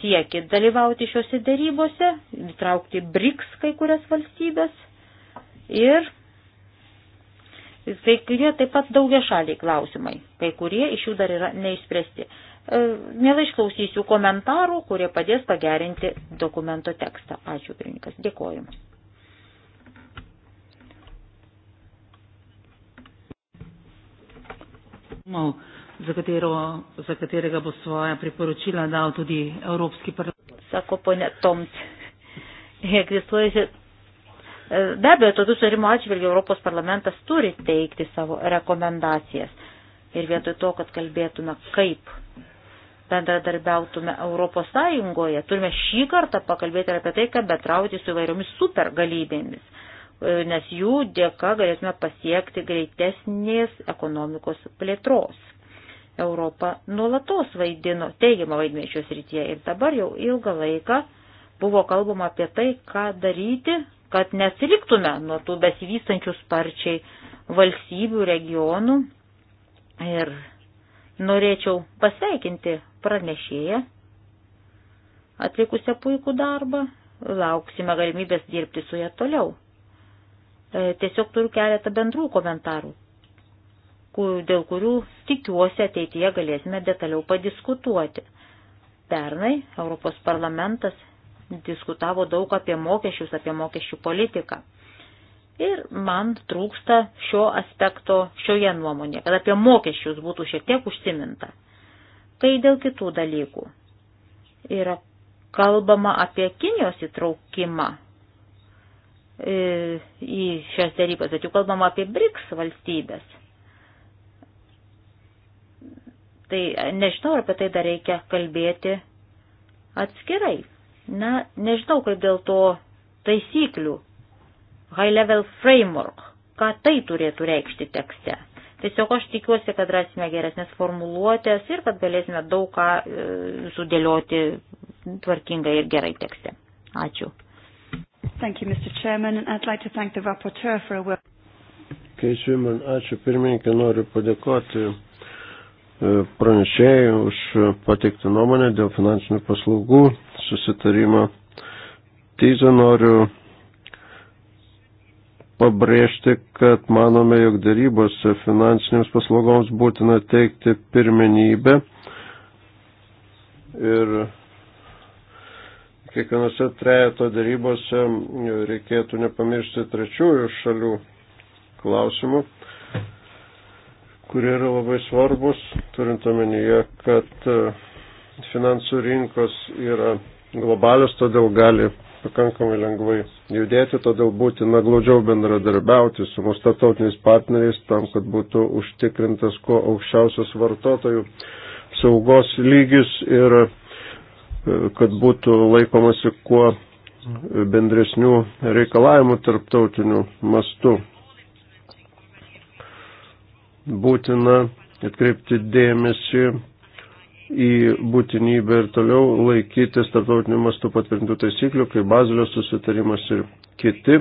siekį dalyvauti šiuose dėrybose, įtraukti BRICS kai kurias valstybės ir kai kurie taip pat daugia šaliai klausimai, kai kurie iš jų dar yra neišspręsti. E, mielai išklausysiu komentarų, kurie padės pagerinti dokumento tekstą. Ačiū, pirmininkas. Dėkoju. Mal. No za, katero, za katerega bo svoja priporočila dal tudi Evropski parlament. Sako ponė Tomt. Egzistuoja eh, že. Be abejo, tokių sutarimo atžvilgių Europos parlamentas turi teikti savo rekomendacijas. Ir vietoj to, kad kalbėtume, kaip bendradarbiautume Europos Sąjungoje, turime šį kartą pakalbėti apie tai, kaip betrauti su įvairiomis supergalybėmis, eh, nes jų dėka galėtume pasiekti greitesnės ekonomikos plėtros. Europa nuolatos vaidino teigiamą vaidmenį šios rytyje ir dabar jau ilgą laiką buvo kalbama apie tai, ką daryti, kad neatsiliktume nuo tų besivystančių sparčiai valstybių, regionų. Ir norėčiau pasveikinti pranešėją atlikusią puikų darbą, lauksime galimybės dirbti su ją toliau. E, tiesiog turiu keletą bendrų komentarų dėl kurių tikiuosi ateityje galėsime detaliau padiskutuoti. Pernai Europos parlamentas diskutavo daug apie mokesčius, apie mokesčių politiką. Ir man trūksta šio aspekto šioje nuomonėje, kad apie mokesčius būtų šiek tiek užsiminta. Kai dėl kitų dalykų yra kalbama apie Kinijos įtraukimą e, į šias darybas, bet jau kalbama apie BRICS valstybės. Tai e, nežinau, ar apie tai dar reikia kalbėti atskirai. Na, nežinau, kaip dėl to taisyklių, high level framework, ką tai turėtų reikšti tekste. Tiesiog aš tikiuosi, kad rasime geresnės formuluotės ir kad galėsime daug ką e, sudėlioti tvarkingai ir gerai tekste. Ačiū. Thank you, Mr. Chairman, and I'd like to thank the rapporteur for a work. Keisviman, ačiū pirmininkai, noriu padėkoti E, pranešėjai už pateiktą nuomonę dėl finansinių paslaugų susitarimo. Tyza noriu pabrėžti, kad manome, jog darybose finansinėms paslaugoms būtina teikti pirmenybę ir kiekvienose trejato darybose reikėtų nepamiršti trečiųjų šalių klausimų kurie yra labai svarbus, turint omenyje, kad e, finansų rinkos yra globalios, todėl gali pakankamai lengvai judėti, todėl būtina glaudžiau bendradarbiauti su mūsų tarptautiniais partneriais tam, kad būtų užtikrintas kuo aukščiausias vartotojų saugos lygis ir e, kad būtų laikomasi kuo bendresnių reikalavimų tarptautinių mastų būtina atkreipti dėmesį į būtinybę ir toliau laikytis tarptautinių mastų patvirtintų taisyklių, kaip Bazilio susitarimas ir kiti.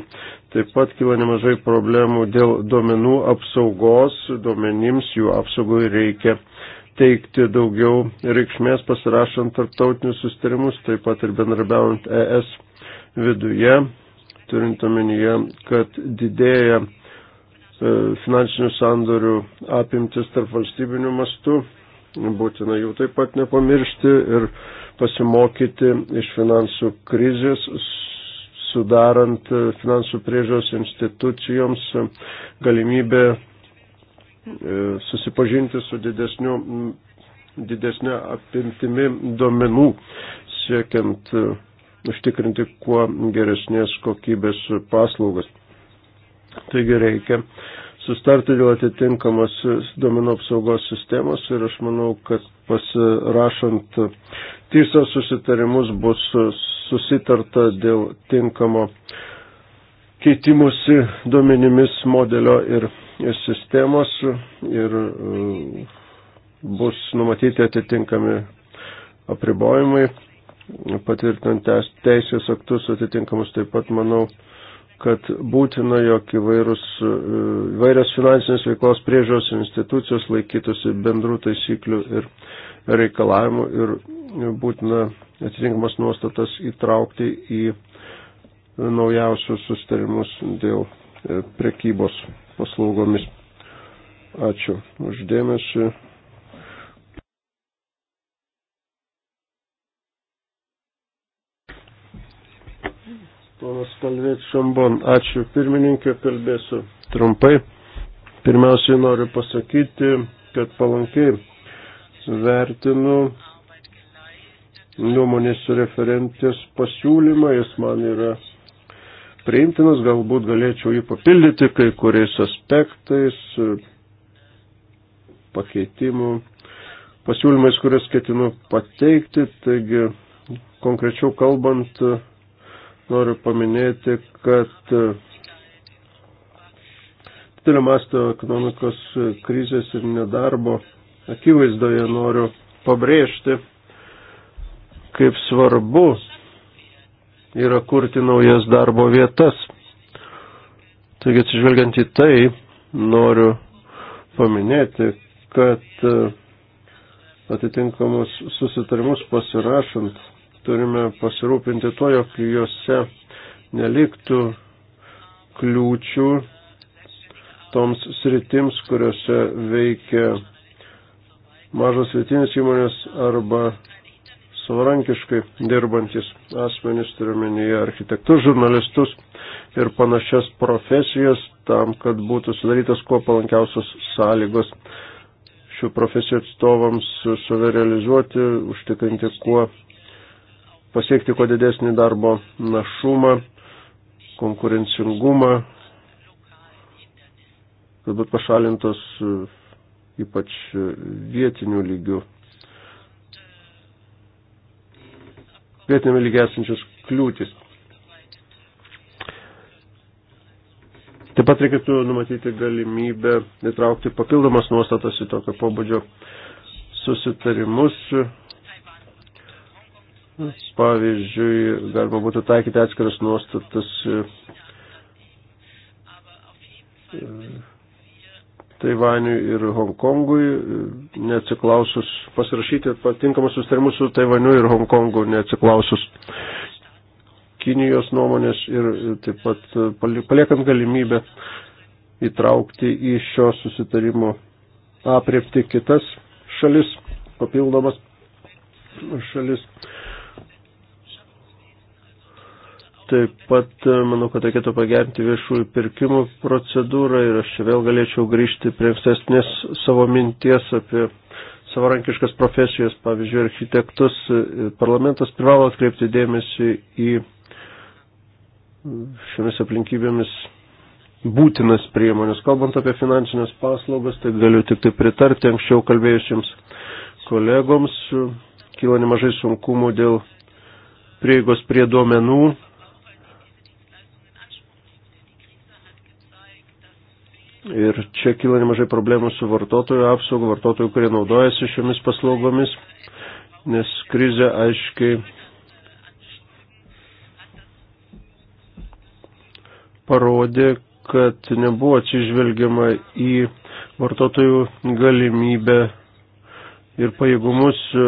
Taip pat kyla nemažai problemų dėl duomenų apsaugos, duomenims jų apsaugui reikia teikti daugiau reikšmės pasirašant tarptautinius sustarimus, taip pat ir bendrabiaujant ES viduje, turint omenyje, kad didėja E, finansinių sandorių apimtis tarp valstybinių mastų. Būtina jų taip pat nepamiršti ir pasimokyti iš finansų krizės, sudarant finansų priežiūros institucijoms galimybę e, susipažinti su didesniu, didesnė apimtimi duomenų, siekiant e, užtikrinti kuo geresnės kokybės paslaugas. Taigi reikia sustarti dėl atitinkamos duomenų apsaugos sistemos ir aš manau, kad pasirašant TISA susitarimus bus susitarta dėl tinkamo keitimusi duomenimis modelio ir, ir sistemos ir e, bus numatyti atitinkami apribojimai, patvirtinant teisės aktus atitinkamus taip pat, manau, kad būtina, jog įvairūs, e, įvairios finansinės veiklos priežiūros institucijos laikytųsi bendrų taisyklių ir reikalavimų ir būtina atitinkamas nuostatas įtraukti į naujausius sustarimus dėl e, prekybos paslaugomis. Ačiū uždėmesi. Ponas Kalvėt Šambon, ačiū pirmininkė, kalbėsiu trumpai. Pirmiausiai noriu pasakyti, kad palankiai vertinu nuomonės referentės pasiūlymą, jis man yra priimtinas, galbūt galėčiau jį papildyti kai kuriais aspektais, pakeitimų, pasiūlymais, kurias ketinu pateikti, taigi konkrečiau kalbant, noriu paminėti, kad e, didelio masto ekonomikos krizės ir nedarbo akivaizdoje noriu pabrėžti, kaip svarbu yra kurti naujas darbo vietas. Taigi atsižvelgiant į tai, noriu paminėti, kad e, atitinkamus susitarimus pasirašant turime pasirūpinti to, jog juose neliktų kliūčių toms sritims, kuriuose veikia mažos vietinės įmonės arba savarankiškai dirbantis asmenys, turiuomenyje architektus, žurnalistus ir panašias profesijas tam, kad būtų sudarytas kuo palankiausios sąlygos šių profesijų atstovams suverealizuoti, užtikrinti kuo pasiekti kuo didesnį darbo našumą, konkurencingumą, kad būtų pašalintos e, ypač e, vietinių lygių. Vietiniame lygiai esančios kliūtis. Taip pat reikėtų numatyti galimybę įtraukti papildomas nuostatas į tokio pobūdžio susitarimus, Pavyzdžiui, galima būtų taikyti atskiras nuostatas. E, Taivaniui ir Hongkongui, e, neatsiklausus pasirašyti patinkamus sustarimus su Taivaniu ir Hongkongu, neatsiklausus Kinijos nuomonės ir e, taip pat paliekant galimybę įtraukti į šio susitarimo apriepti kitas šalis, papildomas šalis. Taip pat e, manau, kad reikėtų pagerinti viešųjų pirkimų procedūrą ir aš čia vėl galėčiau grįžti prie ankstesnės savo minties apie savarankiškas profesijas, pavyzdžiui, architektus. E, Parlamentas privalo atkreipti dėmesį į šiomis aplinkybėmis būtinas priemonės. Kalbant apie finansinės paslaugas, tai galiu tik tai pritarti anksčiau kalbėjusiems kolegoms. Kyla nemažai sunkumų dėl prieigos prie duomenų Ir čia kyla nemažai problemų su vartotojų apsauga, vartotojų, kurie naudojasi šiomis paslaugomis, nes krizė aiškiai parodė, kad nebuvo atsižvelgiama į vartotojų galimybę ir pajėgumus e,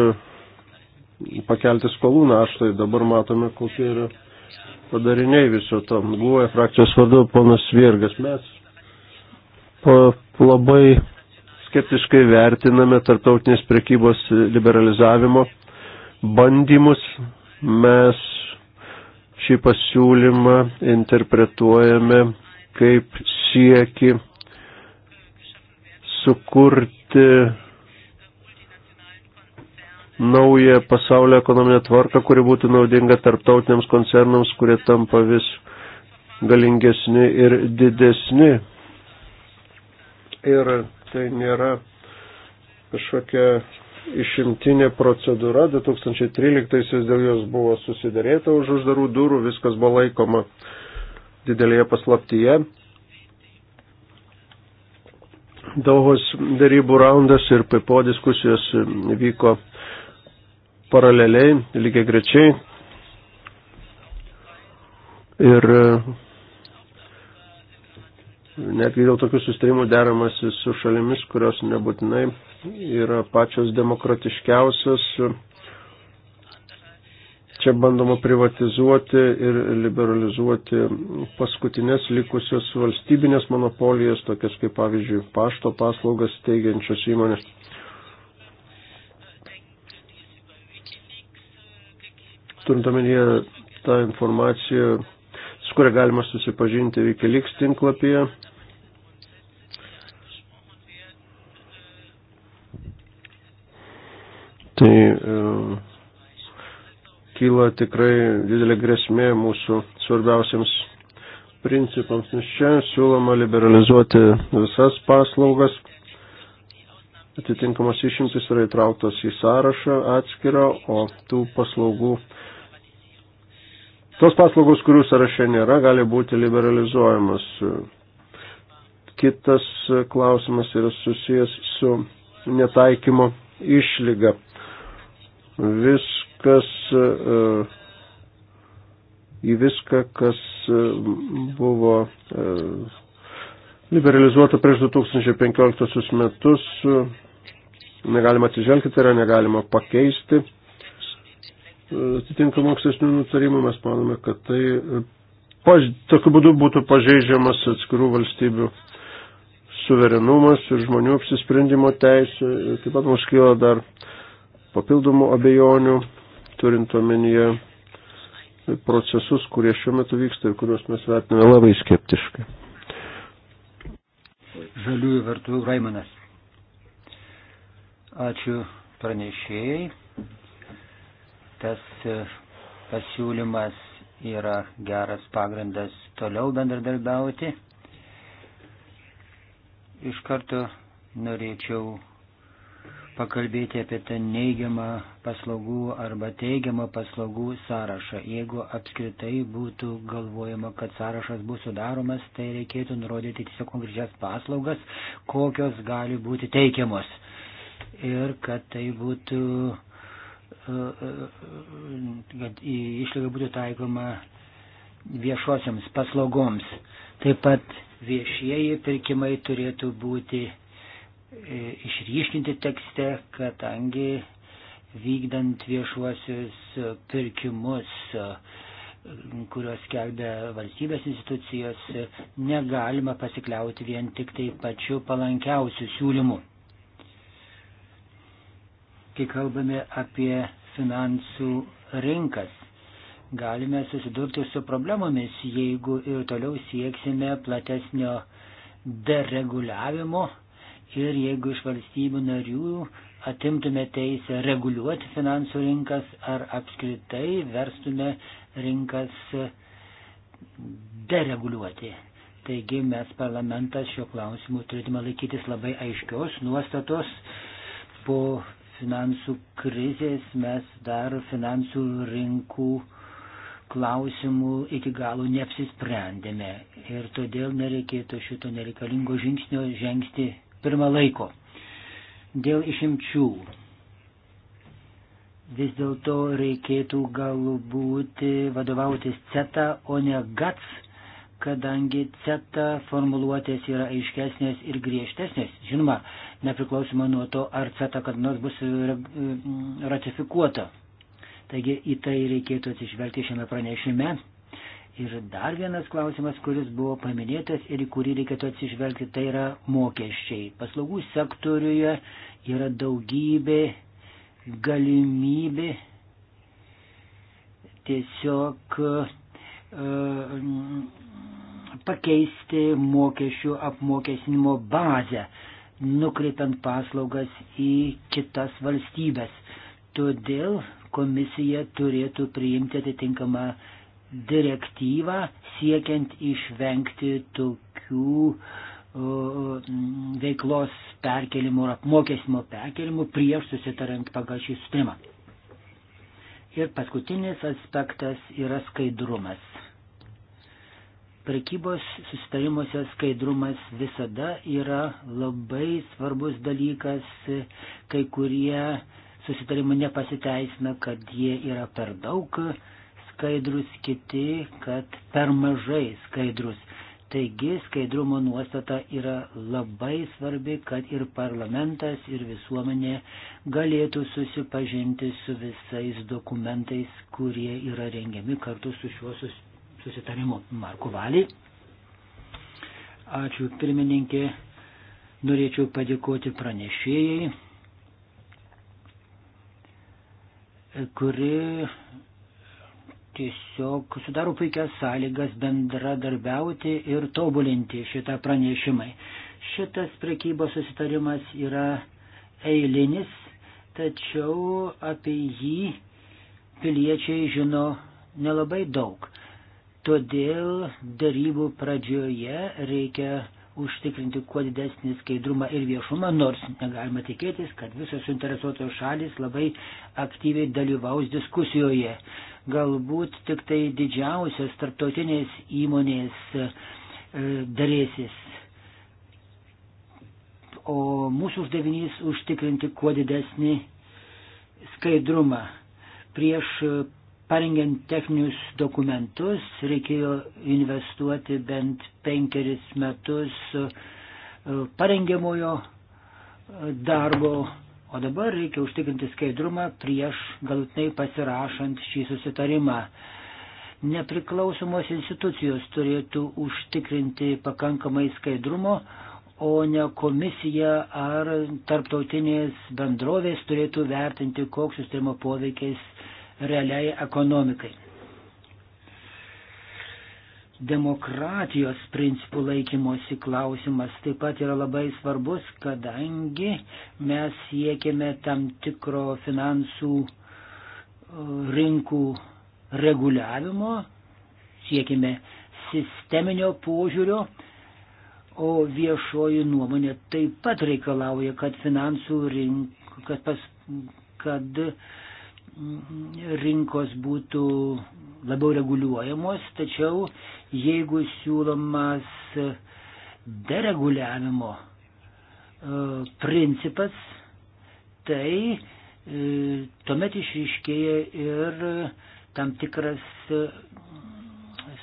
pakelti skolų naštą. Dabar matome, kokie yra padariniai viso to. Guoja e frakcijos vadu ponas Viergas. Mes labai skeptiškai vertiname tarptautinės prekybos liberalizavimo bandymus. Mes šį pasiūlymą interpretuojame kaip sieki sukurti naują pasaulio ekonominę tvarką, kuri būtų naudinga tarptautiniams koncernams, kurie tampa vis galingesni ir didesni ir tai nėra kažkokia išimtinė procedūra. 2013 dėl jos buvo susidarėta už uždarų durų, viskas buvo laikoma didelėje paslaptyje. Dauhos darybų raundas ir PPO diskusijos vyko paraleliai, lygiai grečiai. Ir netgi dėl tokių sustarimų deramasi su šalimis, kurios nebūtinai yra pačios demokratiškiausios. Čia bandoma privatizuoti ir liberalizuoti paskutinės likusios valstybinės monopolijas, tokias kaip pavyzdžiui pašto paslaugas teigiančios įmonės. Turint omenyje tą informaciją su kuria galima susipažinti Wikileaks tinklapyje. Tai e, kyla tikrai didelė grėsmė mūsų svarbiausiams principams, nes čia siūloma liberalizuoti visas paslaugas. Atitinkamos išimtis yra įtrauktos į sąrašą atskirą, o tų paslaugų Tos paslaugos, kurių sąraše nėra, gali būti liberalizuojamas. Kitas klausimas yra susijęs su netaikymo išlyga. Viskas, e, į viską, kas e, buvo e, liberalizuota prieš 2015 metus, negalima atsižvelgti, tai yra negalima pakeisti atitinkamų ankstesnių nutarimų, mes manome, kad tai e, paž, tokiu būdu būtų pažeidžiamas atskirų valstybių suverenumas ir žmonių apsisprendimo teisė. Taip pat mums kyla dar papildomų abejonių, turint omenyje procesus, kurie šiuo metu vyksta ir kuriuos mes vertiname labai skeptiškai. Žaliųjų vertų Raimanas. Ačiū pranešėjai tas e, pasiūlymas yra geras pagrindas toliau bendradarbiauti. Iš karto norėčiau pakalbėti apie tą neigiamą paslaugų arba teigiamą paslaugų sąrašą. Jeigu apskritai būtų galvojama, kad sąrašas bus sudaromas, tai reikėtų nurodyti tiesiog konkrečias paslaugas, kokios gali būti teikiamos. Ir kad tai būtų uh, kad išlyga būtų taikoma viešosiams paslaugoms. Taip pat viešieji pirkimai turėtų būti e, išryškinti tekste, kadangi vykdant viešuosius pirkimus, kuriuos skelbia valstybės institucijos, negalima pasikliauti vien tik tai pačiu palankiausiu siūlymu kai kalbame apie finansų rinkas. Galime susidurti su problemomis, jeigu ir toliau sieksime platesnio dereguliavimo ir jeigu iš valstybių narių atimtume teisę reguliuoti finansų rinkas ar apskritai verstume rinkas dereguliuoti. Taigi mes parlamentas šiuo klausimu turėtume laikytis labai aiškios nuostatos po finansų krizės mes dar finansų rinkų klausimų iki galo neapsisprendėme ir todėl nereikėtų šito nereikalingo žingsnio žengti pirmą laiko. Dėl išimčių vis dėlto reikėtų galbūt vadovautis CETA, o ne GATS, kadangi CETA formuluotės yra aiškesnės ir griežtesnės. Žinoma, nepriklausomai nuo to, ar CETA kad nors bus e, e, ratifikuota. Taigi į tai reikėtų atsižvelgti šiame pranešime. Ir dar vienas klausimas, kuris buvo paminėtas ir į kurį reikėtų atsižvelgti, tai yra mokesčiai. Paslaugų sektoriuje yra daugybė galimybė tiesiog e, pakeisti mokesčių apmokestinimo bazę nukreipiant paslaugas į kitas valstybės. Todėl komisija turėtų priimti atitinkamą direktyvą siekiant išvengti tokių o, veiklos perkelimų ir apmokesimo perkelimų prieš susitarant pagal šį sustrimą. Ir paskutinis aspektas yra skaidrumas. Prekybos susitarimuose skaidrumas visada yra labai svarbus dalykas, kai kurie susitarimai nepasiteisina, kad jie yra per daug skaidrus, kiti, kad per mažai skaidrus. Taigi skaidrumo nuostata yra labai svarbi, kad ir parlamentas, ir visuomenė galėtų susipažinti su visais dokumentais, kurie yra rengiami kartu su šiuo susitarimu susitarimu. Marku Valį. Ačiū pirmininkė. Norėčiau padėkoti pranešėjai, kuri tiesiog sudaro puikias sąlygas bendradarbiauti ir tobulinti šitą pranešimą. Šitas prekybos susitarimas yra eilinis, tačiau apie jį piliečiai žino nelabai daug. Todėl darybų pradžioje reikia užtikrinti kuo didesnį skaidrumą ir viešumą, nors negalima tikėtis, kad visos suinteresuotos šalis labai aktyviai dalyvaus diskusijoje. Galbūt tik tai didžiausios tarptautinės įmonės e, darysis. O mūsų uždavinys užtikrinti kuo didesnį skaidrumą. Prieš Parengiant techninius dokumentus reikėjo investuoti bent penkeris metus e, parengiamojo e, darbo, o dabar reikia užtikrinti skaidrumą prieš galutinai pasirašant šį susitarimą. Nepriklausomos institucijos turėtų užtikrinti pakankamai skaidrumo, o ne komisija ar tarptautinės bendrovės turėtų vertinti, koks sistemo poveikis realiai ekonomikai. Demokratijos principų laikymosi klausimas taip pat yra labai svarbus, kadangi mes siekime tam tikro finansų e, rinkų reguliavimo, siekime sisteminio požiūrio, o viešoji nuomonė taip pat reikalauja, kad finansų rink, kad, pas, kad rinkos būtų labiau reguliuojamos, tačiau jeigu siūlomas dereguliavimo e, principas, tai e, tuomet išryškėja ir tam tikras e,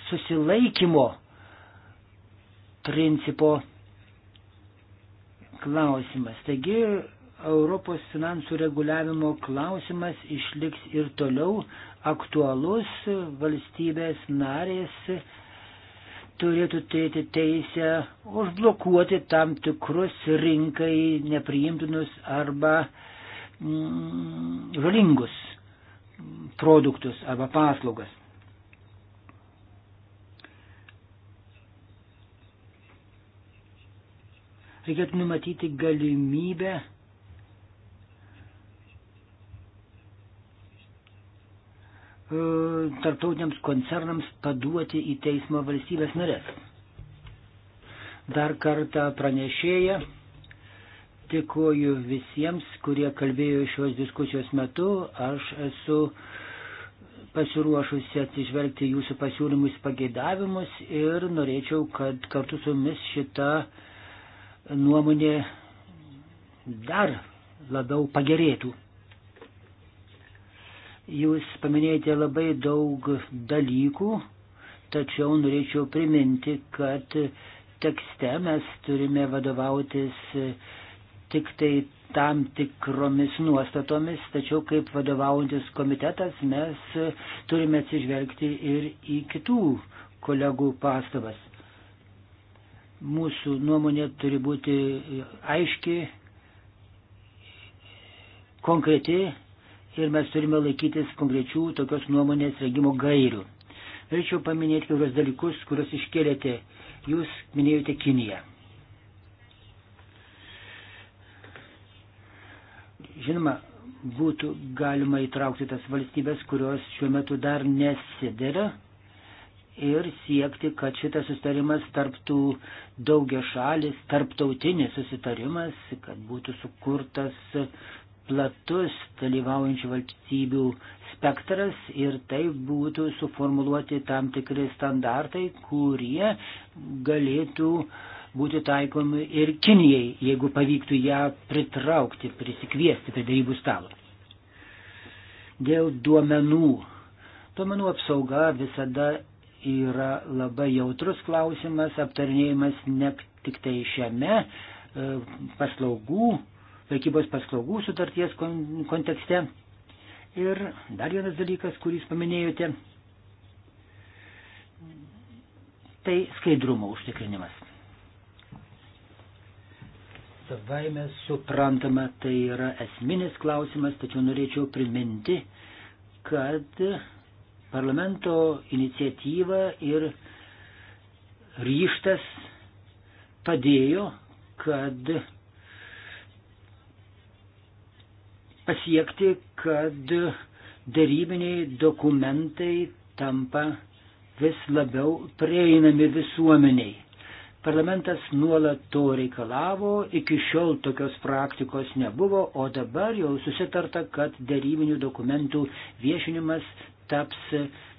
susilaikymo principo klausimas. Taigi Europos finansų reguliavimo klausimas išliks ir toliau aktualus, valstybės narės turėtų turėti teisę užblokuoti tam tikrus rinkai nepriimtinus arba mm, žalingus produktus arba paslaugas. Reikėtų numatyti galimybę E, tarptautiniams koncernams paduoti į teismą valstybės narės. Dar kartą pranešėja, dėkuoju visiems, kurie kalbėjo šios diskusijos metu. Aš esu pasiruošusi atsižvelgti jūsų pasiūlymus pageidavimus ir norėčiau, kad kartu su jumis šita nuomonė dar labiau pagerėtų. Jūs paminėjote labai daug dalykų, tačiau norėčiau priminti, kad tekste mes turime vadovautis tik tai tam tikromis nuostatomis, tačiau kaip vadovaujantis komitetas mes turime atsižvelgti ir į kitų kolegų pastabas. Mūsų nuomonė turi būti aiški, konkreti ir mes turime laikytis konkrečių tokios nuomonės rengimo gairių. Norėčiau paminėti kelius dalykus, kuriuos iškėlėte. Jūs minėjote Kiniją. Žinoma, būtų galima įtraukti tas valstybės, kurios šiuo metu dar nesidera ir siekti, kad šitas sustarimas tarptų daugia šalis, tarptautinis susitarimas, kad būtų sukurtas platus dalyvaujančių valstybių spektras ir tai būtų suformuluoti tam tikri standartai, kurie galėtų būti taikomi ir Kinijai, jeigu pavyktų ją pritraukti, prisikviesti prie darybų stalo. Dėl duomenų. Duomenų apsauga visada yra labai jautrus klausimas, aptarnėjimas ne tik tai šiame e, paslaugų prekybos paslaugų sutarties kontekste. Ir dar vienas dalykas, kurį jūs paminėjote, tai skaidrumo užtikrinimas. Savai mes suprantama, tai yra esminis klausimas, tačiau norėčiau priminti, kad parlamento iniciatyva ir ryštas padėjo, kad pasiekti, kad darybiniai dokumentai tampa vis labiau prieinami visuomeniai. Parlamentas nuolat to reikalavo, iki šiol tokios praktikos nebuvo, o dabar jau susitarta, kad darybinių dokumentų viešinimas taps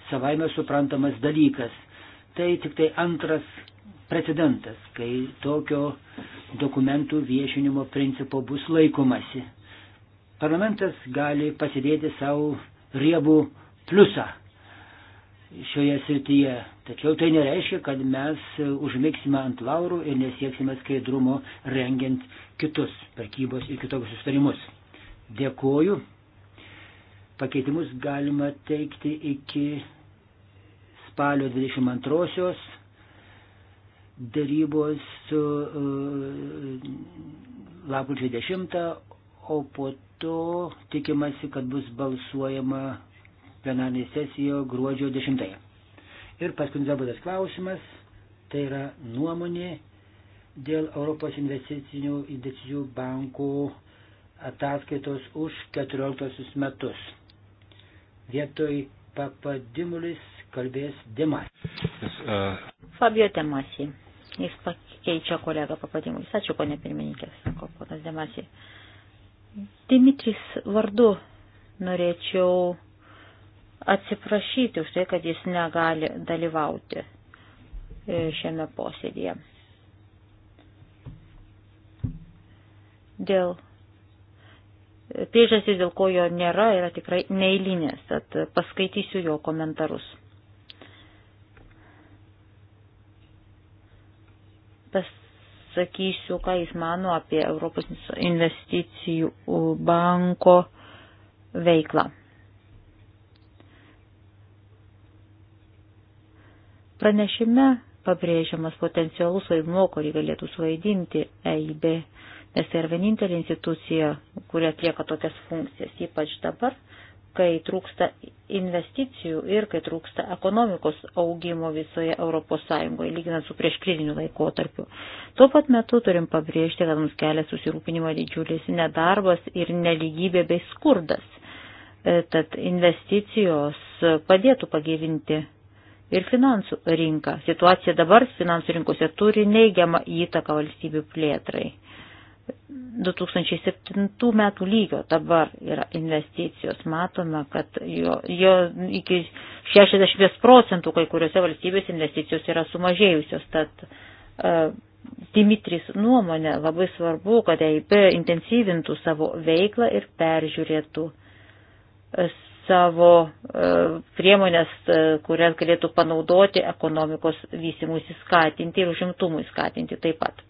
savaime suprantamas dalykas. Tai tik tai antras precedentas, kai tokio dokumentų viešinimo principo bus laikomasi. Parlamentas gali pasidėti savo riebų pliusą šioje srityje. Tačiau tai nereiškia, kad mes užmigsime ant laurų ir nesieksime skaidrumo rengiant kitus prekybos ir kitokius sustarimus. Dėkuoju. Pakeitimus galima teikti iki spalio 22-osios darybos su uh, lapkričio 10, o po to tikimasi, kad bus balsuojama plenarinė sesija gruodžio 10. Ir paskutinis dabar klausimas, tai yra nuomonė dėl Europos investicinių indicijų bankų ataskaitos už 14 metus. Vietoj papadimulis kalbės Dimas. Yes, uh... Fabio Temasi. Jis pakeičia kolegą papadimulis. Ačiū, ponė pirmininkė, sako ponas Demasi. Uh, Dimitris vardu norėčiau atsiprašyti už tai, kad jis negali dalyvauti e, šiame posėdėje. Dėl priežastys, dėl ko jo nėra, yra tikrai neįlinės, tad paskaitysiu jo komentarus. Pas pasakysiu, ką jis mano apie Europos investicijų banko veiklą. Pranešime pabrėžiamas potencialus vaidmuo, kurį galėtų suvaidinti EIB, nes tai yra vienintelė institucija, kuri atlieka tokias funkcijas, ypač dabar, kai trūksta investicijų ir kai trūksta ekonomikos augimo visoje ES, lyginant su prieškriziniu laikotarpiu. Tuo pat metu turim pabrėžti, kad mums kelia susirūpinimo didžiulis nedarbas ir neligybė bei skurdas. E, tad investicijos padėtų pagyvinti ir finansų rinką. Situacija dabar finansų rinkose turi neigiamą įtaką valstybių plėtrai. 2007 metų lygio dabar yra investicijos. Matome, kad jo, jo iki 60 procentų kai kuriuose valstybės investicijos yra sumažėjusios. Tad uh, Dimitris nuomonė labai svarbu, kad EIB intensyvintų savo veiklą ir peržiūrėtų e, savo e, priemonės, kurias galėtų panaudoti ekonomikos vysimui skatinti ir užimtumui skatinti taip pat.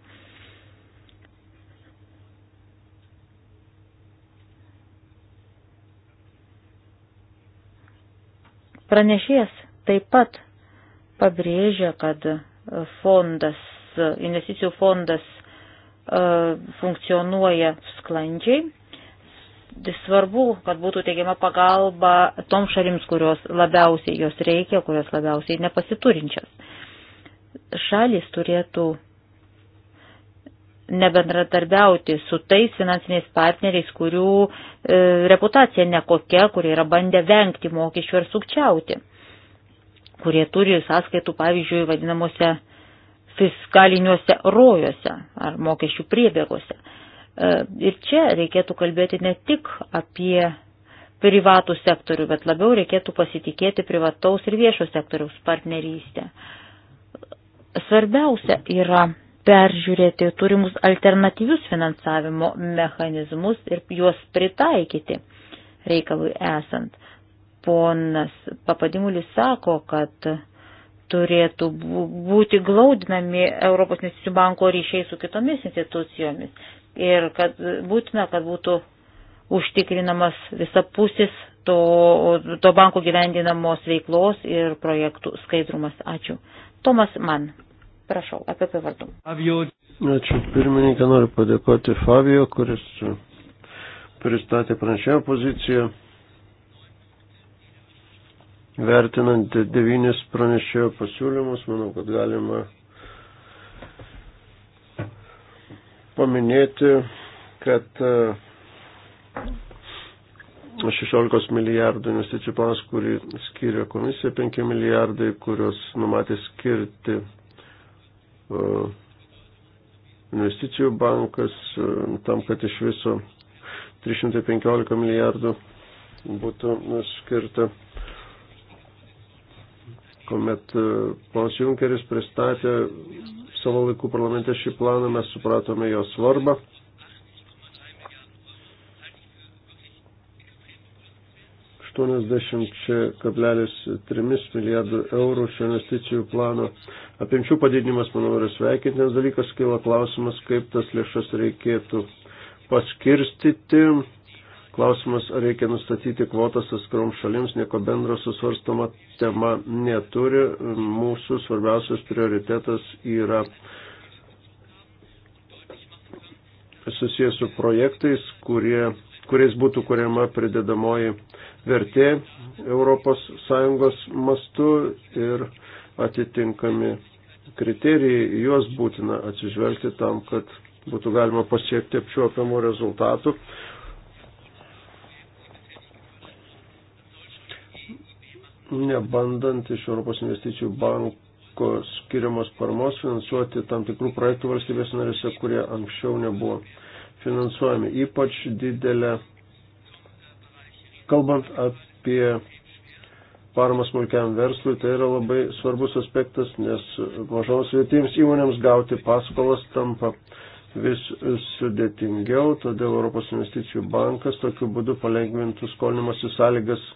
Pranešėjas taip pat pabrėžia, kad fondas, investicijų fondas e, funkcionuoja sklandžiai. Svarbu, kad būtų teigiama pagalba tom šalims, kurios labiausiai jos reikia, kurios labiausiai nepasiturinčias. Šalis turėtų nebendradarbiauti su tais finansiniais partneriais, kurių e, reputacija nekokia, kurie yra bandę vengti mokesčių ar sukčiauti, kurie turi sąskaitų, pavyzdžiui, vadinamuose fiskaliniuose rojuose ar mokesčių priebėgose. E, ir čia reikėtų kalbėti ne tik apie privatų sektorių, bet labiau reikėtų pasitikėti privataus ir viešo sektoriaus partnerystę. Svarbiausia yra peržiūrėti turimus alternatyvius finansavimo mechanizmus ir juos pritaikyti reikalui esant. Ponas Papadimulis sako, kad turėtų būti glaudinami Europos investicijų banko ryšiai su kitomis institucijomis ir kad būtina, kad būtų užtikrinamas visapusis to, to banko gyvendinamos veiklos ir projektų skaidrumas. Ačiū. Tomas Mann. Prašau, EPP vardu. Fabio. Ačiū pirmininką, noriu padėkoti Fabio, kuris pristatė pranešėjo poziciją. Vertinant devynis pranešėjo pasiūlymus, manau, kad galima paminėti, kad 16 e, milijardų investicijų planas, kurį skiria komisija, 5 milijardai, kurios numatė skirti E, investicijų bankas e, tam, kad iš viso 315 milijardų būtų skirta. Komet e, ponas Junkeris pristatė savo laikų parlamente šį planą, mes supratome jo svarbą. 80,3 milijardų eurų šio investicijų plano apimčių padidinimas, manau, yra sveikintinas dalykas, kyla klausimas, kaip tas lėšas reikėtų paskirstyti. Klausimas, ar reikia nustatyti kvotas atskirom šalims, nieko bendro susvarstama tema neturi. Mūsų svarbiausias prioritetas yra susijęs su projektais, kurie kuriais būtų kuriama pridedamoji vertė ES mastu ir atitinkami kriterijai, juos būtina atsižvelgti tam, kad būtų galima pasiekti apčiuopiamų rezultatų. Nebandant iš Europos investicijų banko skiriamos paramos finansuoti tam tikrų projektų valstybės narėse, kurie anksčiau nebuvo finansuojami. Ypač didelę Kalbant apie paramą smulkiam verslui, tai yra labai svarbus aspektas, nes mažoms vietiems įmonėms gauti paskolas tampa vis sudėtingiau, todėl Europos investicijų bankas tokiu būdu palengvintų skolinimosi sąlygas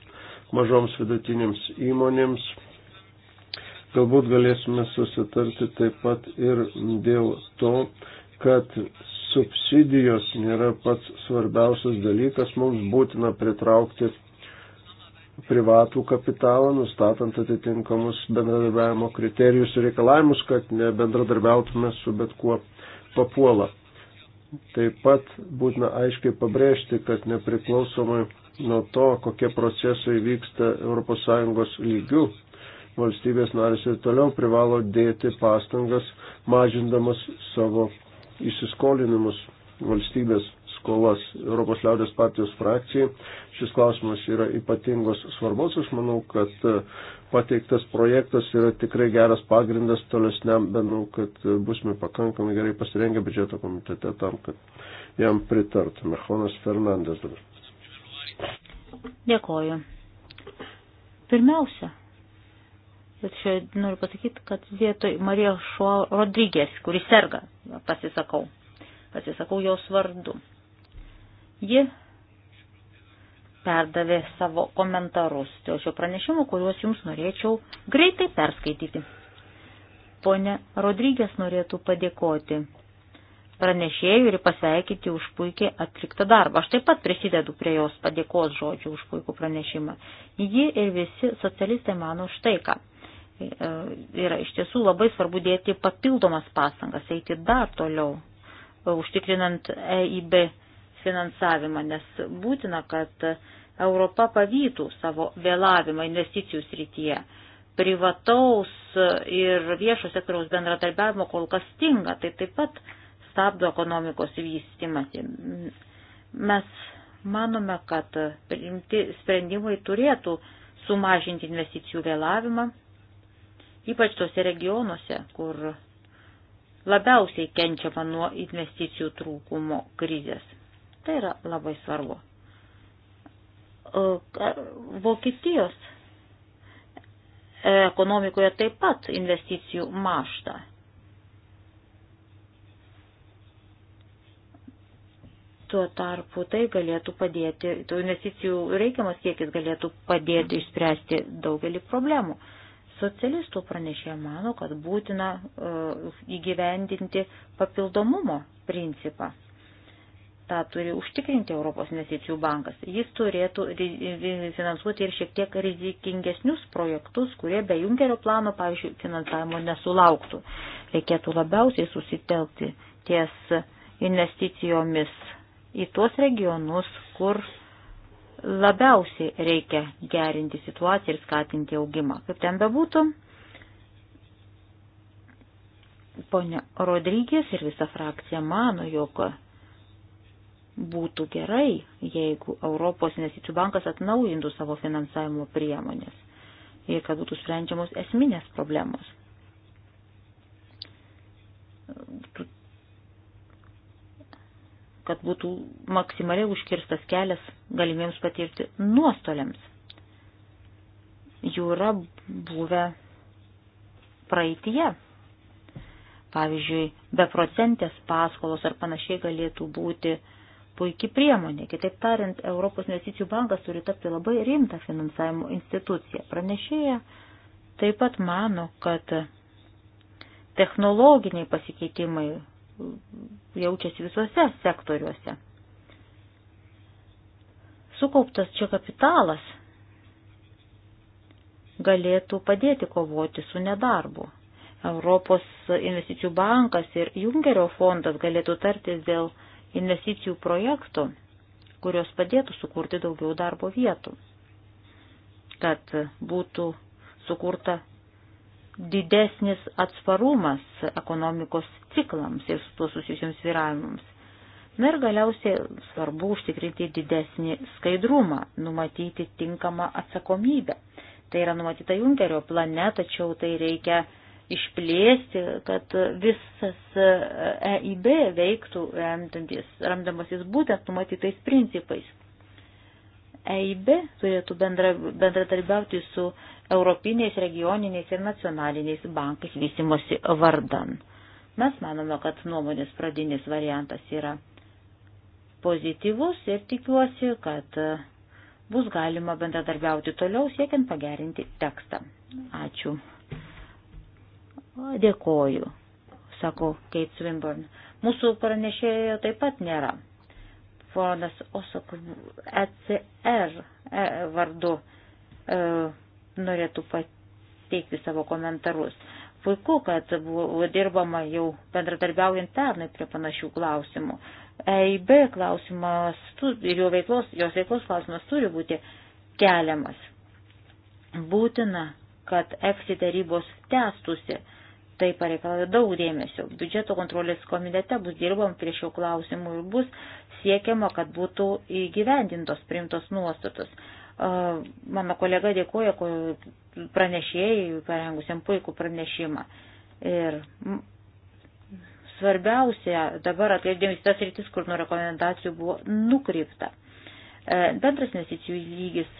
mažoms vidutinėms įmonėms. Galbūt galėsime susitarti taip pat ir dėl to, kad subsidijos nėra pats svarbiausias dalykas, mums būtina pritraukti privatų kapitalą, nustatant atitinkamus bendradarbiavimo kriterijus ir reikalavimus, kad nebendradarbiautume su bet kuo papuola. Taip pat būtina aiškiai pabrėžti, kad nepriklausomai nuo to, kokie procesai vyksta ES lygių, valstybės narės ir toliau privalo dėti pastangas, mažindamas savo įsiskolinimus valstybės skolas Europos liaudės partijos frakcijai. Šis klausimas yra ypatingos svarbos. Aš manau, kad e, pateiktas projektas yra tikrai geras pagrindas tolesniam, manau, kad e, busime pakankamai gerai pasirengę biudžeto komitete tam, kad jam pritartume. Jonas Fernandes dabar. Dėkoju. Pirmiausia, Ir čia noriu pasakyti, kad vietoj Marijos Šuo Rodrygės, kuris serga, pasisakau. Pasisakau jos vardu. Ji perdavė savo komentarus dėl šio pranešimo, kuriuos jums norėčiau greitai perskaityti. Pone Rodrygės norėtų padėkoti pranešėjų ir pasveikinti už puikiai atliktą darbą. Aš taip pat prisidedu prie jos padėkos žodžių už puikų pranešimą. Ji ir visi socialistai mano štai ką. E, yra iš tiesų labai svarbu dėti papildomas pastangas, eiti dar toliau, e, užtikrinant EIB finansavimą, nes būtina, kad Europa pavytų savo vėlavimą investicijų srityje. Privataus ir viešo sektoriaus bendradarbiavimo kol kas stinga, tai taip pat stabdo ekonomikos vystimasi. Mes manome, kad priimti sprendimai turėtų sumažinti investicijų vėlavimą ypač tose regionuose, kur labiausiai kenčiama nuo investicijų trūkumo krizės. Tai yra labai svarbu. Vokietijos e, ekonomikoje taip pat investicijų mašta. Tuo tarpu tai galėtų padėti, tų investicijų reikiamas kiekis galėtų padėti išspręsti daugelį problemų. Socialistų pranešė mano, kad būtina uh, įgyvendinti papildomumo principą. Ta turi užtikrinti Europos investicijų bankas. Jis turėtų finansuoti ir šiek tiek rizikingesnius projektus, kurie be Junkerio plano, pavyzdžiui, finansavimo nesulauktų. Reikėtų labiausiai susitelkti ties investicijomis į tuos regionus, kur uh, labiausiai reikia gerinti situaciją ir skatinti augimą. Kaip ten bebūtų, ponia Rodrygės ir visa frakcija mano, jog būtų gerai, jeigu Europos investicijų bankas atnaujintų savo finansavimo priemonės ir kad būtų sprendžiamos esminės problemos kad būtų maksimaliai užkirstas kelias galimiems patirti nuostoliams. Jų yra buvę praeitie. Pavyzdžiui, beprocentės paskolos ar panašiai galėtų būti puikiai priemonė. Kitaip tariant, Europos investicijų bankas turi tapti labai rimtą finansavimo instituciją. Pranešėja taip pat mano, kad technologiniai pasikeitimai jaučiasi visuose sektoriuose. Sukauptas čia kapitalas galėtų padėti kovoti su nedarbu. Europos investicijų bankas ir Jungerio fondas galėtų tartis dėl investicijų projektų, kurios padėtų sukurti daugiau darbo vietų, kad būtų sukurta didesnis atsparumas ekonomikos ciklams ir su tuo susijusiems viravimams. Na ir galiausiai svarbu užtikrinti didesnį skaidrumą, numatyti tinkamą atsakomybę. Tai yra numatyta Junkerio plane, tačiau tai reikia išplėsti, kad visas EIB e veiktų remdamasis būtent numatytais principais. EIB turėtų bendra, bendradarbiauti su europiniais, regioniniais ir nacionaliniais bankais vystimosi vardan. Mes manome, kad nuomonės pradinis variantas yra pozityvus ir tikiuosi, kad bus galima bendradarbiauti toliau, siekiant pagerinti tekstą. Ačiū. Dėkoju, sako Kate Swinburne. Mūsų pranešėjo taip pat nėra ponas Osok ECR e, vardu e, norėtų pateikti savo komentarus. Puiku, kad buvo dirbama jau bendradarbiaujant pernai prie panašių klausimų. EIB klausimas ir jo veiklos, jos veiklos klausimas turi būti keliamas. Būtina, kad EFSI tarybos tęstusi Tai pareikalauja daug dėmesio. Biudžeto kontrolės komitete bus dirbam prie šių klausimų ir bus siekiama, kad būtų įgyvendintos primtos nuostatos. Mano kolega dėkoja pranešėjai, parengusiam puikų pranešimą. Ir svarbiausia dabar atkreipdėmės tas rytis, kur nuo rekomendacijų buvo nukreipta. E, bendras investicijų lygis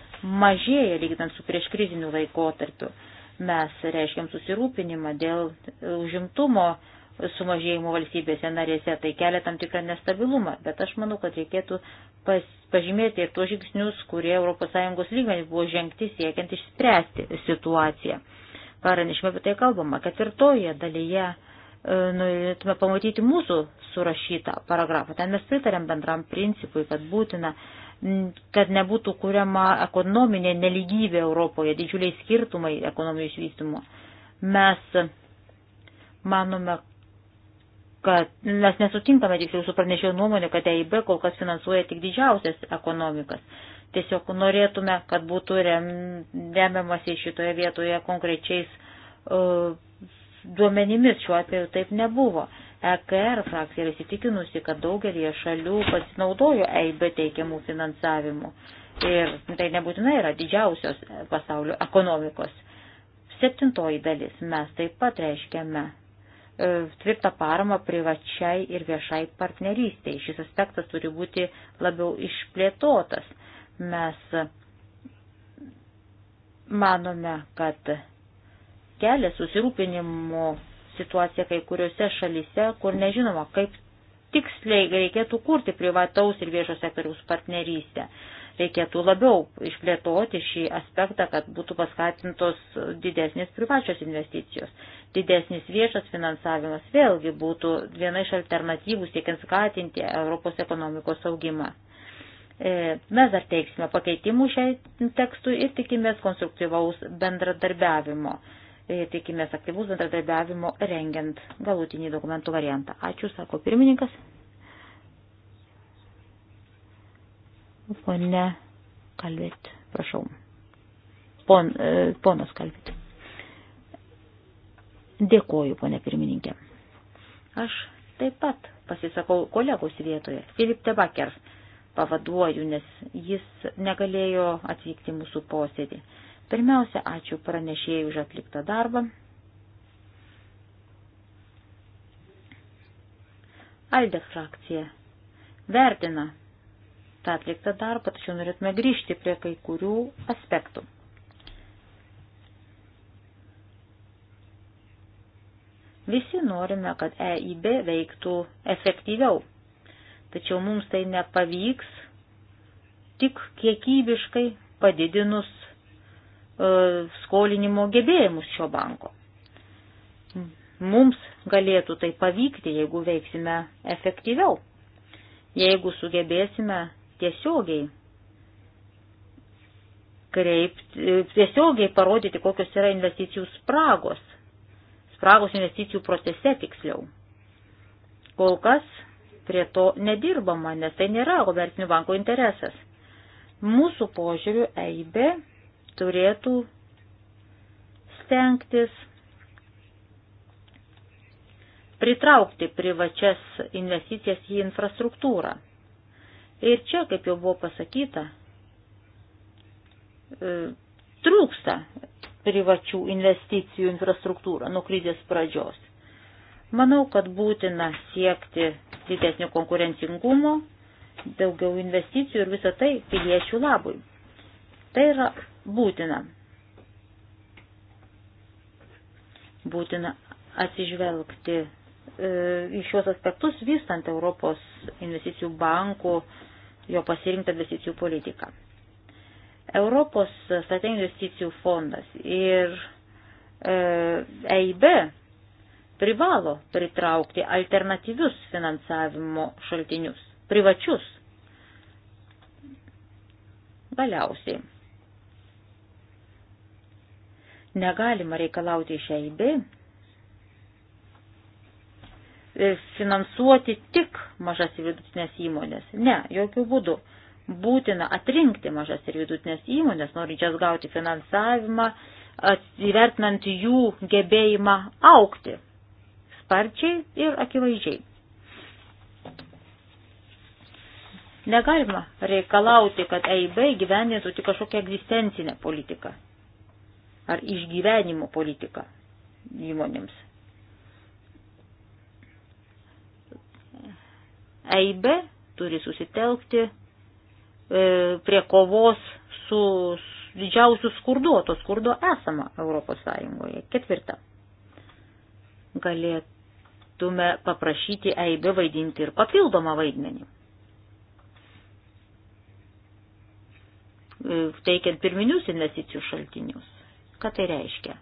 mažėja lyginant su prieškriziniu laikotarpiu. Mes reiškiam susirūpinimą dėl užimtumo sumažėjimų valstybėse narėse, tai kelia tam tikrą nestabilumą, bet aš manau, kad reikėtų pas, pažymėti ir tuos žingsnius, kurie ES lygmenį buvo žengti siekiant išspręsti situaciją. Paranešime apie tai kalbama. Ketvirtoje dalyje e, norėtume pamatyti mūsų surašytą paragrafą. Ten mes pritarėm bendram principui, kad būtina kad nebūtų kuriama ekonominė neligybė Europoje, didžiuliai skirtumai ekonominio išvystymo. Mes manome, kad mes nesutinkame tiksliau su pranešėjo nuomonė, kad EIB kol kas finansuoja tik didžiausias ekonomikas. Tiesiog norėtume, kad būtų rem, remiamasi šitoje vietoje konkrečiais uh, duomenimis, šiuo atveju taip nebuvo. Uh, EKR frakcija yra įsitikinusi, kad daugelie šalių pasinaudojo EIB teikiamų finansavimų. Ir tai nebūtinai yra didžiausios pasaulio ekonomikos. Septintoji dalis. Mes taip pat reiškiame e, tvirtą paramą privačiai ir viešai partnerystiai. Šis aspektas turi būti labiau išplėtotas. Mes manome, kad kelia susirūpinimo situacija kai kuriuose šalise, kur nežinoma, kaip tiksliai reikėtų kurti privataus ir viešo sektoriaus partnerystę. Reikėtų labiau išplėtoti šį aspektą, kad būtų paskatintos didesnės privačios investicijos. Didesnis viešas finansavimas vėlgi būtų viena iš alternatyvų siekiant skatinti Europos ekonomikos augimą. E, mes dar teiksime pakeitimų šiai tekstui ir tikimės konstruktyvaus bendradarbiavimo. E, tikimės aktyvus bendradarbiavimo rengiant galutinį dokumentų variantą. Ačiū, sako pirmininkas. Pone Kalvit, prašau. Pon, e, ponas Kalvit. Dėkoju, ponė pirmininkė. Aš taip pat pasisakau kolegos vietoje. Filip Tebaker pavaduoju, nes jis negalėjo atvykti mūsų posėdį. Pirmiausia, ačiū pranešėjai už atliktą darbą. Alde frakcija vertina tą atliktą darbą, tačiau norėtume grįžti prie kai kurių aspektų. Visi norime, kad EIB veiktų efektyviau, tačiau mums tai nepavyks tik kiekybiškai padidinus E, skolinimo gebėjimus šio banko. Mums galėtų tai pavykti, jeigu veiksime efektyviau, jeigu sugebėsime tiesiogiai kreipti, e, tiesiogiai parodyti, kokios yra investicijų spragos, spragos investicijų procese tiksliau. Kol kas prie to nedirbama, nes tai nėra komercinių bankų interesas. Mūsų požiūriu EIB turėtų stengtis pritraukti privačias investicijas į infrastruktūrą. Ir čia, kaip jau buvo pasakyta, e, trūksta privačių investicijų infrastruktūrą nuo krizės pradžios. Manau, kad būtina siekti didesnio konkurencingumo, daugiau investicijų ir visą tai piliečių labui. Tai yra būtina. Būtina atsižvelgti e, į šios aspektus vystant Europos investicijų bankų jo pasirinktą investicijų politiką. Europos strateginių investicijų fondas ir EIB e privalo pritraukti alternatyvius finansavimo šaltinius, privačius. Galiausiai negalima reikalauti iš EIB e, finansuoti tik mažas ir vidutinės įmonės. Ne, jokių būdų. Būtina atrinkti mažas ir vidutinės įmonės, norinčias gauti finansavimą, įvertinant jų gebėjimą aukti sparčiai ir akivaizdžiai. Negalima reikalauti, kad EIB gyvenėtų tik kažkokią egzistencinę politiką ar išgyvenimo politiką įmonėms. EIB turi susitelkti e, prie kovos su didžiausiu skurdu, o to skurdo esama Europos Sąjungoje. Ketvirta. Galėtume paprašyti EIB vaidinti ir papildomą vaidmenį. E, teikiant pirminius investicijų šaltinius. Ką tai reiškia?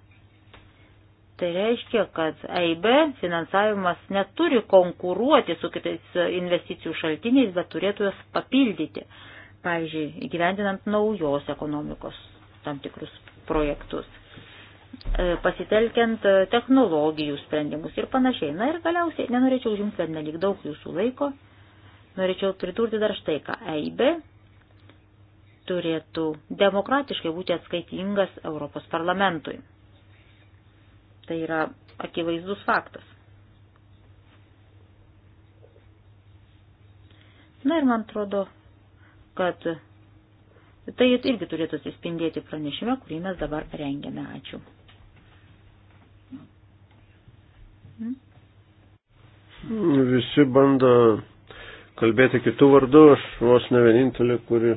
Tai reiškia, kad EIB finansavimas neturi konkuruoti su kitais investicijų šaltiniais, bet turėtų jas papildyti. Pavyzdžiui, gyvendinant naujos ekonomikos tam tikrus projektus, e, pasitelkiant e, technologijų sprendimus ir panašiai. Na ir galiausiai, nenorėčiau užimti per nelik daug jūsų laiko, norėčiau pridurti dar štai ką. EIB turėtų demokratiškai būti atskaitingas Europos parlamentui. Tai yra akivaizdus faktas. Na ir man atrodo, kad tai irgi turėtų atsispindėti pranešime, kurį mes dabar rengiame. Ačiū. Visi bando kalbėti kitų vardų, aš vos ne vienintelė, kuri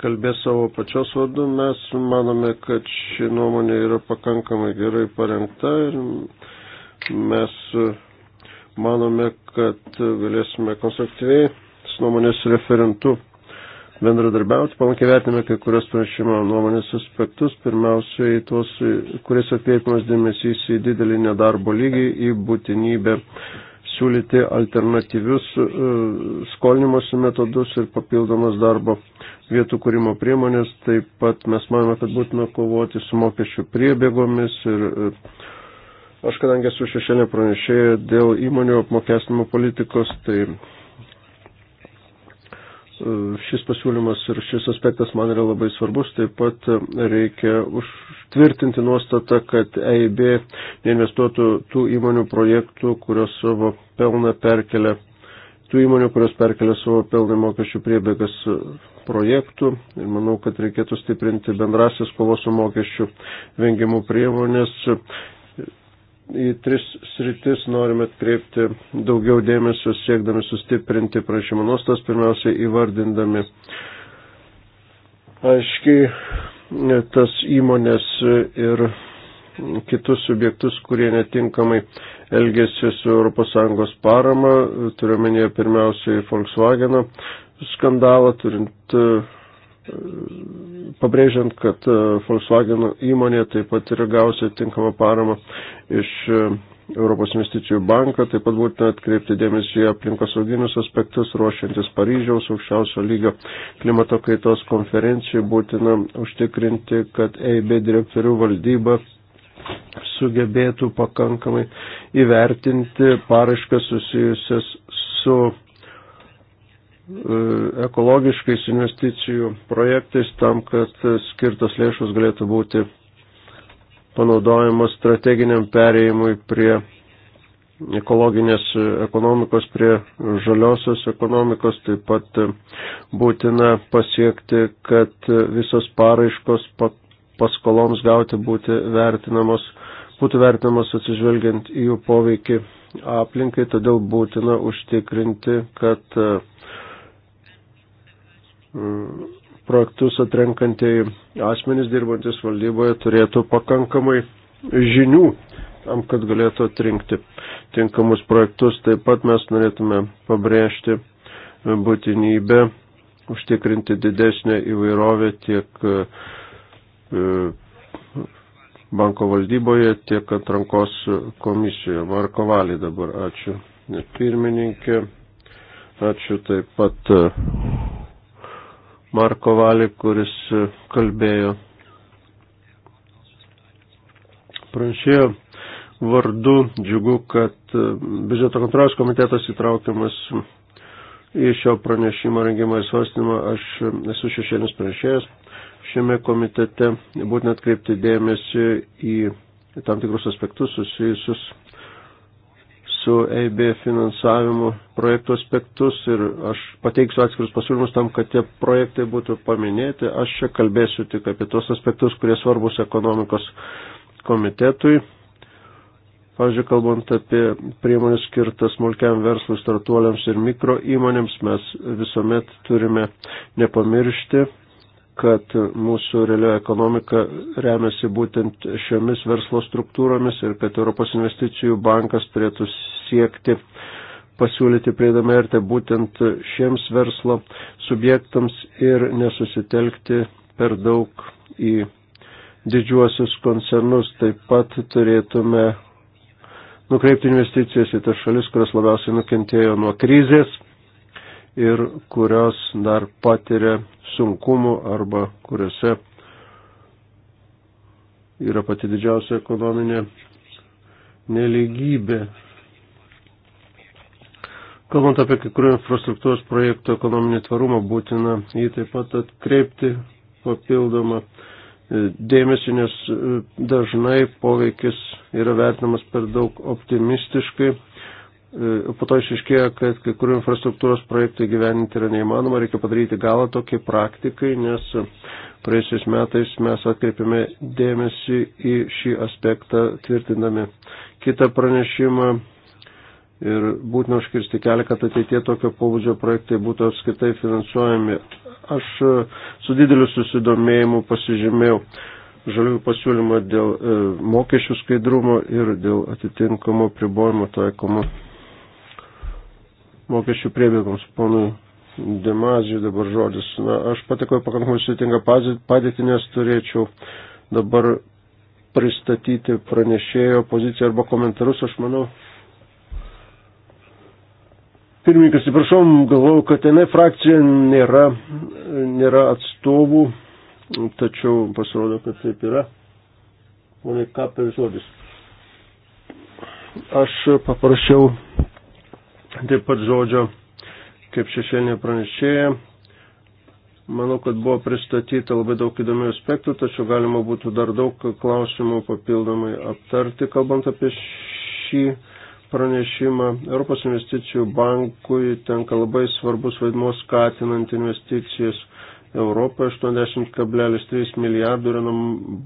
kalbės savo pačios vardu. Mes manome, kad ši nuomonė yra pakankamai gerai parengta ir mes manome, kad galėsime konstruktyviai su nuomonės referentu bendradarbiauti, palankiai vertiname kai kurias pranešimo nuomonės aspektus, pirmiausiai tuos, kuriais atkreipimas dėmesys į didelį nedarbo lygį, į būtinybę siūlyti alternatyvius e, skolinimosi metodus ir papildomas darbo vietų kūrimo priemonės. Taip pat mes manome, kad būtina kovoti su mokesčių priebėgomis ir e, aš kadangi esu šešėlė pranešėja dėl įmonių apmokestinimo politikos, tai šis pasiūlymas ir šis aspektas man yra labai svarbus. Taip pat reikia užtvirtinti nuostatą, kad EIB neinvestuotų tų įmonių projektų, kurios savo pelną perkelia, tų įmonių, kurios perkelia savo pelną mokesčių priebėgas projektų. Ir manau, kad reikėtų stiprinti bendrasis kovos su mokesčių vengimų priemonės į tris sritis norime atkreipti daugiau dėmesio, siekdami sustiprinti prašymo nuostas, pirmiausiai įvardindami aiškiai tas įmonės ir kitus subjektus, kurie netinkamai elgėsi su ES parama, turiuomenėje pirmiausiai Volkswagen skandalą, turint pabrėžiant, kad e, Volkswagen įmonė taip pat yra gausi tinkamą paramą iš e, Europos investicijų banką, taip pat būtina atkreipti dėmesį į aplinkosauginius aspektus, ruošiantis Paryžiaus aukščiausio lygio klimato kaitos konferencijai, būtina užtikrinti, kad EIB direktorių valdyba sugebėtų pakankamai įvertinti paraiškas susijusias su E, ekologiškais investicijų projektais tam, kad skirtos lėšos galėtų būti panaudojamos strateginiam perėjimui prie ekologinės ekonomikos, prie žaliosios ekonomikos. Taip pat būtina pasiekti, kad visos paraiškos paskoloms gauti būti vertinamos, būtų vertinamos atsižvelgiant į jų poveikį aplinkai, todėl būtina užtikrinti, kad uh, projektus atrenkantieji asmenys dirbantis valdyboje turėtų pakankamai žinių tam, kad galėtų atrinkti tinkamus projektus. Taip pat mes norėtume pabrėžti būtinybę užtikrinti didesnę įvairovę tiek e, e, banko valdyboje, tiek atrankos komisijoje. Marko Valį dabar ačiū pirmininkė, ačiū taip pat e, Marko Valį, kuris e, kalbėjo pranešėjo vardu. Džiugu, kad e, biudžeto kontrolės komitetas įtraukiamas į šio pranešimo rengimą ir svarstymą. Aš e, esu šešėlis pranešėjas šiame komitete. Būtent atkreipti dėmesį į tam tikrus aspektus susijusius su EIB finansavimo projektų aspektus ir aš pateiksiu atskirus pasiūlymus tam, kad tie projektai būtų paminėti. Aš čia kalbėsiu tik apie tos aspektus, kurie svarbus ekonomikos komitetui. Pavyzdžiui, kalbant apie priemonės skirtas smulkiam verslui, startuoliams ir mikro įmonėms, mes visuomet turime nepamiršti kad mūsų realioji ekonomika remiasi būtent šiomis verslo struktūromis ir kad Europos investicijų bankas turėtų siekti pasiūlyti priedamą vertę būtent šiems verslo subjektams ir nesusitelkti per daug į didžiuosius koncernus. Taip pat turėtume nukreipti investicijas į tas šalis, kurios labiausiai nukentėjo nuo krizės ir kurios dar patiria sunkumų arba kuriuose yra pati didžiausia ekonominė neligybė. Kalbant apie kai kurių infrastruktūros projektų ekonominį tvarumą, būtina jį taip pat atkreipti papildomą e, dėmesį, nes e, dažnai poveikis yra vertinamas per daug optimistiškai E, po to išaiškėjo, kad kai kurių infrastruktūros projektų gyveninti yra neįmanoma, reikia padaryti galą tokiai praktikai, nes praėjusiais metais mes atkreipėme dėmesį į šį aspektą tvirtindami kitą pranešimą ir būtina užkirsti kelią, kad ateitie tokio pobūdžio projektai būtų apskaitai finansuojami. Aš su dideliu susidomėjimu pasižymėjau žaliųjų pasiūlymą dėl e, mokesčių skaidrumo ir dėl atitinkamo pribojimo taikomo mokesčių priebėgoms. Ponui Demazijui dabar žodis. Na, aš patekau pakankamai sudėtingą padėtį, nes turėčiau dabar pristatyti pranešėjo poziciją arba komentarus, aš manau. Pirmininkas, atsiprašau, galvau, kad tenai frakcija nėra, nėra atstovų, tačiau pasirodo, kad taip yra. Pone Kapel žodis. Aš paprašiau taip pat žodžio kaip šešėlinė pranešėja. Manau, kad buvo pristatyta labai daug įdomių aspektų, tačiau galima būtų dar daug klausimų papildomai aptarti, kalbant apie šį pranešimą. Europos investicijų bankui tenka labai svarbus vaidmuo skatinant investicijas Europą 80,3 milijardų yra,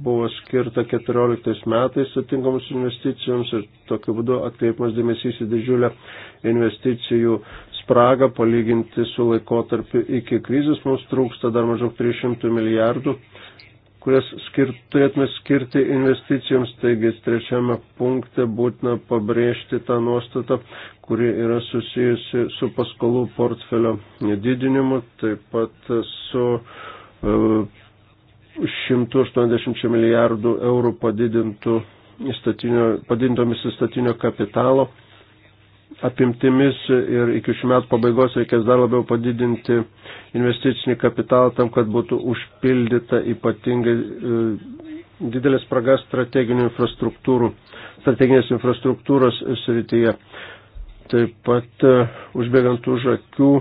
buvo skirta 14 metais atinkamus investicijoms ir tokiu būdu atkreipimas dėmesys į didžiulę investicijų spragą palyginti su laikotarpiu iki krizės. Mums trūksta dar maždaug 300 milijardų kurias skirt, turėtume skirti investicijoms. Taigi trečiame punkte būtina pabrėžti tą nuostatą, kuri yra susijusi su paskolų portfelio didinimu, taip pat su 180 e, milijardų eurų padidintomis įstatinio kapitalo apimtimis ir iki šių metų pabaigos reikės dar labiau padidinti investicinį kapitalą tam, kad būtų užpildyta ypatingai e, didelės spragas strateginių infrastruktūrų, strateginės infrastruktūros srityje. Taip pat e, užbėgant už akių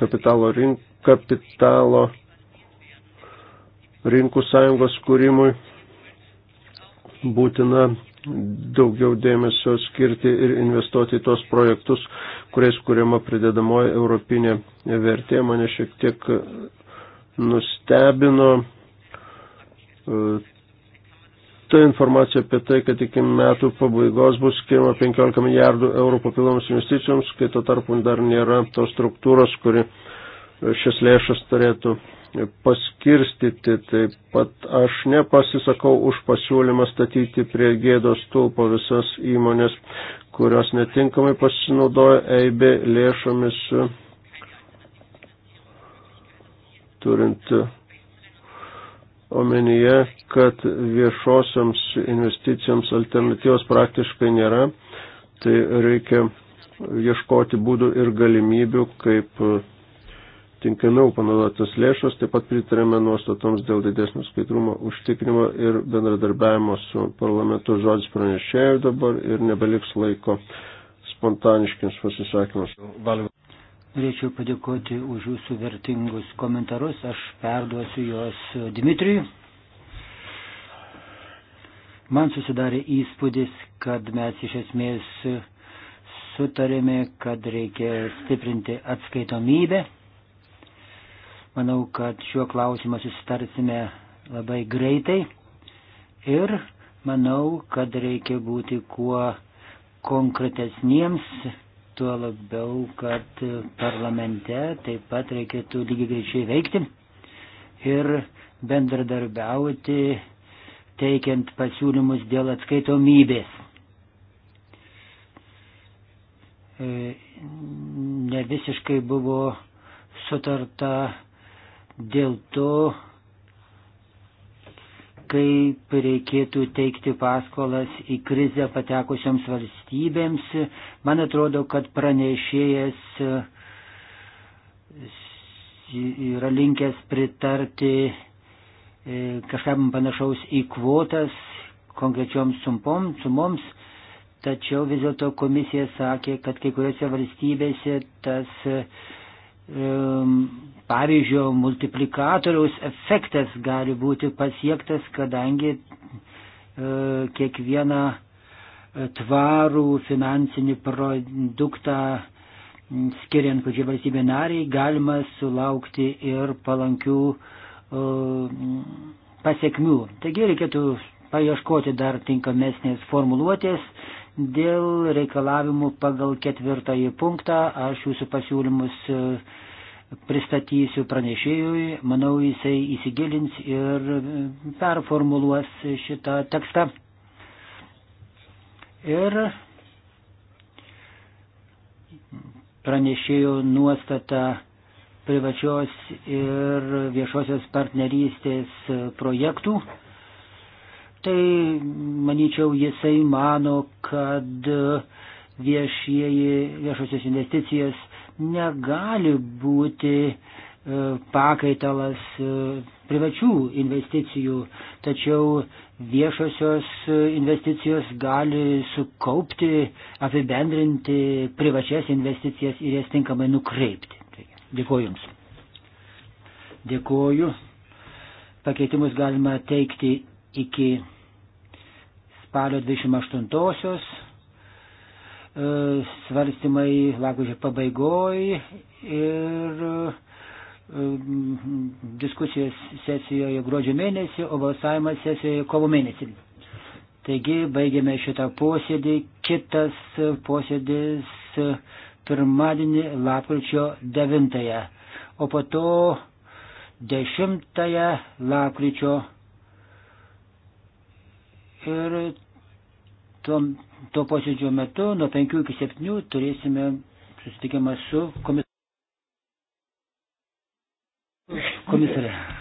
kapitalo, rink, kapitalo rinkų sąjungos kūrimui būtina daugiau dėmesio skirti ir investuoti į tos projektus, kuriais kuriama pridedamoji europinė vertė. Mane šiek tiek nustebino e, ta informacija apie tai, kad iki metų pabaigos bus skirima 15 milijardų eurų papildoms investicijoms, kai to tarpu dar nėra tos struktūros, kuri e, šias lėšas turėtų paskirstyti. Taip pat aš nepasisakau už pasiūlymą statyti prie gėdos stulpo visas įmonės, kurios netinkamai pasinaudoja EIB lėšomis, turint omenyje, kad viešosioms investicijoms alternatyvos praktiškai nėra. Tai reikia ieškoti būdų ir galimybių, kaip tinkamiau panaudotas lėšos, taip pat pritarėme nuostatoms dėl didesnio skaidrumo užtikrimo ir bendradarbiavimo su parlamentu žodis pranešėjų dabar ir nebeliks laiko spontaniškiams pasisakymams. Norėčiau padėkoti už jūsų vertingus komentarus, aš perduosiu juos Dimitrijui. Man susidarė įspūdis, kad mes iš esmės sutarėme, kad reikia stiprinti atskaitomybę Manau, kad šiuo klausimu susitarsime labai greitai ir manau, kad reikia būti kuo konkretesniems, tuo labiau, kad parlamente taip pat reikėtų lygiai greičiai veikti ir bendradarbiauti, teikiant pasiūlymus dėl atskaitomybės. E, ne visiškai buvo sutarta dėl to, kaip reikėtų teikti paskolas į krizę patekusioms valstybėms. Man atrodo, kad pranešėjas yra linkęs pritarti e, kažkam panašaus į kvotas konkrečioms sumpom, sumoms, tačiau vis dėlto komisija sakė, kad kai kuriuose valstybėse tas Pavyzdžio multiplikatoriaus efektas gali būti pasiektas, kadangi e, kiekvieną e, tvarų finansinį produktą skiriant pačiai valstybė nariai galima sulaukti ir palankių e, pasiekmių. Taigi reikėtų paieškoti dar tinkamesnės formuluotės, Dėl reikalavimų pagal ketvirtąjį punktą aš jūsų pasiūlymus e, pristatysiu pranešėjui, manau jisai įsigilins ir e, performuluos šitą tekstą. Ir pranešėjo nuostata privačios ir viešosios partnerystės projektų tai manyčiau jisai mano, kad viešieji, viešosios investicijos negali būti e, pakaitalas e, privačių investicijų, tačiau viešosios investicijos gali sukaupti, apibendrinti privačias investicijas ir jas tinkamai nukreipti. Dėkuoju Jums. Dėkuoju. Pakeitimus galima teikti iki spalio 28-osios, e, svarstymai lagužė pabaigoj ir e, diskusijos sesijoje gruodžio mėnesį, o balsavimas sesijoje kovo mėnesį. Taigi baigėme šitą posėdį, kitas posėdis pirmadienį lapkričio 9, o po to 10 lapkričio ir to, to posėdžio metu nuo 5 iki 7 turėsime susitikimą su komisarė.